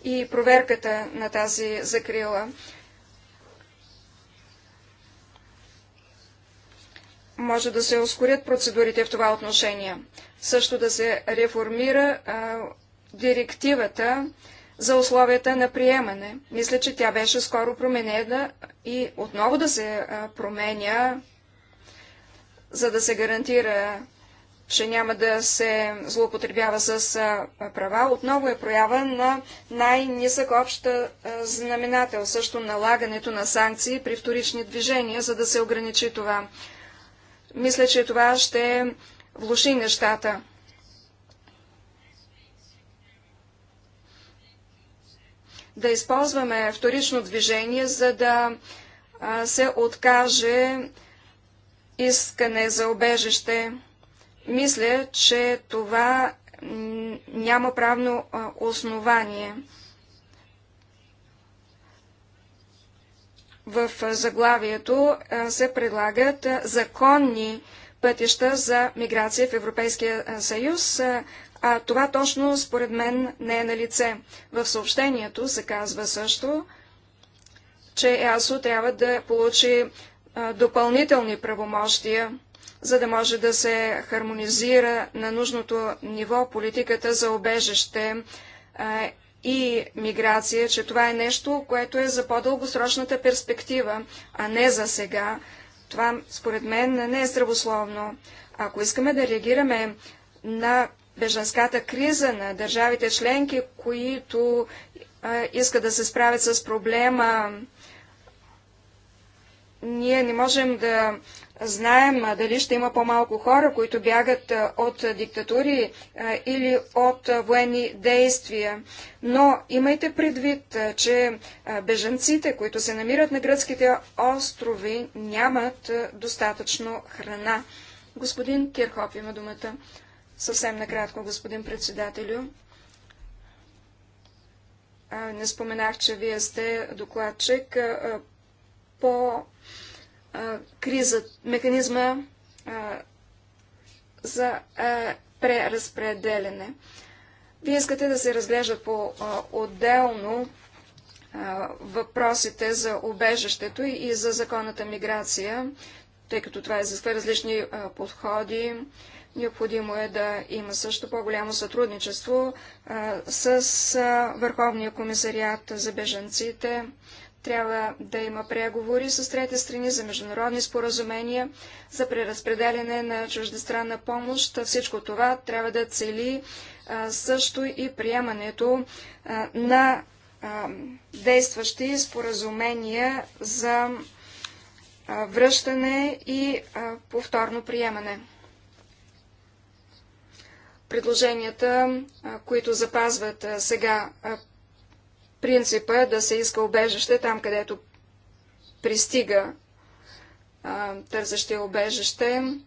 и проверката на тази закрила. Може да се ускорят процедурите в това отношение. Също да се реформира а, директивата за условията на приемане. Мисля, че тя беше скоро променена и отново да се променя, за да се гарантира че няма да се злоупотребява с права, отново е проява на най-нисък общ знаменател, също налагането на санкции при вторични движения, за да се ограничи това. Мисля, че това ще влуши нещата. Да използваме вторично движение, за да се откаже искане за обежище. Мисля, че това няма правно основание. В заглавието се предлагат законни пътища за миграция в Европейския съюз, а това точно според мен не е на лице. В съобщението се казва също, че ЕАСО трябва да получи допълнителни правомощия за да може да се хармонизира на нужното ниво политиката за обежище е, и миграция, че това е нещо, което е за по-дългосрочната перспектива, а не за сега. Това, според мен, не е здравословно. Ако искаме да реагираме на беженската криза на държавите членки, които е, искат да се справят с проблема, ние не можем да знаем дали ще има по-малко хора, които бягат от диктатури или от военни действия. Но имайте предвид, че беженците, които се намират на гръцките острови, нямат достатъчно храна. Господин Кирхоп има думата. Съвсем накратко, господин председателю. Не споменах, че вие сте докладчик по криза, механизма а, за а, преразпределене. Вие искате да се разглеждат по-отделно въпросите за обежището и за законната миграция, тъй като това е изисква различни подходи. Необходимо е да има също по-голямо сътрудничество с Върховния комисариат за беженците, трябва да има преговори с трети страни за международни споразумения, за преразпределяне на чуждестранна помощ. Всичко това трябва да цели а, също и приемането а, на а, действащи споразумения за връщане и повторно приемане предложенията, които запазват сега принципа е да се иска обежище там, където пристига търсещия обежище,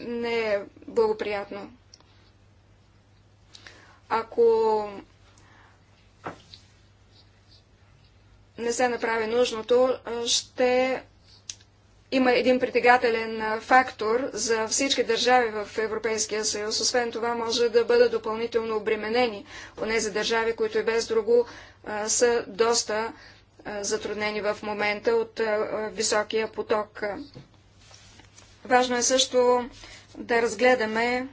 не е благоприятно. Ако не се направи нужното, ще има един притегателен фактор за всички държави в Европейския съюз. Освен това, може да бъдат допълнително обременени от тези държави, които и без друго са доста затруднени в момента от високия поток. Важно е също да разгледаме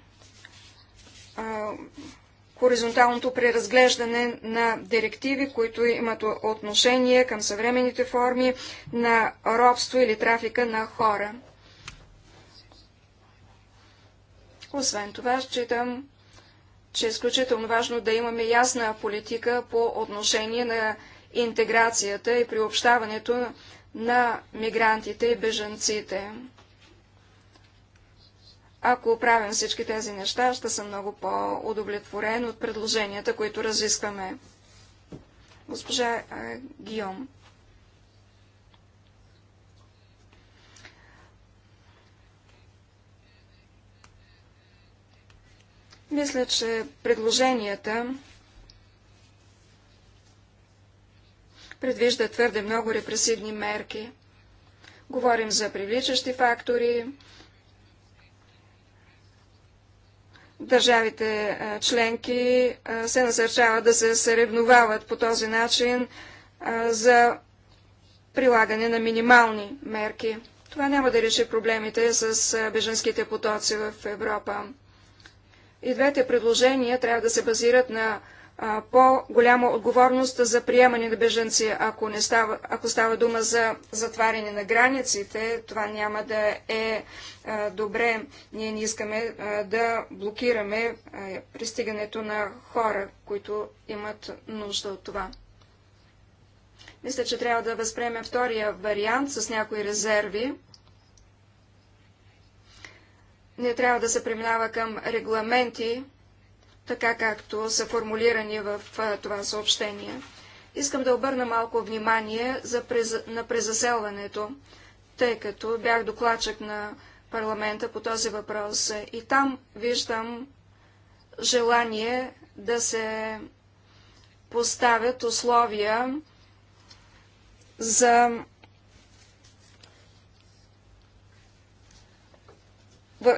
хоризонталното преразглеждане на директиви, които имат отношение към съвременните форми на робство или трафика на хора. Освен това, считам, че е изключително важно да имаме ясна политика по отношение на интеграцията и приобщаването на мигрантите и бежанците. Ако правим всички тези неща, ще съм много по-удовлетворен от предложенията, които разискваме. Госпожа а, Гиом. Мисля, че предложенията предвиждат твърде много репресивни мерки. Говорим за привличащи фактори, държавите членки се насърчават да се съревновават по този начин за прилагане на минимални мерки. Това няма да реши проблемите с беженските потоци в Европа. И двете предложения трябва да се базират на по-голяма отговорност за приемане на беженци. Ако, не става, ако става дума за затваряне на границите, това няма да е а, добре. Ние не искаме а, да блокираме а, пристигането на хора, които имат нужда от това. Мисля, че трябва да възприемем втория вариант с някои резерви. Не трябва да се преминава към регламенти, така както са формулирани в това съобщение. Искам да обърна малко внимание за през... на презаселването, тъй като бях докладчик на парламента по този въпрос и там виждам желание да се поставят условия за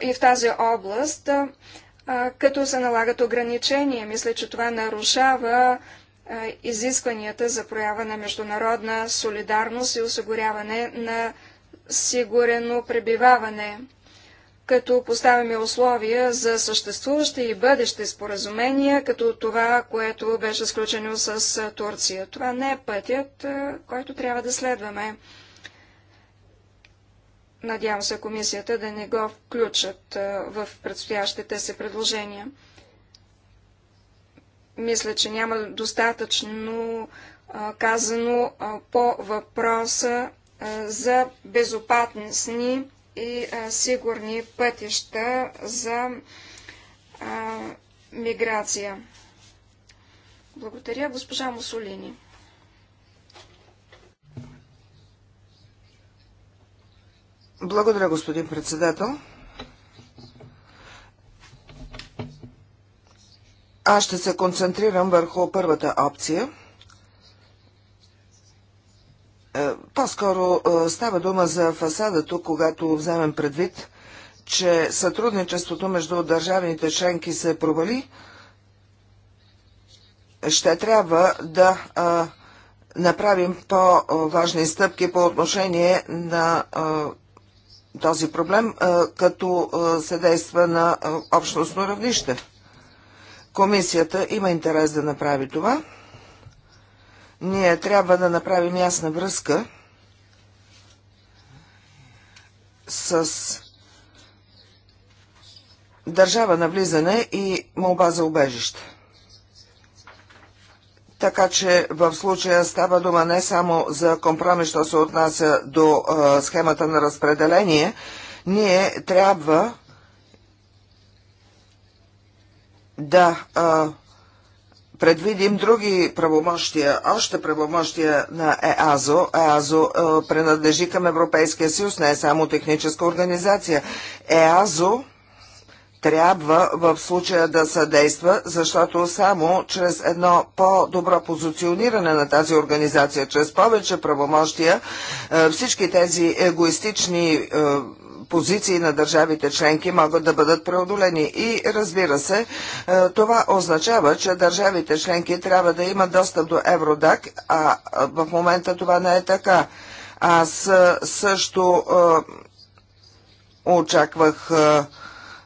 и в тази област като се налагат ограничения. Мисля, че това нарушава изискванията за проява на международна солидарност и осигуряване на сигурено пребиваване, като поставяме условия за съществуващи и бъдещи споразумения, като това, което беше сключено с Турция. Това не е пътят, който трябва да следваме. Надявам се комисията да не го включат в предстоящите си предложения. Мисля, че няма достатъчно казано по въпроса за безопасни и сигурни пътища за миграция. Благодаря, госпожа Мусолини. Благодаря, господин председател. Аз ще се концентрирам върху първата опция. Е, по-скоро е, става дума за фасадато, когато вземем предвид, че сътрудничеството между държавните членки се провали, ще трябва да е, направим по-важни стъпки по отношение на този проблем, като се действа на общностно равнище. Комисията има интерес да направи това. Ние трябва да направим ясна връзка с държава на влизане и молба за убежище. Така че в случая става дума не само за компромис, що се отнася до а, схемата на разпределение. Ние трябва да а, предвидим други правомощия, още правомощия на ЕАЗО. ЕАЗО а, принадлежи към Европейския съюз, не е само техническа организация. ЕАЗО трябва в случая да съдейства, защото само чрез едно по-добро позициониране на тази организация, чрез повече правомощия, е, всички тези егоистични е, позиции на държавите членки могат да бъдат преодолени. И разбира се, е, това означава, че държавите членки трябва да имат достъп до Евродак, а в момента това не е така. Аз също очаквах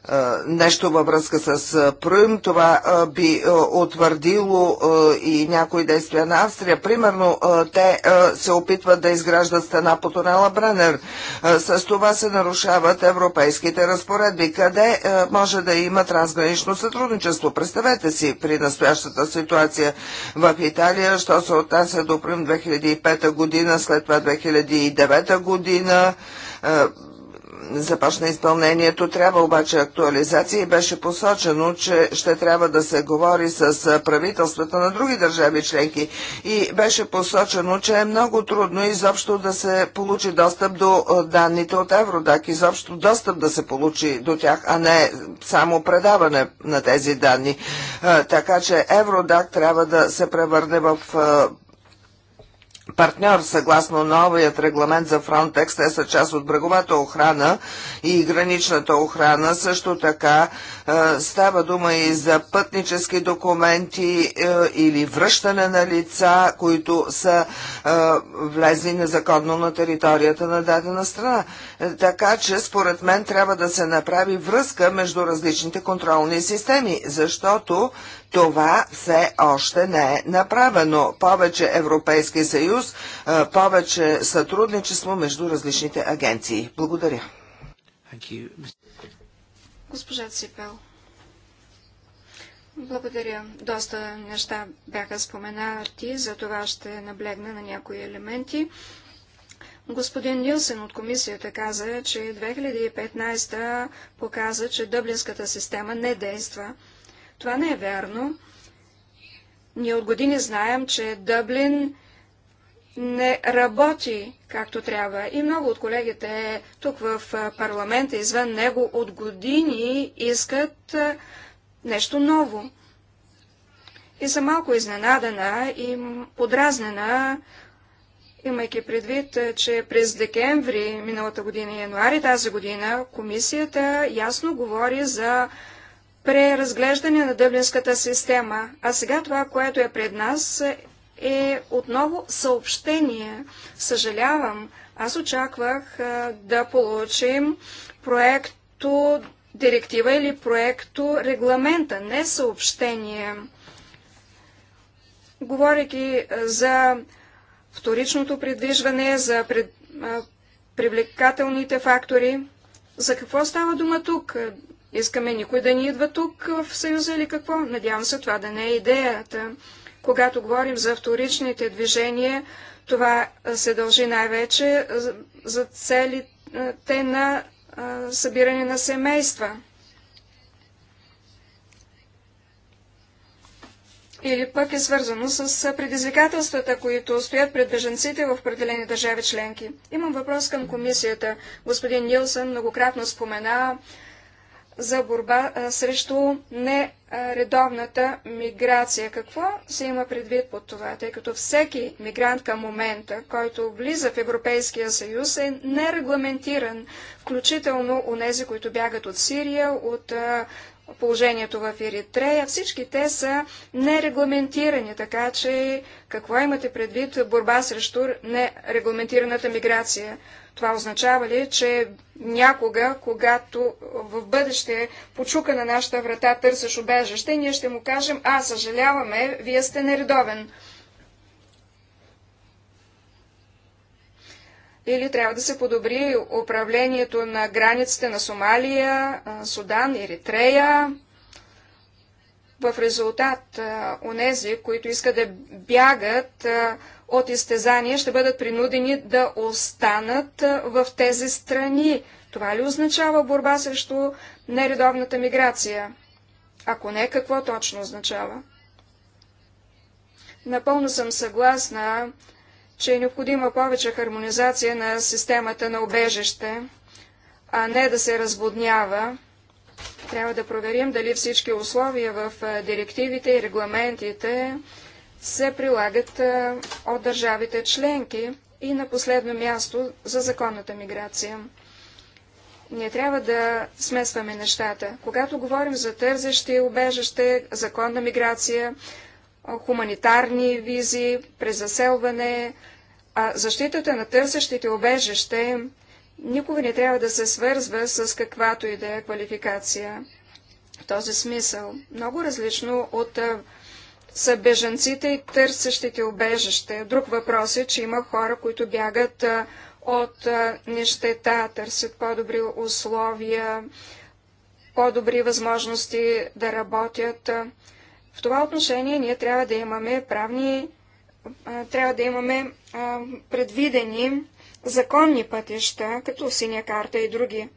е, нещо във връзка с е, Прим. Това е, би утвърдило и някои действия на Австрия. Примерно, те се опитват да изграждат стена по тунела Бренер. С това се нарушават европейските разпоредби. Къде може да има трансгранично сътрудничество? Представете си при настоящата ситуация в Италия, що се отнася до Прим 2005 година, след това 2009 година започна изпълнението. Трябва обаче актуализация и беше посочено, че ще трябва да се говори с правителствата на други държави членки. И беше посочено, че е много трудно изобщо да се получи достъп до данните от Евродак, изобщо достъп да се получи до тях, а не само предаване на тези данни. Така че Евродак трябва да се превърне в партньор съгласно новият регламент за Фронтекс, Те са част от бреговата охрана и граничната охрана. Също така е, става дума и за пътнически документи е, или връщане на лица, които са е, влезли незаконно на територията на дадена страна. Така че, според мен, трябва да се направи връзка между различните контролни системи, защото това все още не е направено. Повече Европейски съюз, повече сътрудничество между различните агенции. Благодаря. Госпожа Ципел. Благодаря. Доста неща бяха споменати, за това ще наблегна на някои елементи. Господин Нилсен от комисията каза, че 2015 показа, че дъблинската система не действа. Това не е вярно. Ние от години знаем, че Дъблин не работи както трябва. И много от колегите тук в парламента, извън него, от години искат нещо ново. И съм малко изненадана и подразнена, имайки предвид, че през декември миналата година и януари тази година комисията ясно говори за преразглеждане на дъблинската система. А сега това, което е пред нас, е отново съобщение. Съжалявам, аз очаквах да получим проекто директива или проекто регламента, не съобщение. Говорейки за вторичното придвижване, за пред, а, привлекателните фактори, за какво става дума тук? Искаме никой да ни идва тук в Съюза или какво? Надявам се това да не е идеята. Когато говорим за вторичните движения, това се дължи най-вече за целите на събиране на семейства. Или пък е свързано с предизвикателствата, които стоят пред беженците в определени държави членки. Имам въпрос към комисията. Господин Нилсън многократно спомена за борба срещу нередовната миграция. Какво се има предвид под това? Тъй като всеки мигрант към момента, който влиза в Европейския съюз, е нерегламентиран, включително у нези, които бягат от Сирия, от положението в Еритрея. Всички те са нерегламентирани, така че какво имате предвид борба срещу нерегламентираната миграция? Това означава ли, че някога, когато в бъдеще почука на нашата врата търсиш убежище, ние ще му кажем, а, съжаляваме, вие сте нередовен. или трябва да се подобри управлението на границите на Сомалия, Судан, Еритрея. В резултат, онези, които искат да бягат от изтезания, ще бъдат принудени да останат в тези страни. Това ли означава борба срещу нередовната миграция? Ако не, какво точно означава? Напълно съм съгласна че е необходима повече хармонизация на системата на обежище, а не да се разводнява. Трябва да проверим дали всички условия в директивите и регламентите се прилагат от държавите членки и на последно място за законната миграция. Ние трябва да смесваме нещата. Когато говорим за тързещи, убежище, законна миграция, хуманитарни визи, презаселване, а защитата на търсещите обежище никога не трябва да се свързва с каквато и да е квалификация. В този смисъл, много различно от са беженците и търсещите обежище. Друг въпрос е, че има хора, които бягат от нещета, търсят по-добри условия, по-добри възможности да работят. В това отношение ние трябва да имаме правни трябва да имаме предвидени законни пътища, като синя карта и други.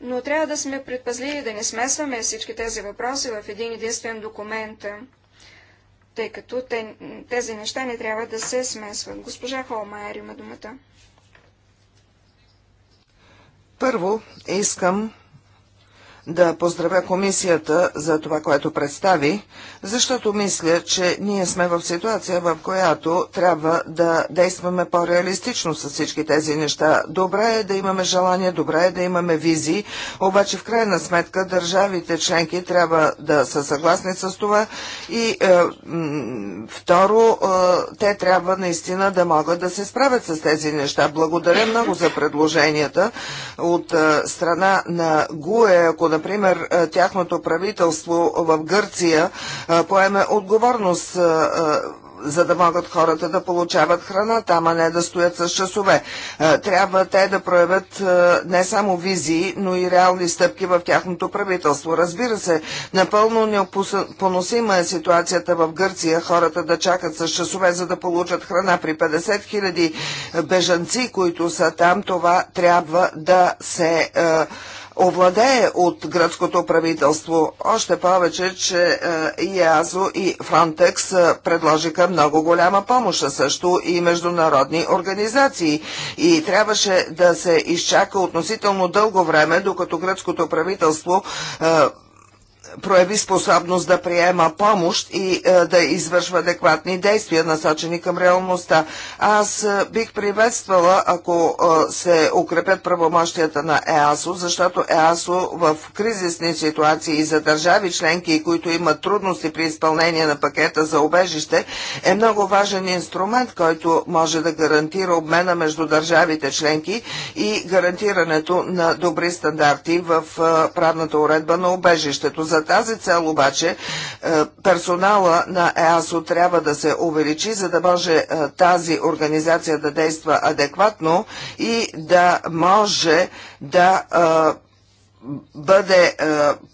Но трябва да сме предпазливи да не смесваме всички тези въпроси в един единствен документ, тъй като тези неща не трябва да се смесват. Госпожа Холмайер има думата. Първо искам да поздравя комисията за това, което представи, защото мисля, че ние сме в ситуация, в която трябва да действаме по-реалистично с всички тези неща. Добре е да имаме желание, добре е да имаме визии, обаче в крайна сметка държавите членки трябва да са съгласни с това и е, второ, е, те трябва наистина да могат да се справят с тези неща. Благодаря много за предложенията от е, страна на ГУЕ, ако да например, е, тяхното правителство в Гърция е, поеме отговорност е, за да могат хората да получават храна там, а не да стоят с часове. Трябва те да проявят не само визии, но и реални стъпки в тяхното правителство. Разбира се, напълно непоносима е ситуацията в Гърция, хората да чакат с часове, за да получат храна. При 50 хиляди бежанци, които са там, това трябва да се овладее от гръцкото правителство. Още повече, че е, Азо и Фронтекс предложиха много голяма помощ, а също и международни организации. И трябваше да се изчака относително дълго време, докато гръцкото правителство е, прояви способност да приема помощ и е, да извършва адекватни действия, насочени към реалността. Аз е, бих приветствала, ако е, се укрепят правомощията на ЕАСО, защото ЕАСО в кризисни ситуации за държави членки, които имат трудности при изпълнение на пакета за обежище, е много важен инструмент, който може да гарантира обмена между държавите членки и гарантирането на добри стандарти в правната уредба на обежището. За за тази цел обаче е, персонала на ЕАСО трябва да се увеличи, за да може е, тази организация да действа адекватно и да може да е, бъде е,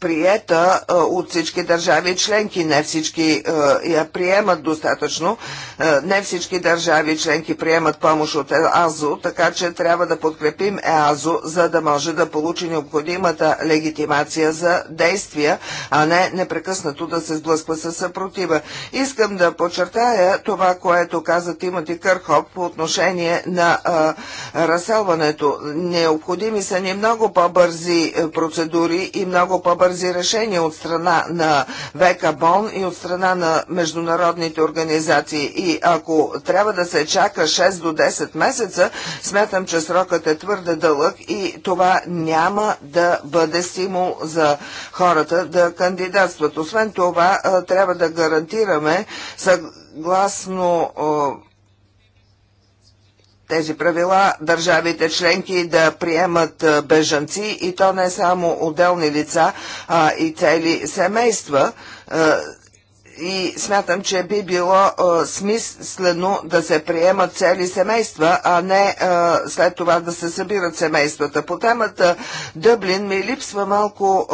приета е, от всички държави членки. Не всички е, я приемат достатъчно. не всички държави членки приемат помощ от ЕАЗО, така че трябва да подкрепим ЕАЗО, за да може да получи необходимата легитимация за действия, а не непрекъснато да се сблъсква с съпротива. Искам да подчертая това, което каза Тимати Кърхоп по отношение на е, разселването. Необходими са ни много по-бързи процедури и много по-бързи решения от страна на Века Бон и от страна на международните организации. И ако трябва да се чака 6 до 10 месеца, смятам, че срокът е твърде дълъг и това няма да бъде стимул за хората да кандидатстват. Освен това, трябва да гарантираме съгласно тези правила държавите членки да приемат бежанци и то не само отделни лица, а и цели семейства. И смятам, че би било смислено да се приемат цели семейства, а не след това да се събират семействата. По темата Дъблин ми липсва малко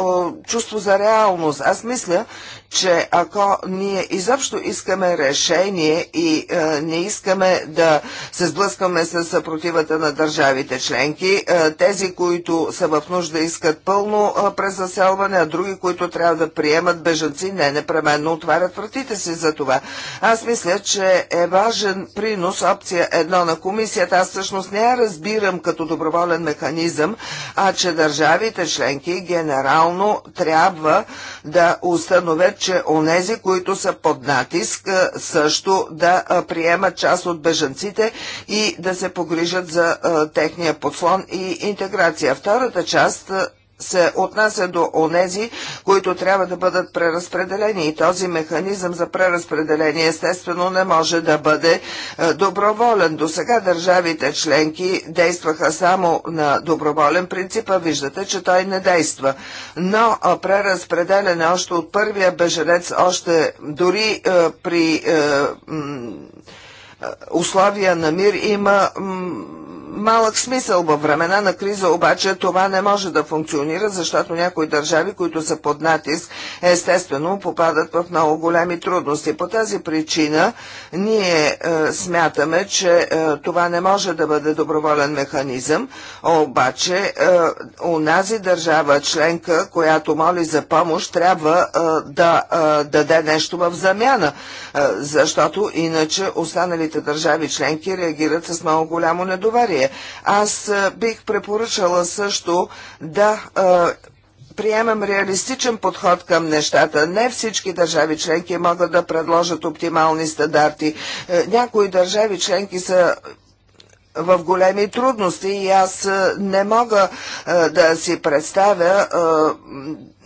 чувство за реалност. Аз мисля, че ако ние изобщо искаме решение и е, не искаме да се сблъскваме с съпротивата на държавите членки, е, тези, които са в нужда, искат пълно е, презаселване, а други, които трябва да приемат бежанци, не непременно отварят вратите си за това. Аз мисля, че е важен принос опция едно на комисията. Аз всъщност не я разбирам като доброволен механизъм, а че държавите членки генерално трябва да установят, че онези, които са под натиск, също да приемат част от бежанците и да се погрижат за техния подслон и интеграция. Втората част се отнася до онези, които трябва да бъдат преразпределени. И този механизъм за преразпределение естествено не може да бъде е, доброволен. До сега държавите членки действаха само на доброволен принцип, а виждате, че той не действа. Но е, преразпределяне още от първия беженец, още дори е, при е, условия на мир има малък смисъл. Във времена на криза обаче това не може да функционира, защото някои държави, които са под натиск, естествено попадат в много големи трудности. По тази причина ние е, смятаме, че е, това не може да бъде доброволен механизъм, обаче е, унази държава членка, която моли за помощ, трябва е, да е, даде нещо в замяна, е, защото иначе останалите отделните държави членки реагират с много голямо недоверие. Аз бих препоръчала също да приемам реалистичен подход към нещата. Не всички държави членки могат да предложат оптимални стандарти. Е, някои държави членки са в големи трудности и аз не мога да си представя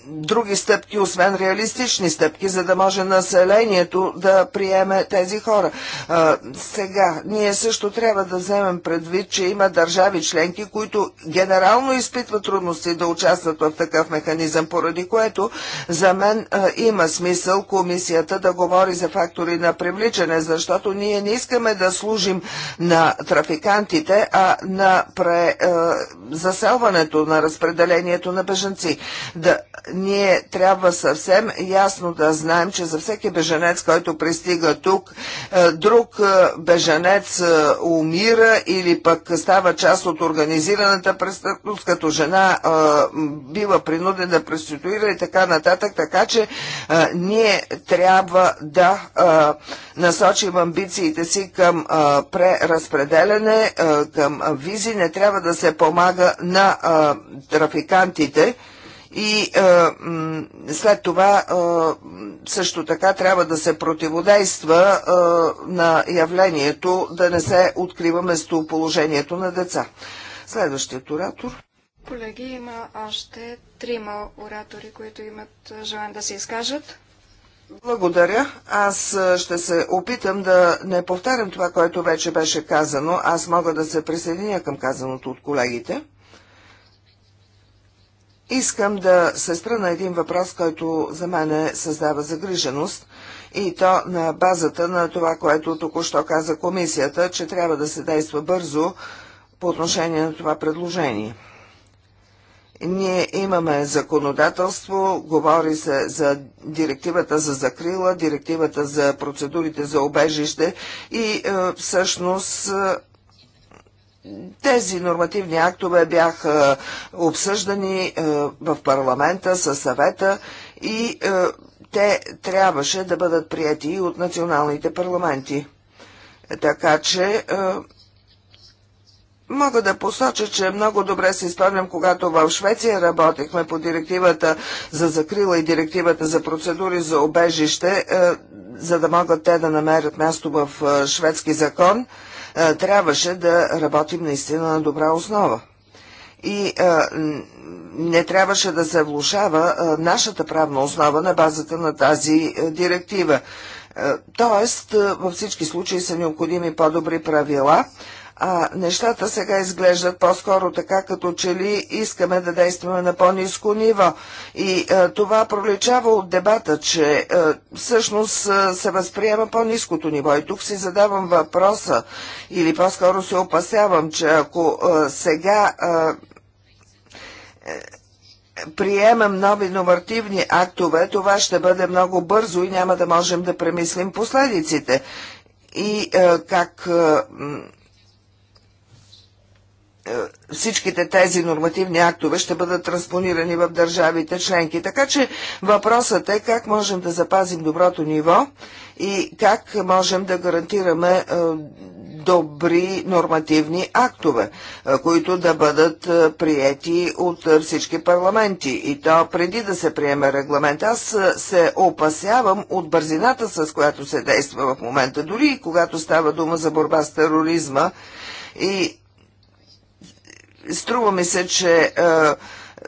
други стъпки, освен реалистични стъпки, за да може населението да приеме тези хора. А, сега, ние също трябва да вземем предвид, че има държави членки, които генерално изпитват трудности да участват в такъв механизъм, поради което за мен а, има смисъл комисията да говори за фактори на привличане, защото ние не искаме да служим на трафикантите, а на пре, а, заселването, на разпределението на бежанци. Да, ние трябва съвсем ясно да знаем, че за всеки беженец, който пристига тук, е, друг е, беженец е, умира или пък става част от организираната престъпност, като жена бива принуден да преституира и така нататък. Така че ние трябва да насочим амбициите си към преразпределене, към визи. Не трябва да се помага на трафикантите, и е, след това е, също така трябва да се противодейства е, на явлението да не се открива местоположението на деца. Следващият оратор. Колеги, има още трима оратори, които имат е, желание да се изкажат. Благодаря. Аз е, ще се опитам да не повтарям това, което вече беше казано. Аз мога да се присъединя към казаното от колегите. Искам да се спра на един въпрос, който за мен създава загриженост и то на базата на това, което току-що каза комисията, че трябва да се действа бързо по отношение на това предложение. Ние имаме законодателство, говори се за директивата за закрила, директивата за процедурите за обежище и е, всъщност е, тези нормативни актове бяха обсъждани е, в парламента със съвета и е, те трябваше да бъдат прияти от националните парламенти. Така че е, Мога да посоча, че много добре се изпълням, когато в Швеция работехме по директивата за закрила и директивата за процедури за обежище, за да могат те да намерят място в шведски закон трябваше да работим наистина на добра основа. И а, не трябваше да се влушава а, нашата правна основа на базата на тази а, директива. Тоест, във всички случаи са необходими по-добри правила, а нещата сега изглеждат по-скоро така, като че ли искаме да действаме на по-низко ниво. И а, това проличава от дебата, че а, всъщност а, се възприема по-низкото ниво. И тук си задавам въпроса, или по-скоро се опасявам, че ако а, сега. А, е, приемам нови нормативни актове, това ще бъде много бързо и няма да можем да премислим последиците. И е, как е, е, всичките тези нормативни актове ще бъдат транспонирани в държавите членки. Така че въпросът е как можем да запазим доброто ниво и как можем да гарантираме е, добри нормативни актове, е, които да бъдат приети от всички парламенти. И то преди да се приеме регламент. Аз се опасявам от бързината, с която се действа в момента, дори и когато става дума за борба с тероризма и Струва ми се, че е,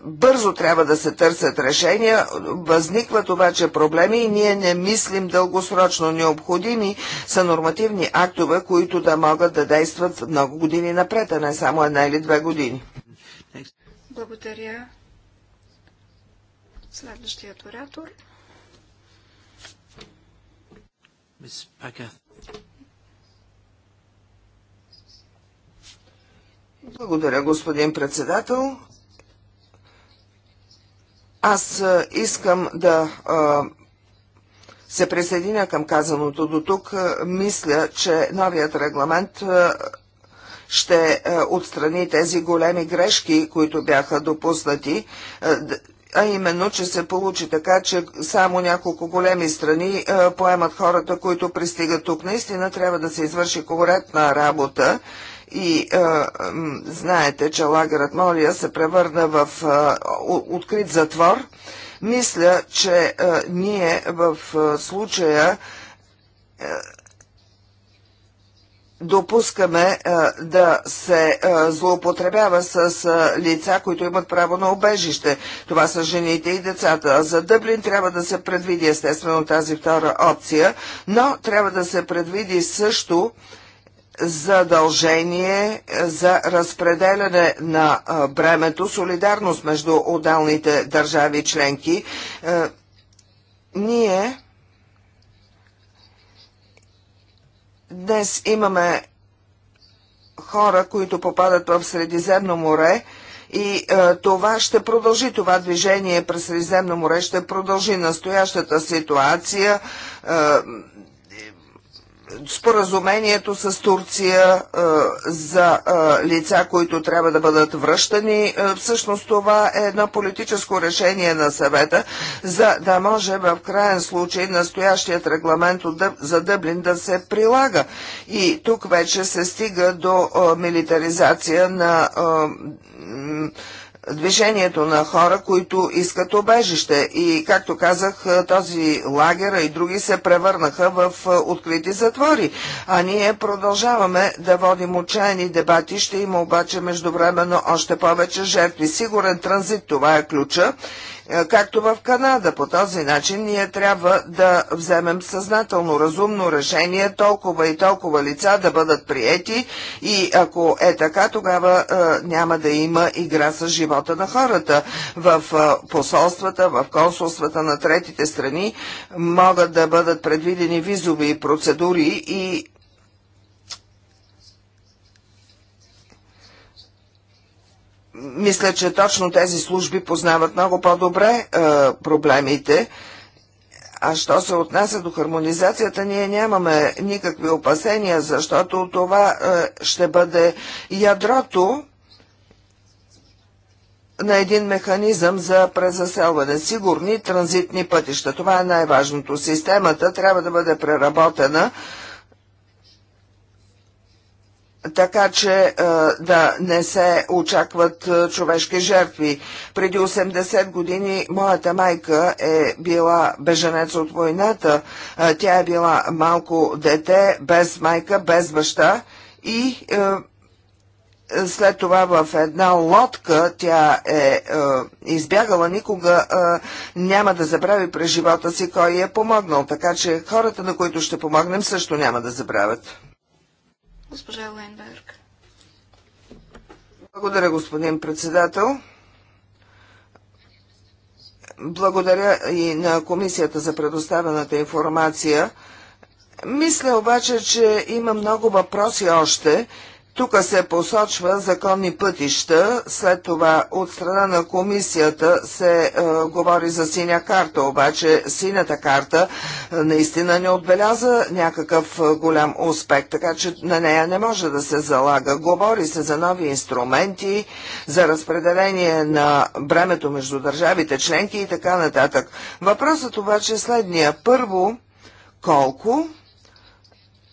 бързо трябва да се търсят решения, възникват обаче проблеми и ние не мислим дългосрочно. Необходими са нормативни актове, които да могат да действат много години напред, а не само една или две години. Благодаря. Следващият оратор. Благодаря, господин председател. Аз искам да се присъединя към казаното до тук. Мисля, че новият регламент ще отстрани тези големи грешки, които бяха допуснати а именно, че се получи така, че само няколко големи страни поемат хората, които пристигат тук. Наистина трябва да се извърши коректна работа и а, знаете, че лагерът Мория се превърна в а, открит затвор. Мисля, че а, ние в случая а, допускаме а, да се а, злоупотребява с а, лица, които имат право на обежище. Това са жените и децата. За Дъблин трябва да се предвиди естествено тази втора опция, но трябва да се предвиди също задължение за разпределяне на бремето, солидарност между отдалните държави членки. Е, ние днес имаме хора, които попадат в Средиземно море, и е, това ще продължи, това движение през Средиземно море ще продължи настоящата ситуация. Е, споразумението с Турция е, за е, лица, които трябва да бъдат връщани. Е, всъщност това е едно политическо решение на съвета, за да може в крайен случай настоящият регламент за Дъблин да се прилага. И тук вече се стига до милитаризация на движението на хора, които искат обежище. И, както казах, този лагер и други се превърнаха в открити затвори. А ние продължаваме да водим отчаяни дебати. Ще има обаче междувременно още повече жертви. Сигурен транзит, това е ключа. Е, както в Канада. По този начин ние трябва да вземем съзнателно разумно решение толкова и толкова лица да бъдат приети и ако е така, тогава е, няма да има игра с живота на хората. В е, посолствата, в консулствата на третите страни могат да бъдат предвидени визови процедури и мисля, че точно тези служби познават много по-добре е, проблемите. А що се отнася до хармонизацията, ние нямаме никакви опасения, защото това е, ще бъде ядрото на един механизъм за презаселване. Сигурни транзитни пътища. Това е най-важното. Системата трябва да бъде преработена, така че е, да не се очакват е, човешки жертви. Преди 80 години моята майка е била беженец от войната. Е, тя е била малко дете, без майка, без баща и след това в една лодка тя е, е избягала, никога е, няма да забрави през живота си кой е помогнал. Така че хората, на които ще помогнем, също няма да забравят. Госпожа Лайнберг. Благодаря, господин председател. Благодаря и на комисията за предоставената информация. Мисля обаче, че има много въпроси още тук се посочва законни пътища, след това от страна на комисията се е, говори за синя карта, обаче синята карта е, наистина не отбеляза някакъв е, голям успех, така че на нея не може да се залага. Говори се за нови инструменти, за разпределение на бремето между държавите членки и така нататък. Въпросът обаче е следния. Първо, колко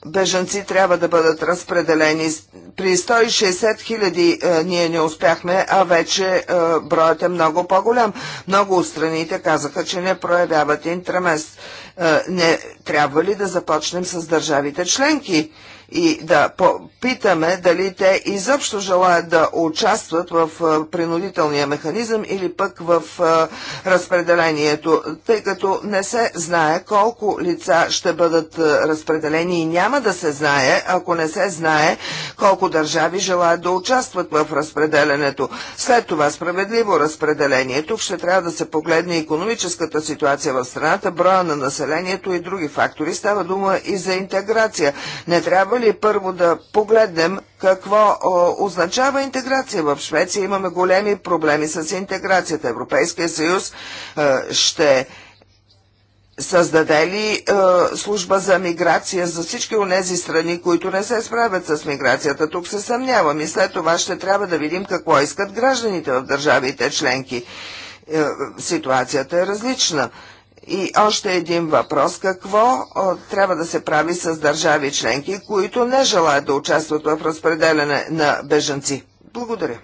бежанци трябва да бъдат разпределени. При 160 хиляди е, ние не успяхме, а вече е, броят е много по-голям. Много от страните казаха, че не проявяват интрамес. Е, не трябва ли да започнем с държавите членки? и да попитаме дали те изобщо желаят да участват в принудителния механизъм или пък в разпределението, тъй като не се знае колко лица ще бъдат разпределени и няма да се знае, ако не се знае колко държави желаят да участват в разпределенето. След това справедливо разпределение. Тук ще трябва да се погледне економическата ситуация в страната, броя на населението и други фактори. Става дума и за интеграция. Не трябва трябва ли първо да погледнем какво о, означава интеграция в Швеция? Имаме големи проблеми с интеграцията. Европейския съюз е, ще създаде ли е, служба за миграция за всички тези страни, които не се справят с миграцията? Тук се съмнявам и след това ще трябва да видим какво искат гражданите в държавите членки. Е, ситуацията е различна. И още един въпрос. Какво трябва да се прави с държави членки, които не желаят да участват в разпределяне на беженци. Благодаря.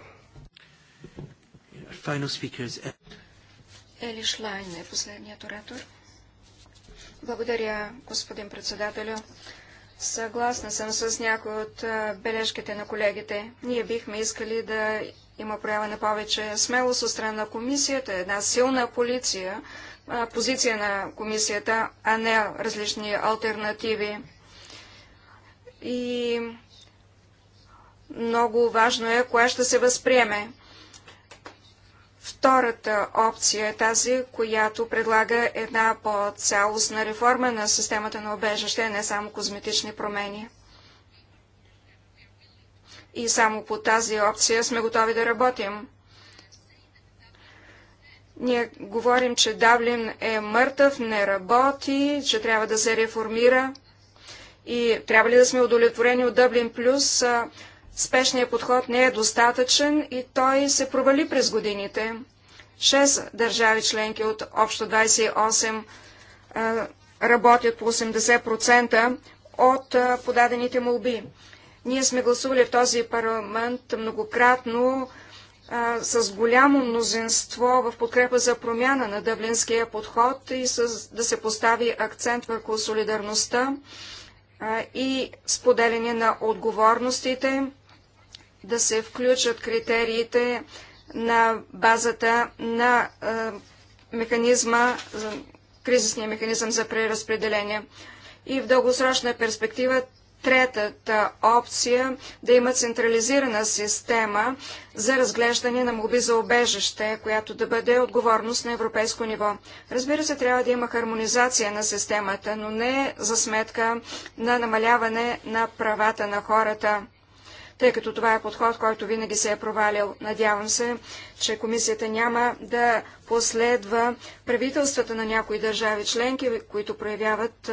Ели Шлайн е последният оратор. Благодаря, господин председателю. Съгласна съм с някои от бележките на колегите. Ние бихме искали да има проява на повече смелост от страна на комисията, една силна полиция, позиция на комисията, а не различни альтернативи. И много важно е коя ще се възприеме. Втората опция е тази, която предлага една по-цялостна реформа на системата на обежаще, не само козметични промени. И само по тази опция сме готови да работим. Ние говорим, че Давлин е мъртъв, не работи, че трябва да се реформира и трябва ли да сме удовлетворени от Дъблин Плюс. Спешният подход не е достатъчен и той се провали през годините. Шест държави членки от общо 28 работят по 80% от подадените молби. Ние сме гласували в този парламент многократно а, с голямо мнозинство в подкрепа за промяна на дъблинския подход и с, да се постави акцент върху солидарността а, и споделяне на отговорностите, да се включат критериите на базата на а, механизма, кризисния механизъм за преразпределение. И в дългосрочна перспектива Третата опция да има централизирана система за разглеждане на моби за обежище, която да бъде отговорност на европейско ниво. Разбира се, трябва да има хармонизация на системата, но не за сметка на намаляване на правата на хората тъй като това е подход, който винаги се е провалил. Надявам се, че комисията няма да последва правителствата на някои държави членки, които проявяват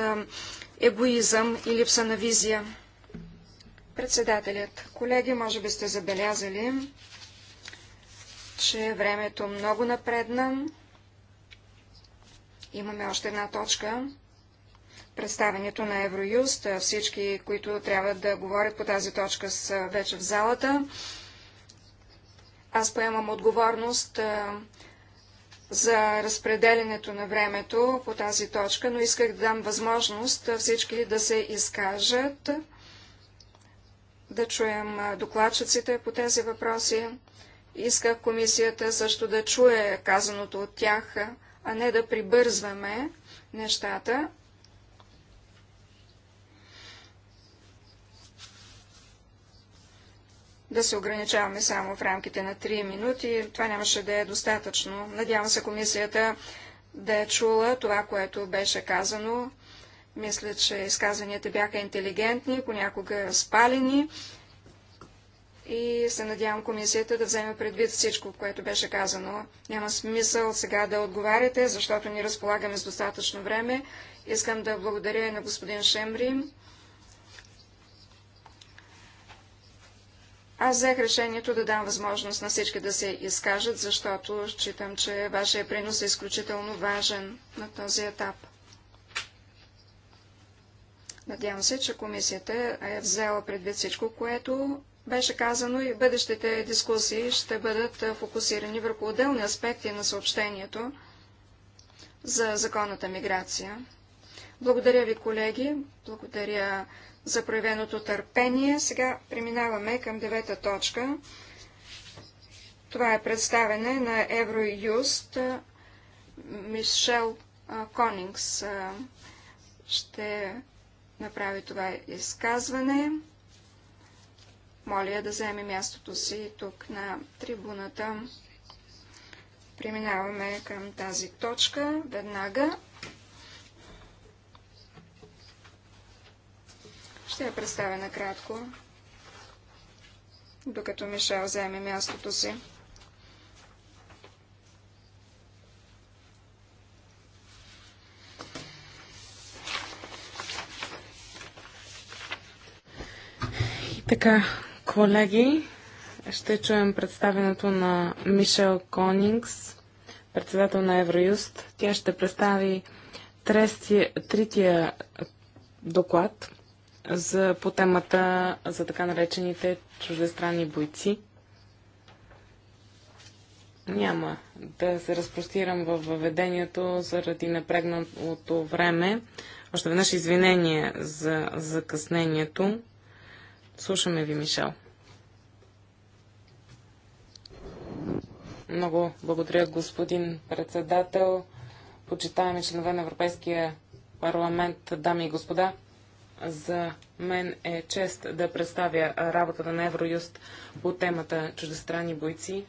егоизъм и липса на визия. Председателят, колеги, може би сте забелязали, че времето много напредна. Имаме още една точка. Представенето на Евроюст. Всички, които трябва да говорят по тази точка, са вече в залата. Аз поемам отговорност за разпределенето на времето по тази точка, но исках да дам възможност всички да се изкажат, да чуем докладчиците по тези въпроси. Исках комисията също да чуе казаното от тях, а не да прибързваме нещата. да се ограничаваме само в рамките на 3 минути. Това нямаше да е достатъчно. Надявам се комисията да е чула това, което беше казано. Мисля, че изказванията бяха интелигентни, понякога спалени. И се надявам комисията да вземе предвид всичко, което беше казано. Няма смисъл сега да отговаряте, защото ни разполагаме с достатъчно време. Искам да благодаря и на господин Шемрим Аз взех решението да дам възможност на всички да се изкажат, защото считам, че вашия принос е изключително важен на този етап. Надявам се, че комисията е взела предвид всичко, което беше казано и бъдещите дискусии ще бъдат фокусирани върху отделни аспекти на съобщението за законната миграция. Благодаря ви, колеги. Благодаря за проявеното търпение. Сега преминаваме към девета точка. Това е представене на Евроюст. Мишел Конингс ще направи това изказване. Моля я да вземе мястото си тук на трибуната. Преминаваме към тази точка веднага. Ще я представя накратко, докато Мишел вземе мястото си. И така, колеги, ще чуем представенето на Мишел Конингс, председател на Евроюст. Тя ще представи третия доклад за, по темата за така наречените чуждестранни бойци. Няма да се разпростирам във въведението заради напрегнатото време. Още веднъж извинение за закъснението. Слушаме ви, Мишел. Много благодаря, господин председател, почитаеми членове на Европейския парламент, дами и господа. За мен е чест да представя работата на Евроюст по темата чуждестранни бойци.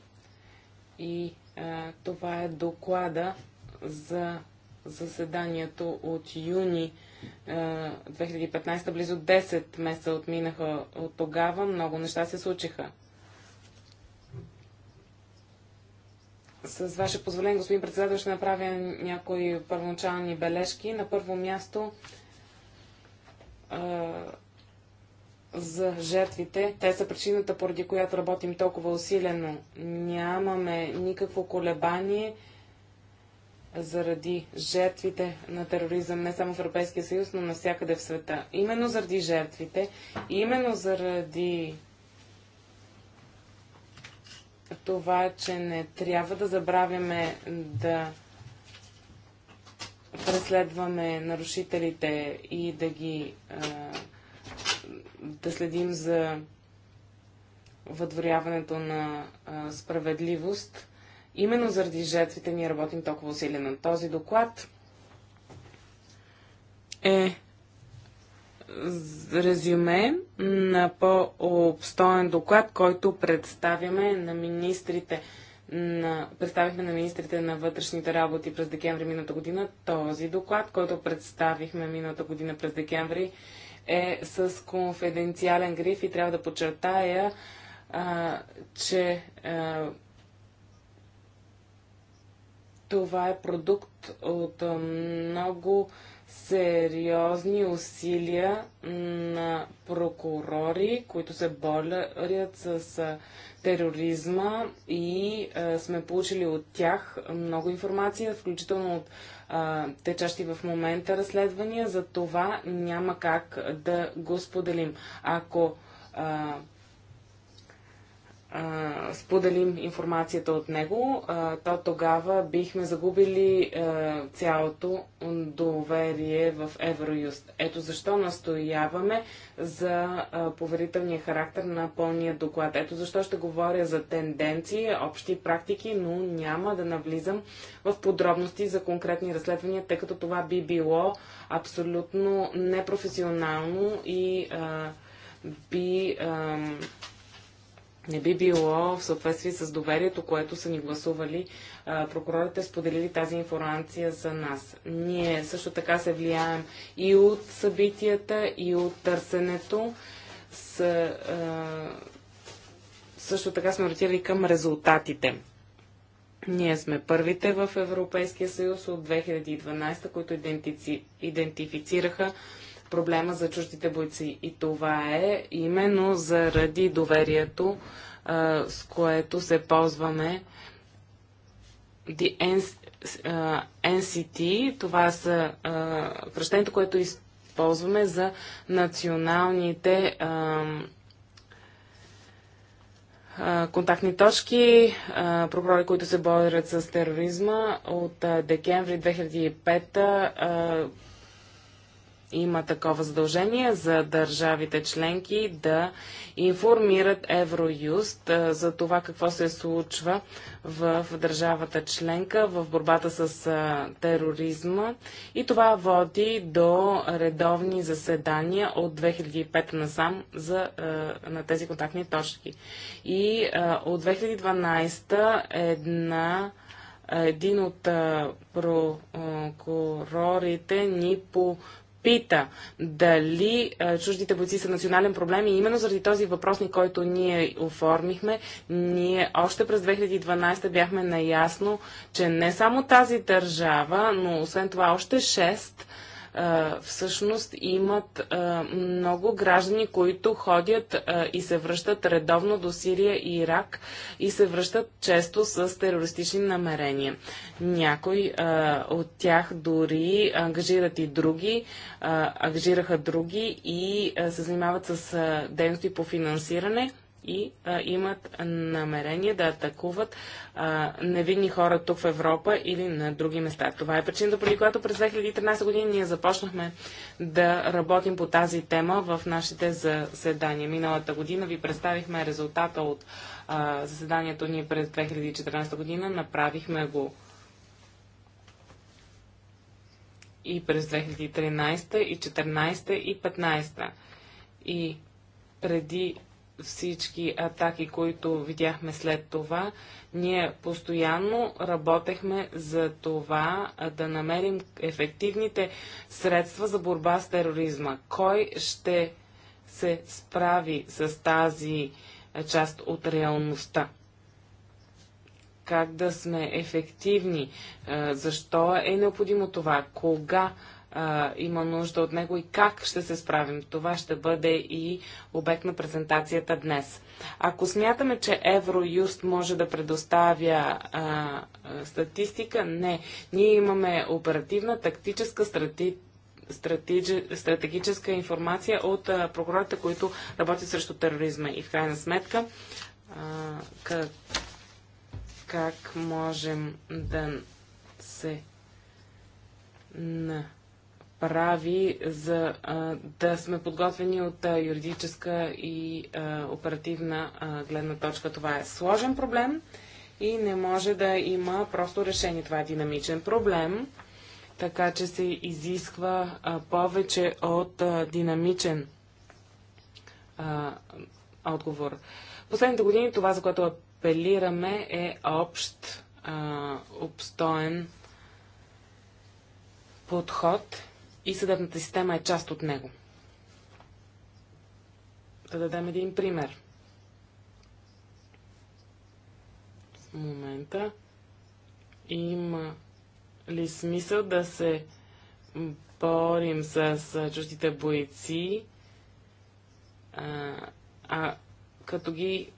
И а, това е доклада за заседанието от юни 2015, близо 10 месеца отминаха от тогава, много неща се случиха. С ваше позволение, господин председател, ще направя някои първоначални бележки. На първо място, а, за жертвите. Те са причината, поради която работим толкова усилено. Нямаме никакво колебание заради жертвите на тероризъм, не само в Европейския съюз, но навсякъде в света. Именно заради жертвите, именно заради това, че не трябва да забравяме да преследваме нарушителите и да ги а, да следим за въдворяването на а, справедливост. Именно заради жертвите ние работим толкова усилено. Този доклад е резюме на по-обстоен доклад, който представяме на министрите на, представихме на министрите на вътрешните работи през декември миналата година. Този доклад, който представихме миналата година през декември, е с конфиденциален гриф и трябва да подчертая, а, че а, това е продукт от много сериозни усилия на прокурори, които се борят с тероризма и а, сме получили от тях много информация, включително от а, течащи в момента разследвания. За това няма как да го споделим. Ако а, споделим информацията от него, а, то тогава бихме загубили а, цялото доверие в Евроюст. Ето защо настояваме за а, поверителния характер на пълния доклад. Ето защо ще говоря за тенденции, общи практики, но няма да навлизам в подробности за конкретни разследвания, тъй като това би било абсолютно непрофесионално и а, би. А, не би било в съответствие с доверието, което са ни гласували прокурорите, споделили тази информация за нас. Ние също така се влияем и от събитията, и от търсенето. С, а, също така сме ориентирали към резултатите. Ние сме първите в Европейския съюз от 2012, които идентифицираха проблема за чуждите бойци. И това е именно заради доверието, а, с което се ползваме. The NCT, това са кръщението, което използваме за националните а, контактни точки, прокурори, които се борят с тероризма от декември 2005 има такова задължение за държавите членки да информират Евроюст за това какво се случва в, държавата членка в борбата с тероризма. И това води до редовни заседания от 2005 насам за, на тези контактни точки. И от 2012 една един от прокурорите ни по пита дали чуждите бойци са национален проблем и именно заради този въпросник, който ние оформихме, ние още през 2012 бяхме наясно, че не само тази държава, но освен това още 6 всъщност имат много граждани, които ходят и се връщат редовно до Сирия и Ирак и се връщат често с терористични намерения. Някои от тях дори ангажират и други, ангажираха други и се занимават с дейности по финансиране и а, имат намерение да атакуват а, невинни хора тук в Европа или на други места. Това е причината, преди която през 2013 година ние започнахме да работим по тази тема в нашите заседания. Миналата година ви представихме резултата от а, заседанието ни през 2014 година. Направихме го и през 2013, и 2014, и 2015. И преди всички атаки, които видяхме след това, ние постоянно работехме за това да намерим ефективните средства за борба с тероризма. Кой ще се справи с тази част от реалността? Как да сме ефективни? Защо е необходимо това? Кога? а, има нужда от него и как ще се справим. Това ще бъде и обект на презентацията днес. Ако смятаме, че Евроюст може да предоставя а, а, статистика, не. Ние имаме оперативна, тактическа стратегия стратегическа информация от а, прокурорите, които работят срещу тероризма. И в крайна сметка, а, как, как можем да се на прави, за да сме подготвени от юридическа и оперативна гледна точка. Това е сложен проблем и не може да има просто решение. Това е динамичен проблем, така че се изисква повече от динамичен отговор. Последните години това, за което апелираме, е общ, обстоен подход и съдебната система е част от него. Да дадем един пример. В момента има ли смисъл да се борим с чуждите бойци, а, а като ги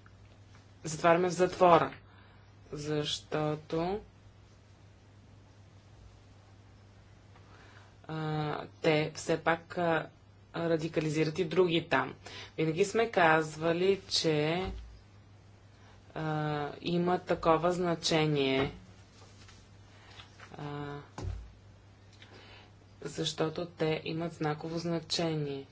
затваряме в затвора? Защото а, те все пак а, радикализират и други там. Винаги сме казвали, че а, има такова значение, а, защото те имат знаково значение.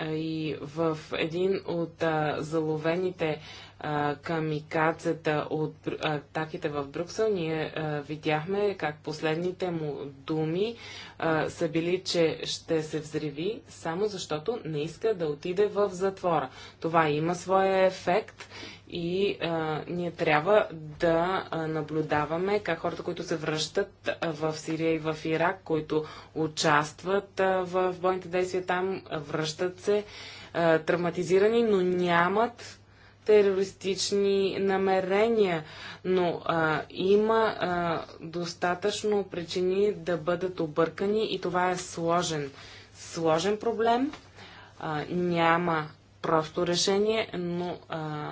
И в един от а, заловените камикацата от атаките в Брюксел, ние видяхме как последните му думи са били, че ще се взриви, само защото не иска да отиде в затвора. Това има своя ефект и ние трябва да наблюдаваме как хората, които се връщат в Сирия и в Ирак, които участват в бойните действия там, връщат се травматизирани, но нямат терористични намерения, но а, има а, достатъчно причини да бъдат объркани и това е сложен, сложен проблем. А, няма просто решение, но а,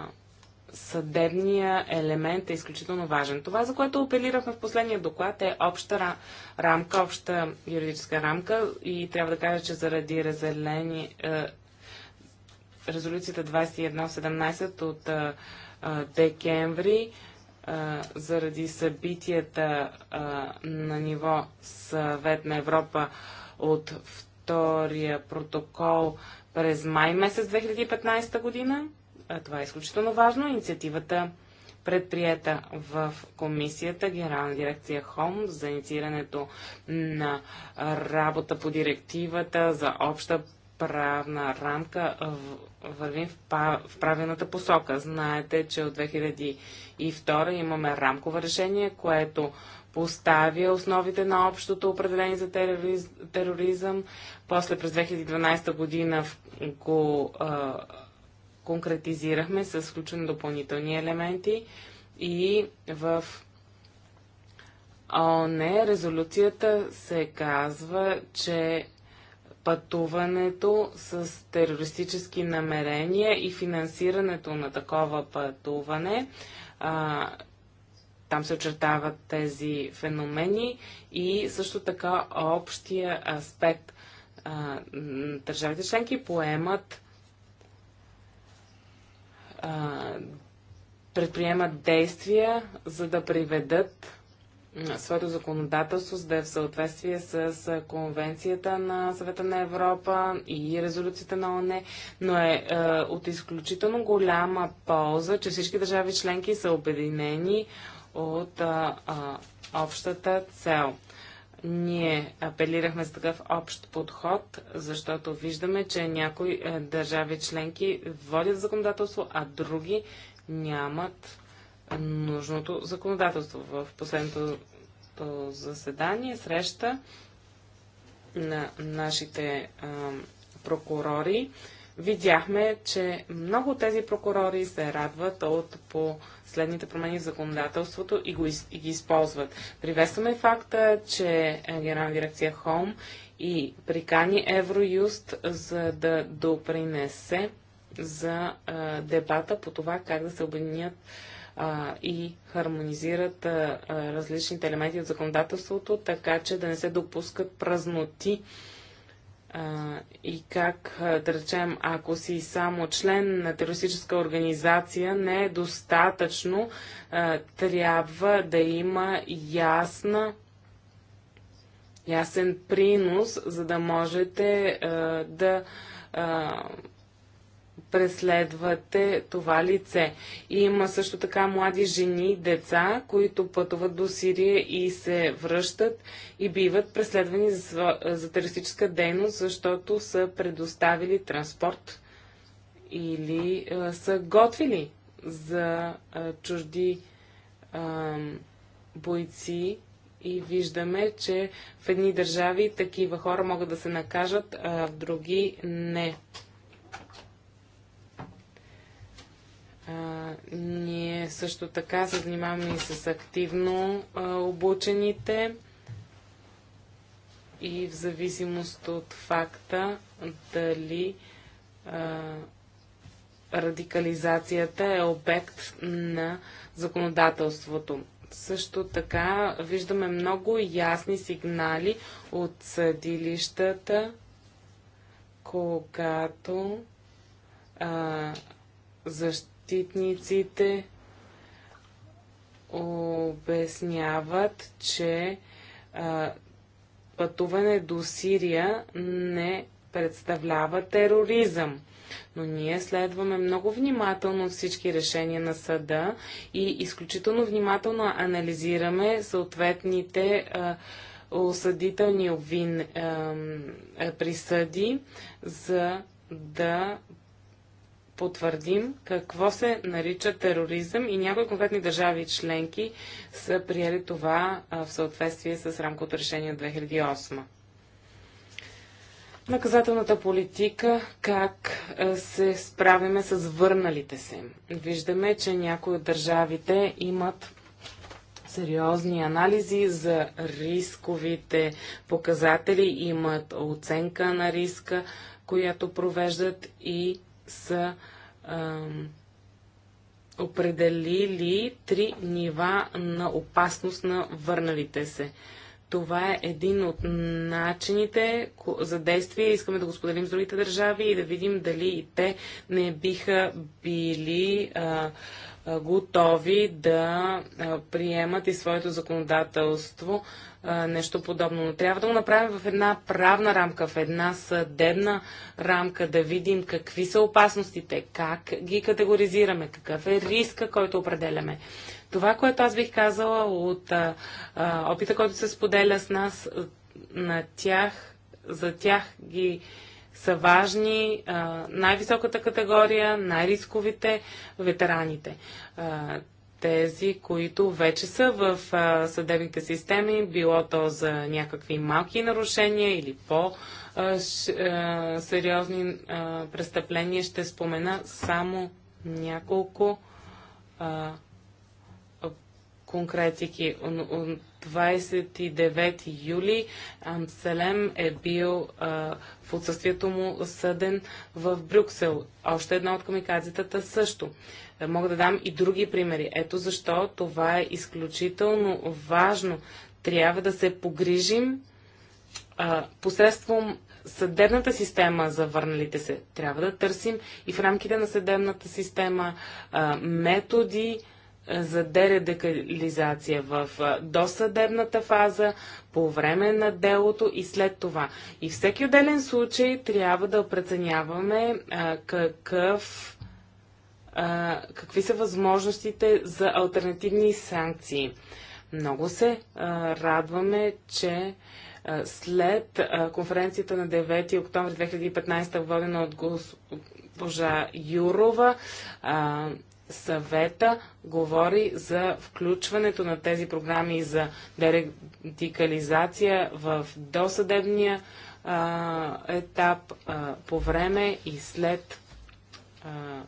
съдебния елемент е изключително важен. Това, за което апелирахме в последния доклад, е обща рамка, обща юридическа рамка и трябва да кажа, че заради разделени, е, резолюцията 2117 от а, а, декември а, заради събитията на ниво Съвет на Европа от втория протокол през май месец 2015 година. Това е изключително важно. Инициативата предприета в комисията Генерална дирекция ХОМ за инициирането на работа по директивата за обща правна рамка вървим в, правилната посока. Знаете, че от 2002 имаме рамково решение, което поставя основите на общото определение за тероризъм. После през 2012 година го а, конкретизирахме с включване на допълнителни елементи и в ОНЕ резолюцията се казва, че пътуването с терористически намерения и финансирането на такова пътуване. А, там се очертават тези феномени и също така общия аспект. А, държавите членки поемат а, предприемат действия, за да приведат своето законодателство, за да е в съответствие с Конвенцията на Съвета на Европа и резолюцията на ОНЕ, но е, е от изключително голяма полза, че всички държави членки са обединени от е, е, общата цел. Ние апелирахме за такъв общ подход, защото виждаме, че някои е, държави членки водят законодателство, а други нямат нужното законодателство. В последното заседание, среща на нашите а, прокурори, видяхме, че много от тези прокурори се радват от последните промени в законодателството и, го, и ги използват. Приветстваме факта, че Генерална дирекция Холм и прикани Евроюст, за да допринесе за а, дебата по това как да се обединят а, и хармонизират а, различните елементи от законодателството, така че да не се допускат празноти и как, да речем, ако си само член на терористическа организация, не е достатъчно, трябва да има ясна ясен принос, за да можете да преследвате това лице. И има също така млади жени и деца, които пътуват до Сирия и се връщат и биват преследвани за, за терористическа дейност, защото са предоставили транспорт или а, са готвили за а, чужди а, бойци и виждаме, че в едни държави такива хора могат да се накажат, а в други не. А, ние също така се занимаваме и с активно а, обучените и в зависимост от факта дали а, радикализацията е обект на законодателството. Също така виждаме много ясни сигнали от съдилищата, когато а, защ защитниците обясняват, че а, пътуване до Сирия не представлява тероризъм. Но ние следваме много внимателно всички решения на съда и изключително внимателно анализираме съответните а, осъдителни обвин, а, присъди, за да потвърдим какво се нарича тероризъм и някои конкретни държави членки са приели това в съответствие с рамковото решение 2008. Наказателната политика, как се справяме с върналите се. Виждаме, че някои от държавите имат сериозни анализи за рисковите показатели, имат оценка на риска, която провеждат и са ам, определили три нива на опасност на върналите се. Това е един от начините за действие. Искаме да го споделим с другите държави и да видим дали и те не биха били а, готови да приемат и своето законодателство нещо подобно. Но трябва да го направим в една правна рамка, в една съдебна рамка, да видим какви са опасностите, как ги категоризираме, какъв е риска, който определяме. Това, което аз бих казала от а, а, опита, който се споделя с нас, на тях, за тях ги са важни най-високата категория, най-рисковите ветераните. А, тези, които вече са в а, съдебните системи, било то за някакви малки нарушения или по-сериозни престъпления. Ще спомена само няколко а, конкретики. 29 юли Анселем е бил а, в отсъствието му съден в Брюксел. Още една от камикадзетата също. Мога да дам и други примери. Ето защо това е изключително важно. Трябва да се погрижим а, посредством съдебната система за върналите се. Трябва да търсим и в рамките на съдебната система а, методи, за дередекализация в досъдебната фаза, по време на делото и след това. И всеки отделен случай трябва да преценяваме какъв, какви са възможностите за альтернативни санкции. Много се радваме, че след конференцията на 9 октомври 2015 водена от госпожа Юрова, съвета говори за включването на тези програми за дерадикализация в досъдебния а, етап а, по време и след а,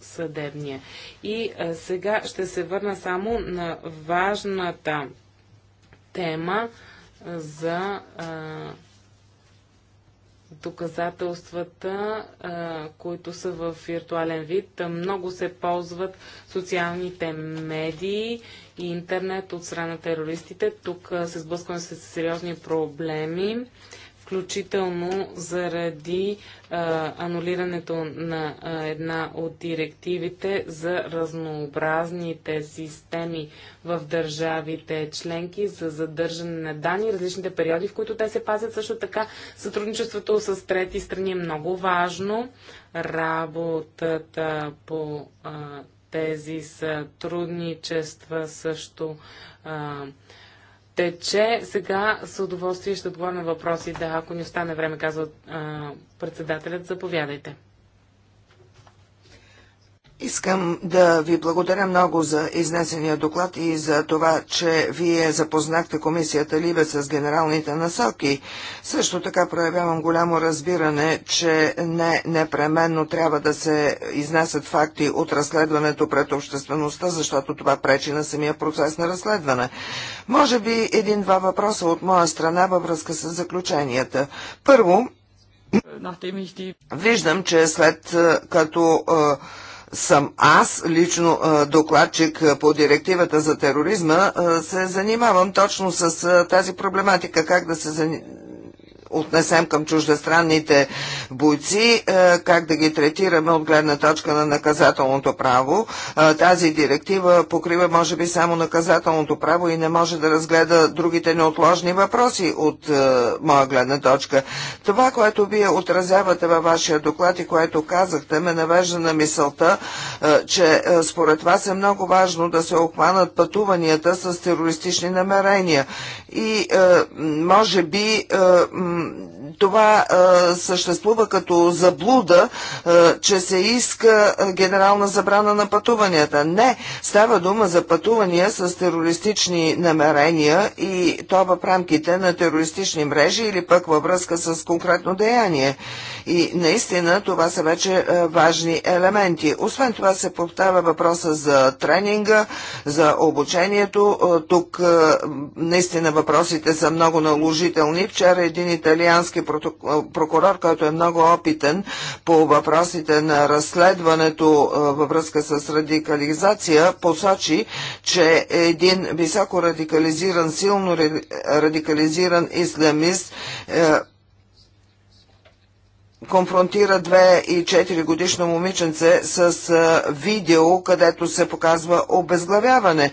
съдебния. И а, сега ще се върна само на важната тема за а, доказателствата, а, които са в виртуален вид. Много се ползват социалните медии и интернет от страна на терористите. Тук се сблъскваме с сериозни проблеми включително заради а, анулирането на а, една от директивите за разнообразните системи в държавите членки за задържане на данни, различните периоди, в които те се пазят. Също така сътрудничеството с трети страни е много важно. Работата по а, тези сътрудничества също а, тече. Сега с удоволствие ще отговоря на въпроси. Да, ако ни остане време, казва председателят, заповядайте. Искам да ви благодаря много за изнесения доклад и за това, че вие запознахте комисията Либе с генералните насоки. Също така проявявам голямо разбиране, че не непременно трябва да се изнасят факти от разследването пред обществеността, защото това пречи на самия процес на разследване. Може би един-два въпроса от моя страна във връзка с заключенията. Първо, виждам, че след като съм аз, лично докладчик по директивата за тероризма, се занимавам точно с тази проблематика, как да се отнесем към чуждестранните бойци, е, как да ги третираме от гледна точка на наказателното право. Е, тази директива покрива може би само наказателното право и не може да разгледа другите неотложни въпроси от е, моя гледна точка. Това, което вие отразявате във вашия доклад и което казахте, ме навежда на мисълта, че според вас е много важно да се обхванат пътуванията с терористични намерения. И може би това съществува като заблуда, че се иска генерална забрана на пътуванията. Не, става дума за пътувания с терористични намерения и то в рамките на терористични мрежи или пък във връзка с конкретно деяние. И наистина това са вече важни елементи. Освен това се повтава въпроса за тренинга, за обучението. Тук наистина въпросите са много наложителни. Вчера един италиански прокурор, който е много опитен по въпросите на разследването във връзка с радикализация, посочи, че един високо радикализиран, силно радикализиран исламист е, конфронтира две и 4 годишно момиченце с видео, където се показва обезглавяване.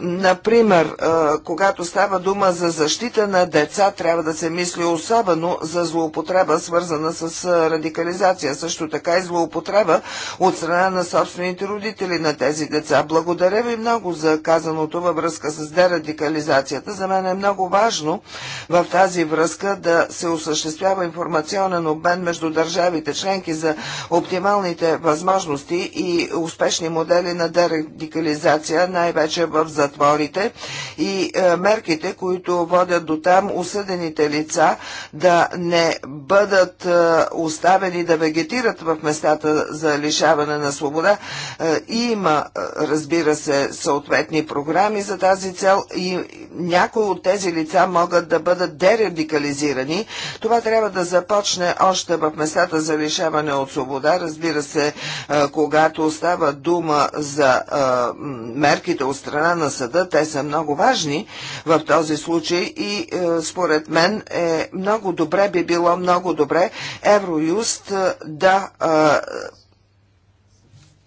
Например, когато става дума за защита на деца, трябва да се мисли особено за злоупотреба, свързана с радикализация. Също така и злоупотреба от страна на собствените родители на тези деца. Благодаря ви много за казаното във връзка с дерадикализацията. За мен е много важно в тази връзка да се осъществява информационен обмен между държавите членки за оптималните възможности и успешни модели на дерадикализация, най-вече в затворите и е, мерките, които водят до там осъдените лица да не бъдат е, оставени да вегетират в местата за лишаване на свобода. Е, и има, разбира се, съответни програми за тази цел и някои от тези лица могат да бъдат дерадикализирани. Това трябва да започне още в местата за лишаване от свобода. Разбира се, е, когато става дума за е, мерките от страна на съда, те са много важни в този случай и е, според мен е много добре, би било много добре Евроюст да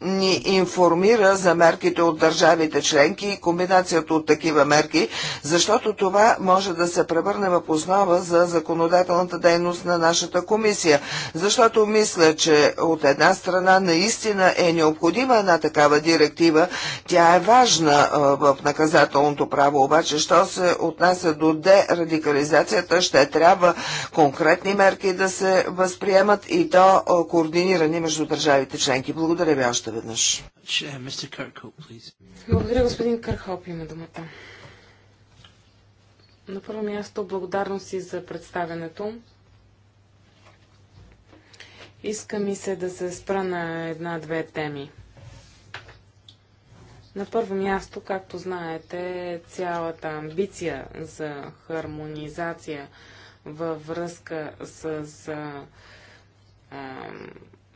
ни информира за мерките от държавите членки и комбинацията от такива мерки, защото това може да се превърне в основа за законодателната дейност на нашата комисия. Защото мисля, че от една страна наистина е необходима една такава директива. Тя е важна в наказателното право, обаче, що се отнася до дерадикализацията, ще трябва конкретни мерки да се възприемат и то координирани между държавите членки. Благодаря ви още още веднъж. Благодаря, господин Кърхоп, има думата. На първо място си за представенето. Иска ми се да се спра на една-две теми. На първо място, както знаете, цялата амбиция за хармонизация във връзка с а, а,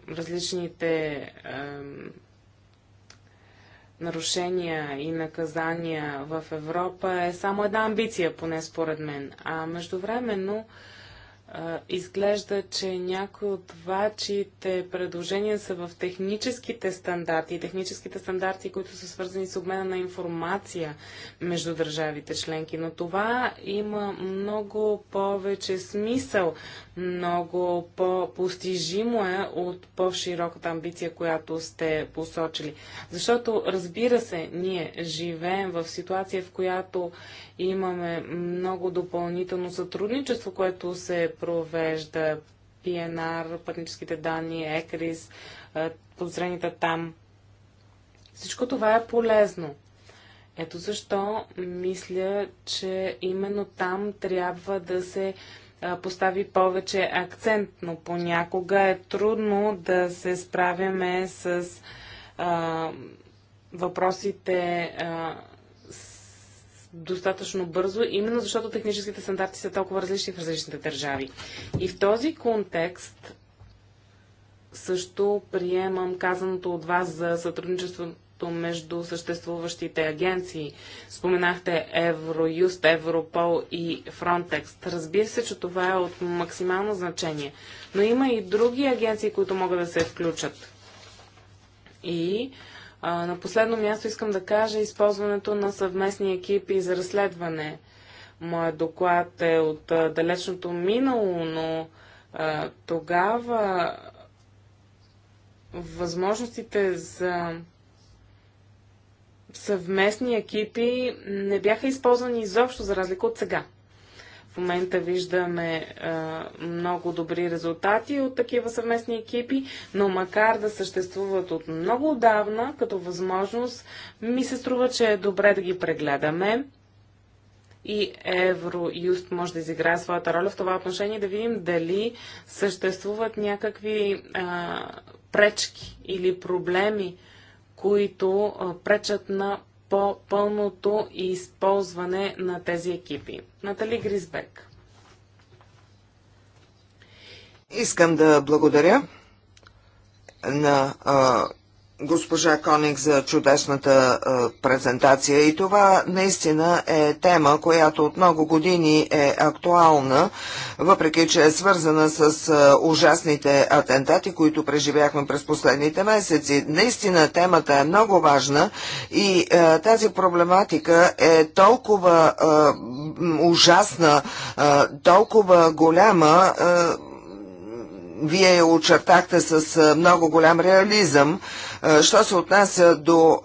различните е, нарушения и наказания в Европа е само една амбиция, поне според мен. А междувременно е, изглежда, че някои от вашите предложения са в техническите стандарти, техническите стандарти, които са свързани с обмена на информация между държавите членки. Но това има много повече смисъл много по-постижимо е от по-широката амбиция, която сте посочили. Защото, разбира се, ние живеем в ситуация, в която имаме много допълнително сътрудничество, което се провежда ПНР, пътническите данни, ЕКРИС, подозрените там. Всичко това е полезно. Ето защо мисля, че именно там трябва да се постави повече акцент, но понякога е трудно да се справяме с а, въпросите а, с, достатъчно бързо, именно защото техническите стандарти са толкова различни в различните държави. И в този контекст също приемам казаното от вас за сътрудничество партньорството между съществуващите агенции. Споменахте Евроюст, Европол и Фронтекст. Разбира се, че това е от максимално значение. Но има и други агенции, които могат да се включат. И а, на последно място искам да кажа използването на съвместни екипи за разследване. Моят доклад е от а, далечното минало, но а, тогава възможностите за съвместни екипи не бяха използвани изобщо, за разлика от сега. В момента виждаме а, много добри резултати от такива съвместни екипи, но макар да съществуват от много отдавна като възможност, ми се струва, че е добре да ги прегледаме. И Евроюст може да изиграе своята роля в това отношение, да видим дали съществуват някакви а, пречки или проблеми, които пречат на по-пълното използване на тези екипи. Натали Гризбек. Искам да благодаря на а, госпожа Коник за чудесната презентация и това наистина е тема, която от много години е актуална, въпреки че е свързана с ужасните атентати, които преживяхме през последните месеци. Наистина темата е много важна и а, тази проблематика е толкова а, ужасна, а, толкова голяма, вие очертахте с много голям реализъм. Е, що се отнася до е,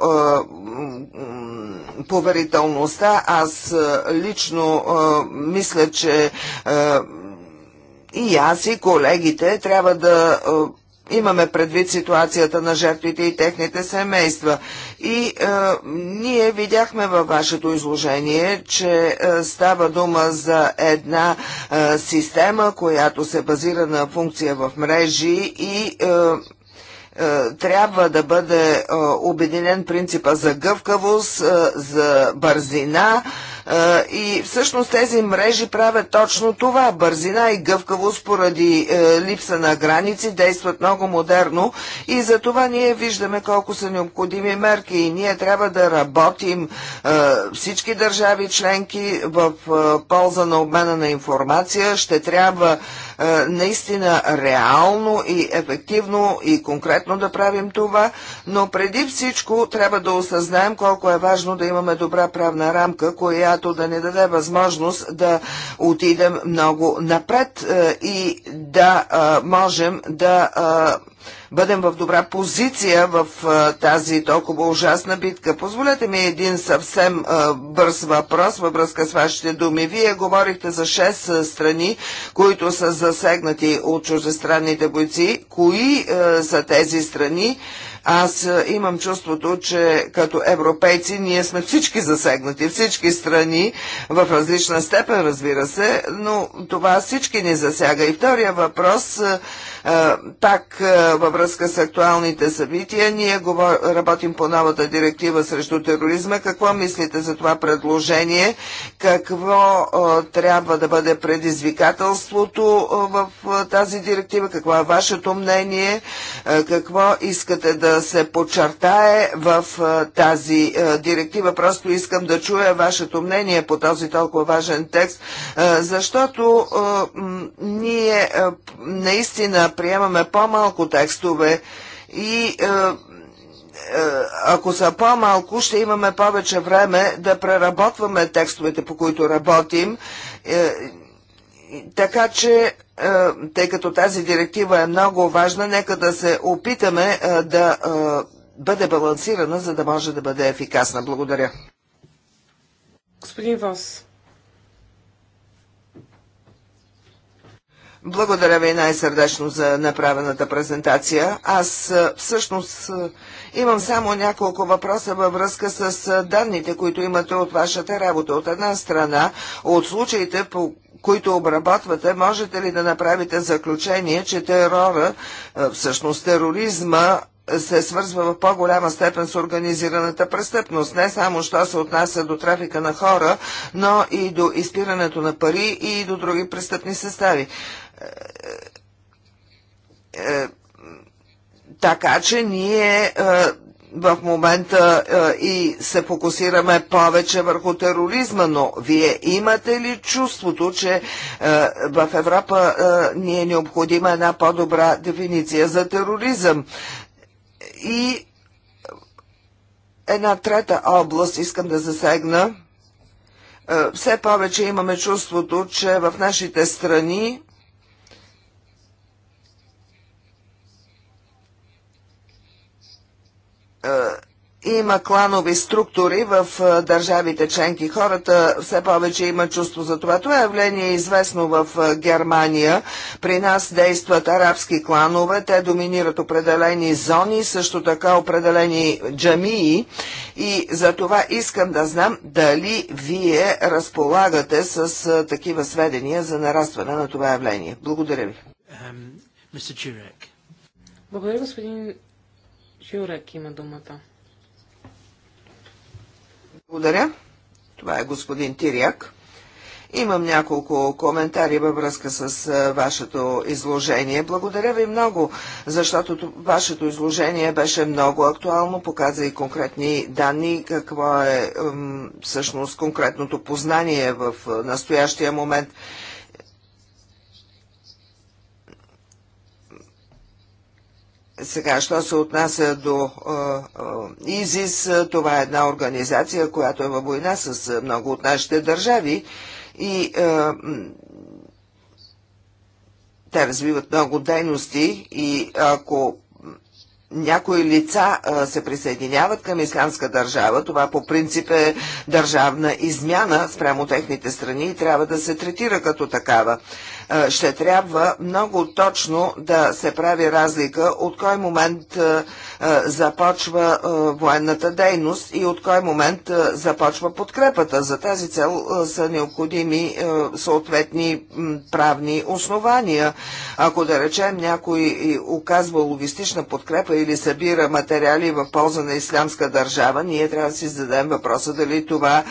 поверителността, аз е, лично мисля, че и аз и колегите трябва да имаме предвид ситуацията на жертвите и техните семейства. И е, ние видяхме във вашето изложение, че е, става дума за една е, система, която се базира на функция в мрежи и е, е, трябва да бъде е, обединен принципа за гъвкавост, е, за бързина, и всъщност тези мрежи правят точно това. Бързина и гъвкавост поради е, липса на граници действат много модерно и за това ние виждаме колко са необходими мерки и ние трябва да работим е, всички държави членки в е, полза на обмена на информация. Ще трябва наистина реално и ефективно и конкретно да правим това, но преди всичко трябва да осъзнаем колко е важно да имаме добра правна рамка, която която да не даде възможност да отидем много напред е, и да е, можем да е, бъдем в добра позиция в тази толкова ужасна битка. Позволете ми един съвсем бърз въпрос във връзка с вашите думи. Вие говорихте за 6 страни, които са засегнати от чуждестранните бойци. Кои са тези страни? Аз е, имам чувството, че като европейци ние сме всички засегнати, всички страни в различна степен, разбира се, но това всички ни засяга. И втория въпрос е, е, пак е, във връзка с актуалните събития, ние работим по новата директива срещу тероризма. Какво мислите за това предложение? Какво е, трябва да бъде предизвикателството в тази директива? Какво е вашето мнение? Какво искате да се подчертае в тази директива? Просто искам да чуя вашето мнение по този толкова важен текст, защото ние наистина приемаме по-малко текстове и е, е, ако са по-малко, ще имаме повече време да преработваме текстовете, по които работим. Е, така че, е, тъй като тази директива е много важна, нека да се опитаме да бъде балансирана, за да може да бъде ефикасна. Благодаря. Господин Вос. Благодаря ви най-сърдечно за направената презентация. Аз всъщност имам само няколко въпроса във връзка с данните, които имате от вашата работа. От една страна, от случаите, по които обработвате, можете ли да направите заключение, че терора, всъщност тероризма, се свързва в по-голяма степен с организираната престъпност. Не само, що се отнася до трафика на хора, но и до изпирането на пари и до други престъпни състави така че ние е, в момента е, и се фокусираме повече върху тероризма, но вие имате ли чувството, че е, в Европа ни е необходима една по-добра дефиниция за тероризъм? И една трета област искам да засегна. Все повече имаме чувството, че в нашите страни Е, има кланови структури в е, държавите членки. Хората все повече имат чувство за това. Това явление е известно в е, Германия. При нас действат арабски кланове. Те доминират определени зони, също така определени джамии. И за това искам да знам дали вие разполагате с такива сведения за нарастване на това явление. Благодаря ви. Благодаря, господин Юрек има думата. Благодаря. Това е господин Тиряк. Имам няколко коментари във връзка с вашето изложение. Благодаря ви много, защото вашето изложение беше много актуално, показа и конкретни данни, какво е всъщност конкретното познание в настоящия момент. Сега, що се отнася до ИЗИС, това е една организация, която е във война с много от нашите държави и те развиват много дейности и ако някои лица се присъединяват към исламска държава, това по принцип е държавна измяна спрямо техните страни и трябва да се третира като такава. Е, ще трябва много точно да се прави разлика от кой момент е, е, започва военната дейност и от кой момент започва подкрепата. За тази цел са необходими съответни правни основания. Ако да речем някой оказва логистична подкрепа или събира материали в полза на ислямска държава, ние трябва да си зададем въпроса дали това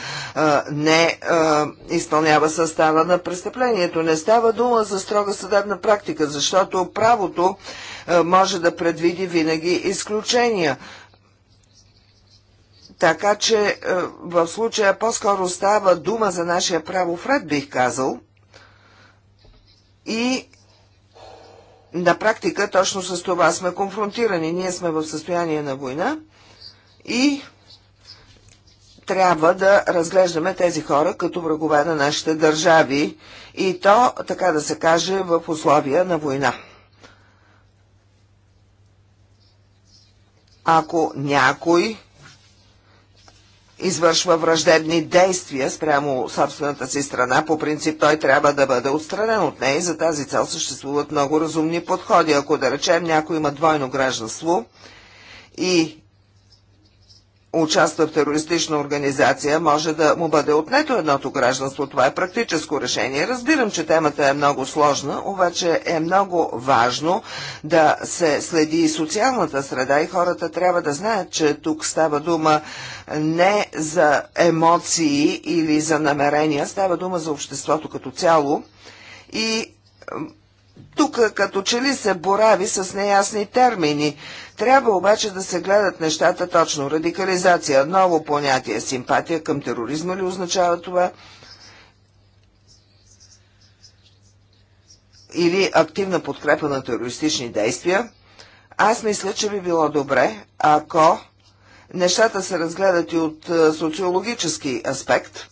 не изпълнява състава на престъплението. Не става дума дума за строга съдебна практика, защото правото е, може да предвиди винаги изключения. Така че е, в случая по-скоро става дума за нашия правов ред, бих казал. И на практика точно с това сме конфронтирани. Ние сме в състояние на война и трябва да разглеждаме тези хора като врагове на нашите държави и то, така да се каже, в условия на война. Ако някой извършва враждебни действия спрямо собствената си страна, по принцип той трябва да бъде отстранен от нея и за тази цел съществуват много разумни подходи. Ако да речем някой има двойно гражданство и участва в терористична организация, може да му бъде отнето едното гражданство. Това е практическо решение. Разбирам, че темата е много сложна, обаче е много важно да се следи и социалната среда и хората трябва да знаят, че тук става дума не за емоции или за намерения, става дума за обществото като цяло. И тук като че ли се борави с неясни термини. Трябва обаче да се гледат нещата точно. Радикализация, ново понятие, симпатия към тероризма ли означава това? Или активна подкрепа на терористични действия? Аз мисля, че би било добре, ако нещата се разгледат и от е, социологически аспект.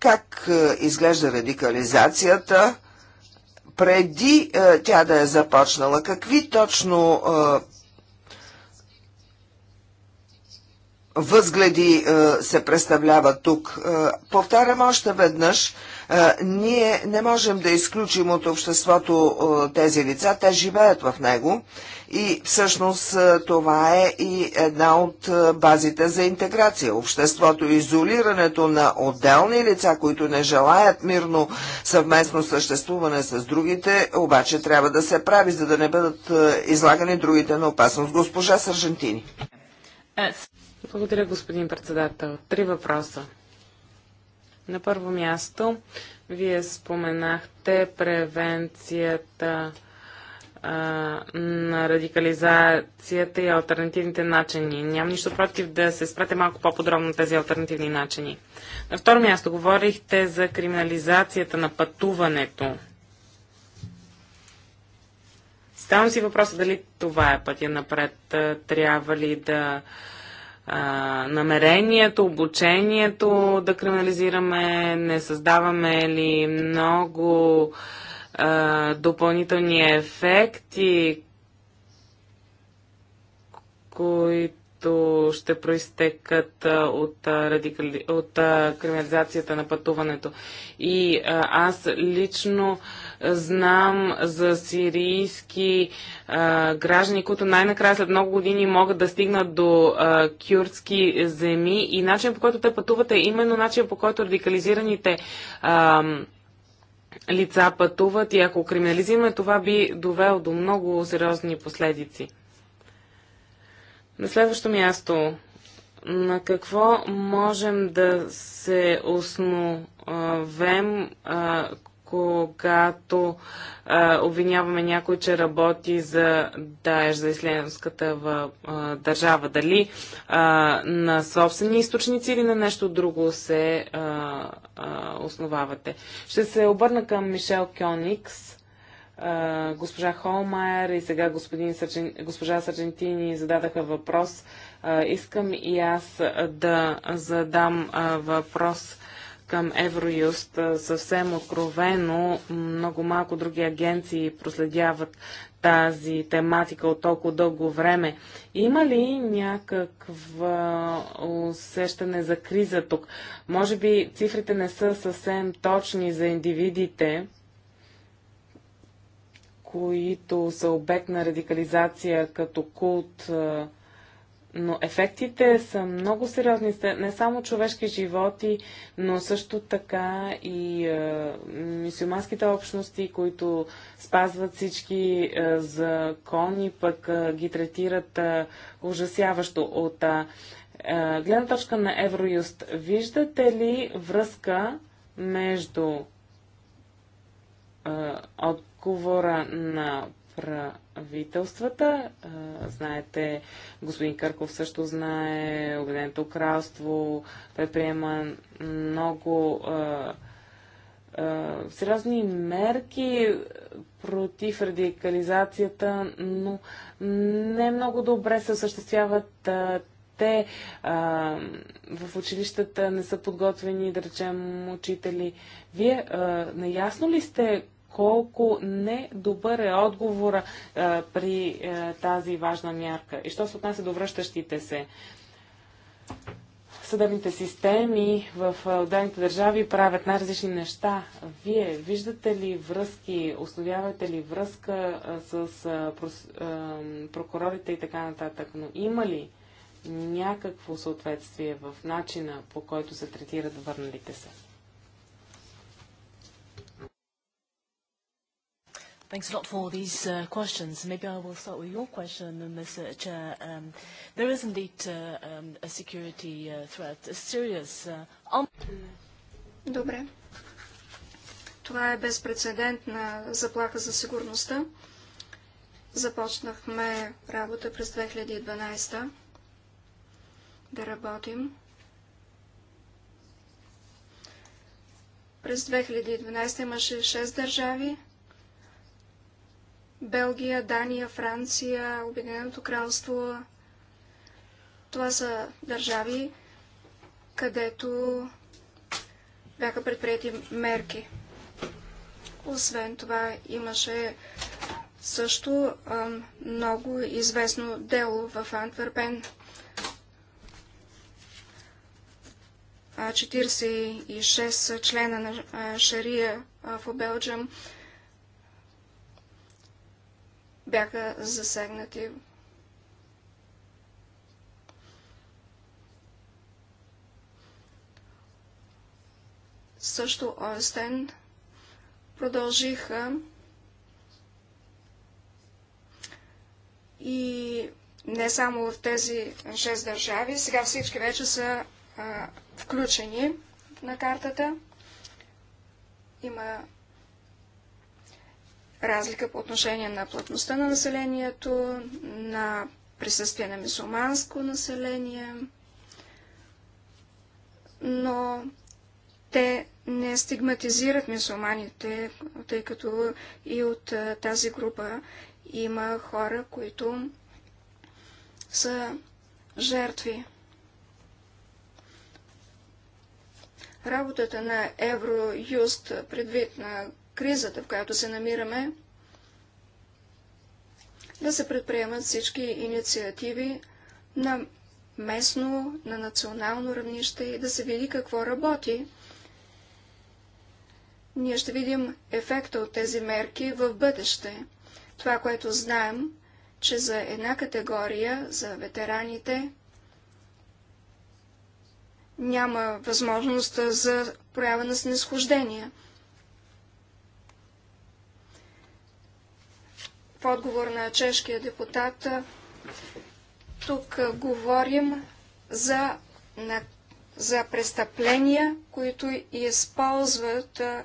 Как е, изглежда радикализацията? преди е, тя да е започнала. Какви точно е, възгледи е, се представляват тук? Е, повтарям още веднъж – ние не можем да изключим от обществото тези лица, те живеят в него и всъщност това е и една от базите за интеграция. Обществото и изолирането на отделни лица, които не желаят мирно съвместно съществуване с другите, обаче трябва да се прави, за да не бъдат излагани другите на опасност. Госпожа Сържентини. Благодаря, господин председател. Три въпроса. На първо място, вие споменахте превенцията а, на радикализацията и альтернативните начини. Нямам нищо против да се спрете малко по-подробно тези альтернативни начини. На второ място, говорихте за криминализацията на пътуването. Ставам си въпроса дали това е пътя напред. Трябва ли да а, намерението, обучението да криминализираме, не създаваме ли много а, допълнителни ефекти, които ще проистекат от, радикали... от криминализацията на пътуването. И а, аз лично а, Знам за сирийски а, граждани, които най-накрая след много години могат да стигнат до а, кюртски земи и начин по който те пътуват е именно начин по който радикализираните а, лица пътуват и ако криминализираме, това би довело до много сериозни последици. На следващо място, на какво можем да се основем, когато а, обвиняваме някой, че работи за Даеш, за ислямската в, а, държава. Дали а, на собствени източници или на нещо друго се а, а, основавате. Ще се обърна към Мишел Кьоникс, а, госпожа Холмайер и сега господин Сърчен, госпожа Сарджентини зададаха въпрос. А, искам и аз да задам а, въпрос към Евроюст. Съвсем откровено, много малко други агенции проследяват тази тематика от толкова дълго време. Има ли някаква усещане за криза тук? Може би цифрите не са съвсем точни за индивидите, които са обект на радикализация като култ, но ефектите са много сериозни. Не само човешки животи, но също така и е, мисюманските общности, които спазват всички е, закони, пък е, ги третират е, ужасяващо. От е, е гледна точка на Евроюст, виждате ли връзка между е, отговора на правителствата. Знаете, господин Кърков също знае, Обединеното кралство предприема много а, а, сериозни мерки против радикализацията, но не много добре се осъществяват а, те. В училищата не са подготвени, да речем, учители. Вие наясно ли сте колко недобър е отговора а, е, при а, е, тази важна мярка. И що се отнася до връщащите се? съдебните системи в е, отделните държави правят най-различни неща. Вие виждате ли връзки, основявате ли връзка с прокурорите и така нататък, но има ли някакво съответствие в начина по който се третират върналите се? Thanks a lot for these uh, questions. Maybe I will start with your question, Mr. Chair. Um, there is indeed uh, um, a security uh, threat, a serious... Uh, Добре. Това е безпредседентна заплаха за сигурността. Започнахме работа през 2012 да работим. През 2012 имаше 6 държави, Белгия, Дания, Франция, Обединеното кралство. Това са държави, където бяха предприяти мерки. Освен това имаше също много известно дело в Антверпен. 46 члена на Шария в Белджам бяха засегнати. Също Ойстен продължиха и не само в тези шест държави, сега всички вече са а, включени на картата. Има разлика по отношение на плътността на населението, на присъствие на мусулманско население, но те не стигматизират мусулманите, тъй като и от тази група има хора, които са жертви. Работата на Евроюст предвид на кризата, в която се намираме, да се предприемат всички инициативи на местно, на национално равнище и да се види какво работи. Ние ще видим ефекта от тези мерки в бъдеще. Това, което знаем, че за една категория, за ветераните, няма възможност за проява на снисхождение – в отговор на чешкия депутат. Тук говорим за, на, за престъпления, които използват а,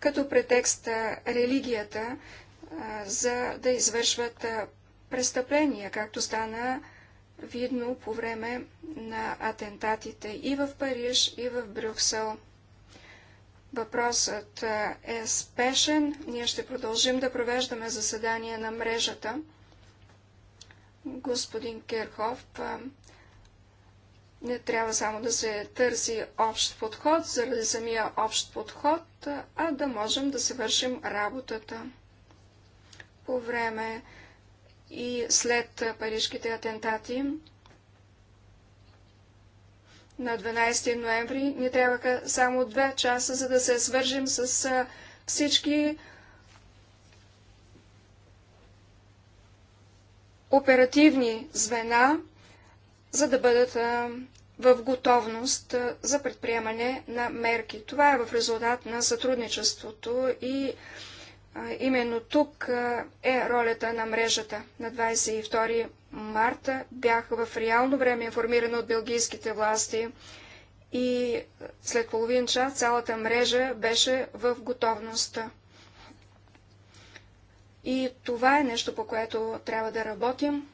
като претекст религията, а, за да извършват а, престъпления, както стана видно по време на атентатите и в Париж, и в Брюксел. Въпросът е спешен. Ние ще продължим да провеждаме заседание на мрежата. Господин Керхов, не трябва само да се търси общ подход заради самия общ подход, а да можем да се вършим работата. По време и след парижките атентати на 12 ноември. Ни трябваха само 2 часа, за да се свържем с всички оперативни звена, за да бъдат в готовност за предприемане на мерки. Това е в резултат на сътрудничеството и именно тук е ролята на мрежата. На 22 марта бях в реално време информирана от белгийските власти и след половин час цялата мрежа беше в готовност. И това е нещо, по което трябва да работим.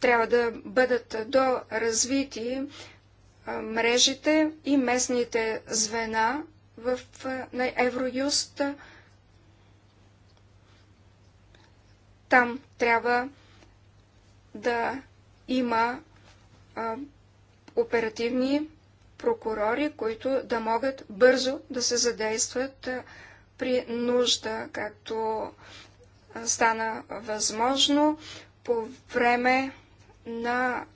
Трябва да бъдат доразвити мрежите и местните звена в, на Евроюст. Там трябва да има а, оперативни прокурори, които да могат бързо да се задействат а, при нужда, както а, стана възможно по време на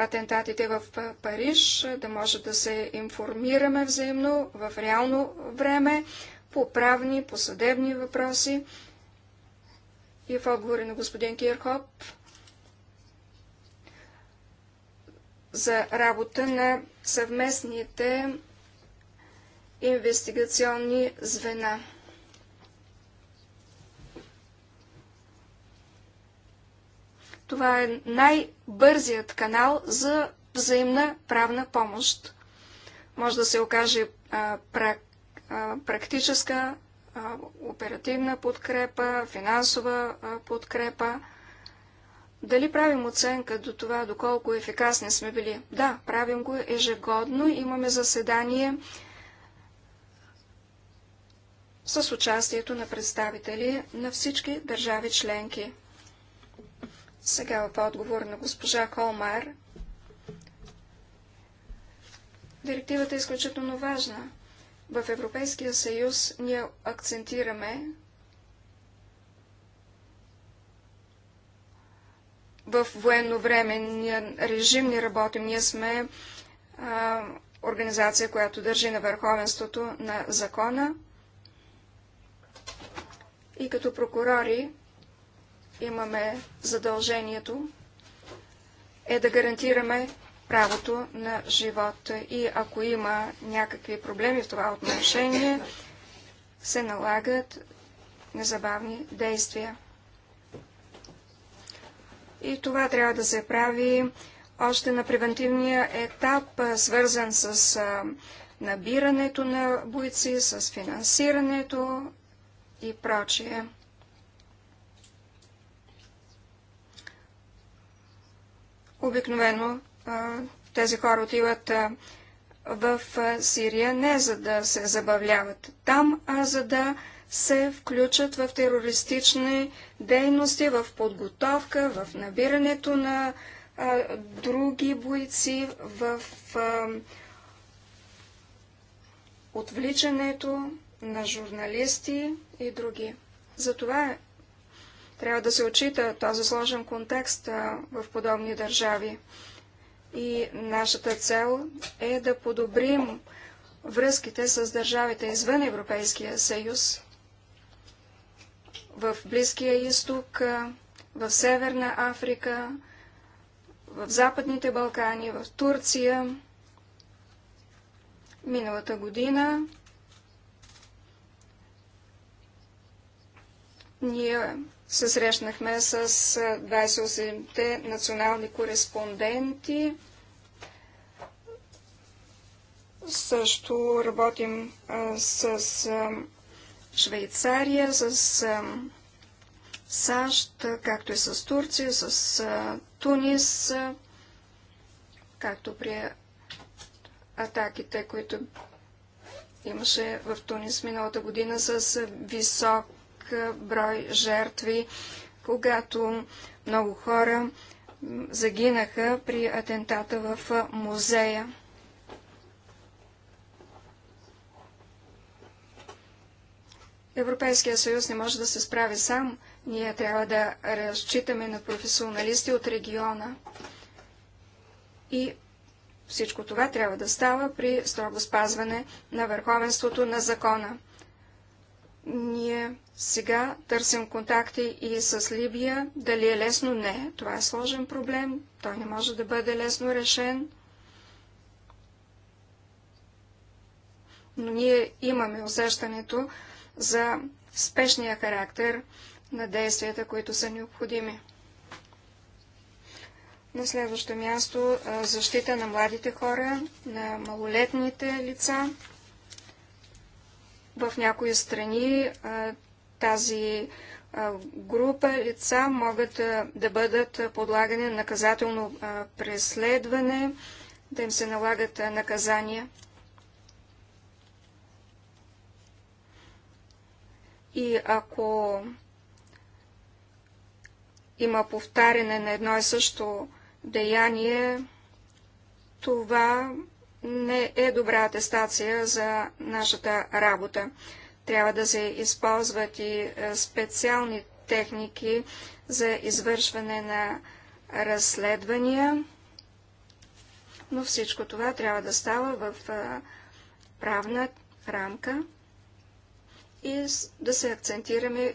атентатите в Париж, да може да се информираме взаимно в реално време по правни, по съдебни въпроси. И в отговори на господин Кирхоп за работа на съвместните инвестигационни звена. Това е най- бързият канал за взаимна правна помощ. Може да се окаже а, прак, а, практическа, а, оперативна подкрепа, финансова а, подкрепа. Дали правим оценка до това, доколко ефикасни сме били? Да, правим го ежегодно. Имаме заседание с участието на представители на всички държави членки. Сега в отговор на госпожа Холмайер. Директивата е изключително важна. В Европейския съюз ние акцентираме в военно Ние режим не работим. Ние сме а, организация, която държи на върховенството на закона. И като прокурори имаме задължението е да гарантираме правото на живот. И ако има някакви проблеми в това отношение, се налагат незабавни действия. И това трябва да се прави още на превентивния етап, свързан с набирането на бойци, с финансирането и прочие. Обикновено тези хора отиват в Сирия не за да се забавляват там, а за да се включат в терористични дейности, в подготовка, в набирането на а, други бойци, в а, отвличането на журналисти и други. Затова трябва да се отчита този сложен контекст в подобни държави. И нашата цел е да подобрим връзките с държавите извън Европейския съюз, в Близкия изток, в Северна Африка, в Западните Балкани, в Турция. Миналата година ние се срещнахме с 28-те национални кореспонденти. Също работим а, с а, Швейцария, с а, САЩ, както и с Турция, с Тунис, както при атаките, които имаше в Тунис миналата година с висок брой жертви, когато много хора загинаха при атентата в музея. Европейския съюз не може да се справи сам. Ние трябва да разчитаме на професионалисти от региона. И всичко това трябва да става при строго спазване на върховенството на закона. Ние сега търсим контакти и с Либия. Дали е лесно? Не. Това е сложен проблем. Той не може да бъде лесно решен. Но ние имаме усещането за спешния характер на действията, които са необходими. На следващо място защита на младите хора, на малолетните лица. В някои страни тази група лица могат да бъдат подлагани на наказателно преследване, да им се налагат наказания. И ако има повтаряне на едно и също деяние, това не е добра атестация за нашата работа. Трябва да се използват и е, специални техники за извършване на разследвания, но всичко това трябва да става в е, правна рамка и да се акцентираме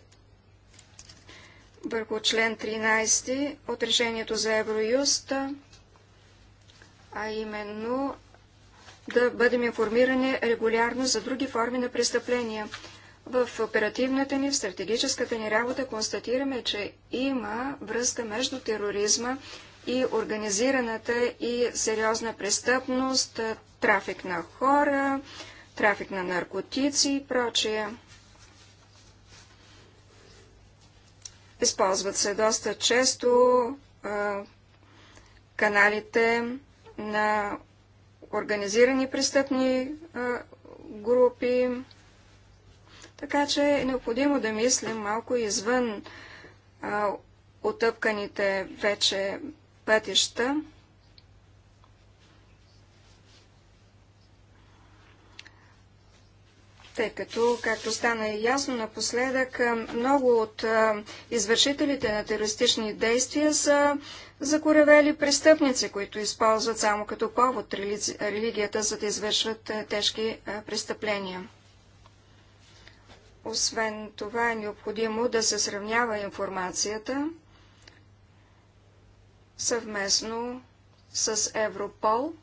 върху член 13 от решението за Евроюст, а именно да бъдем информирани регулярно за други форми на престъпления. В оперативната ни, в стратегическата ни работа констатираме, че има връзка между тероризма и организираната и сериозна престъпност, трафик на хора, трафик на наркотици и прочее. Използват се доста често каналите на организирани престъпни групи. Така че е необходимо да мислим малко извън отъпканите вече пътища. Тъй като, както стана и ясно напоследък, много от извършителите на терористични действия са закоравели престъпници, които използват само като повод религията, за да извършват е, тежки е, престъпления. Освен това е необходимо да се сравнява информацията съвместно с Европол.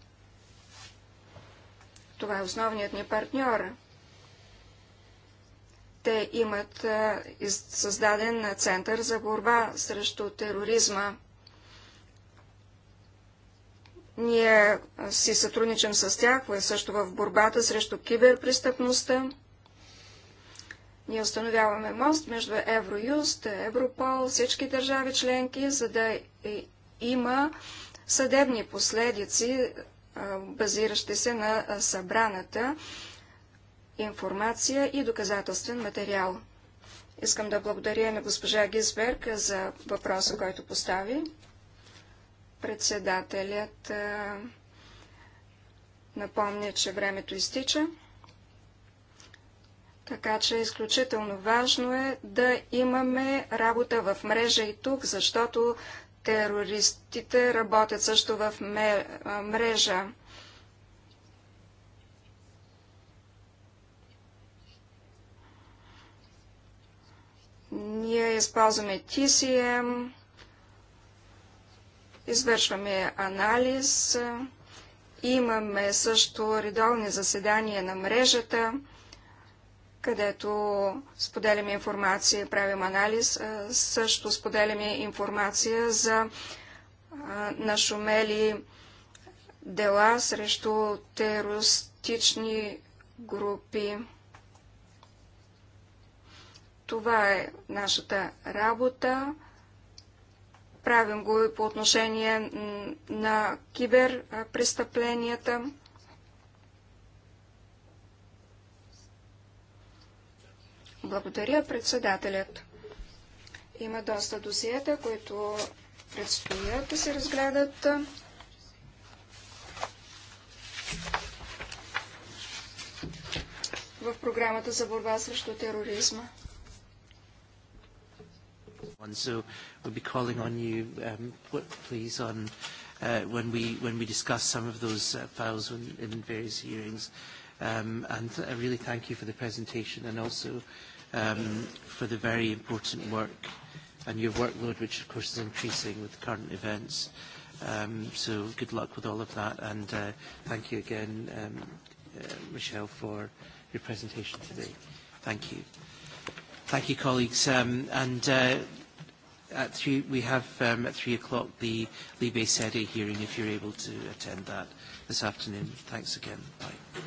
Това е основният ни партньор. Те имат е, създаден център за борба срещу тероризма. Ние си сътрудничам с тях, също в борбата срещу киберпрестъпността. Ние установяваме мост между Евроюст, Европол, всички държави членки, за да има съдебни последици, базиращи се на събраната информация и доказателствен материал. Искам да благодаря на госпожа Гизберг за въпроса, който постави. Председателят а, напомня, че времето изтича. Така че изключително важно е да имаме работа в мрежа и тук, защото терористите работят също в мрежа. Ние използваме TCM, Извършваме анализ. Имаме също редовни заседания на мрежата, където споделяме информация, правим анализ. Също споделяме информация за нашумели дела срещу терористични групи. Това е нашата работа. Правим го и по отношение на киберпрестъпленията. Благодаря, председателят. Има доста досиета, които предстоят да се разгледат. в програмата за борба срещу тероризма we'll be calling on you, um, please, on uh, when we when we discuss some of those uh, files when in various hearings. Um, and I really thank you for the presentation and also um, for the very important work and your workload, which of course is increasing with current events. Um, so good luck with all of that, and uh, thank you again, um, uh, Michelle, for your presentation today. Thank you. Thank you, colleagues. Um, and uh, at three, we have um, at three o'clock the Libe Sede hearing if you're able to attend that this afternoon. Thanks again. Bye.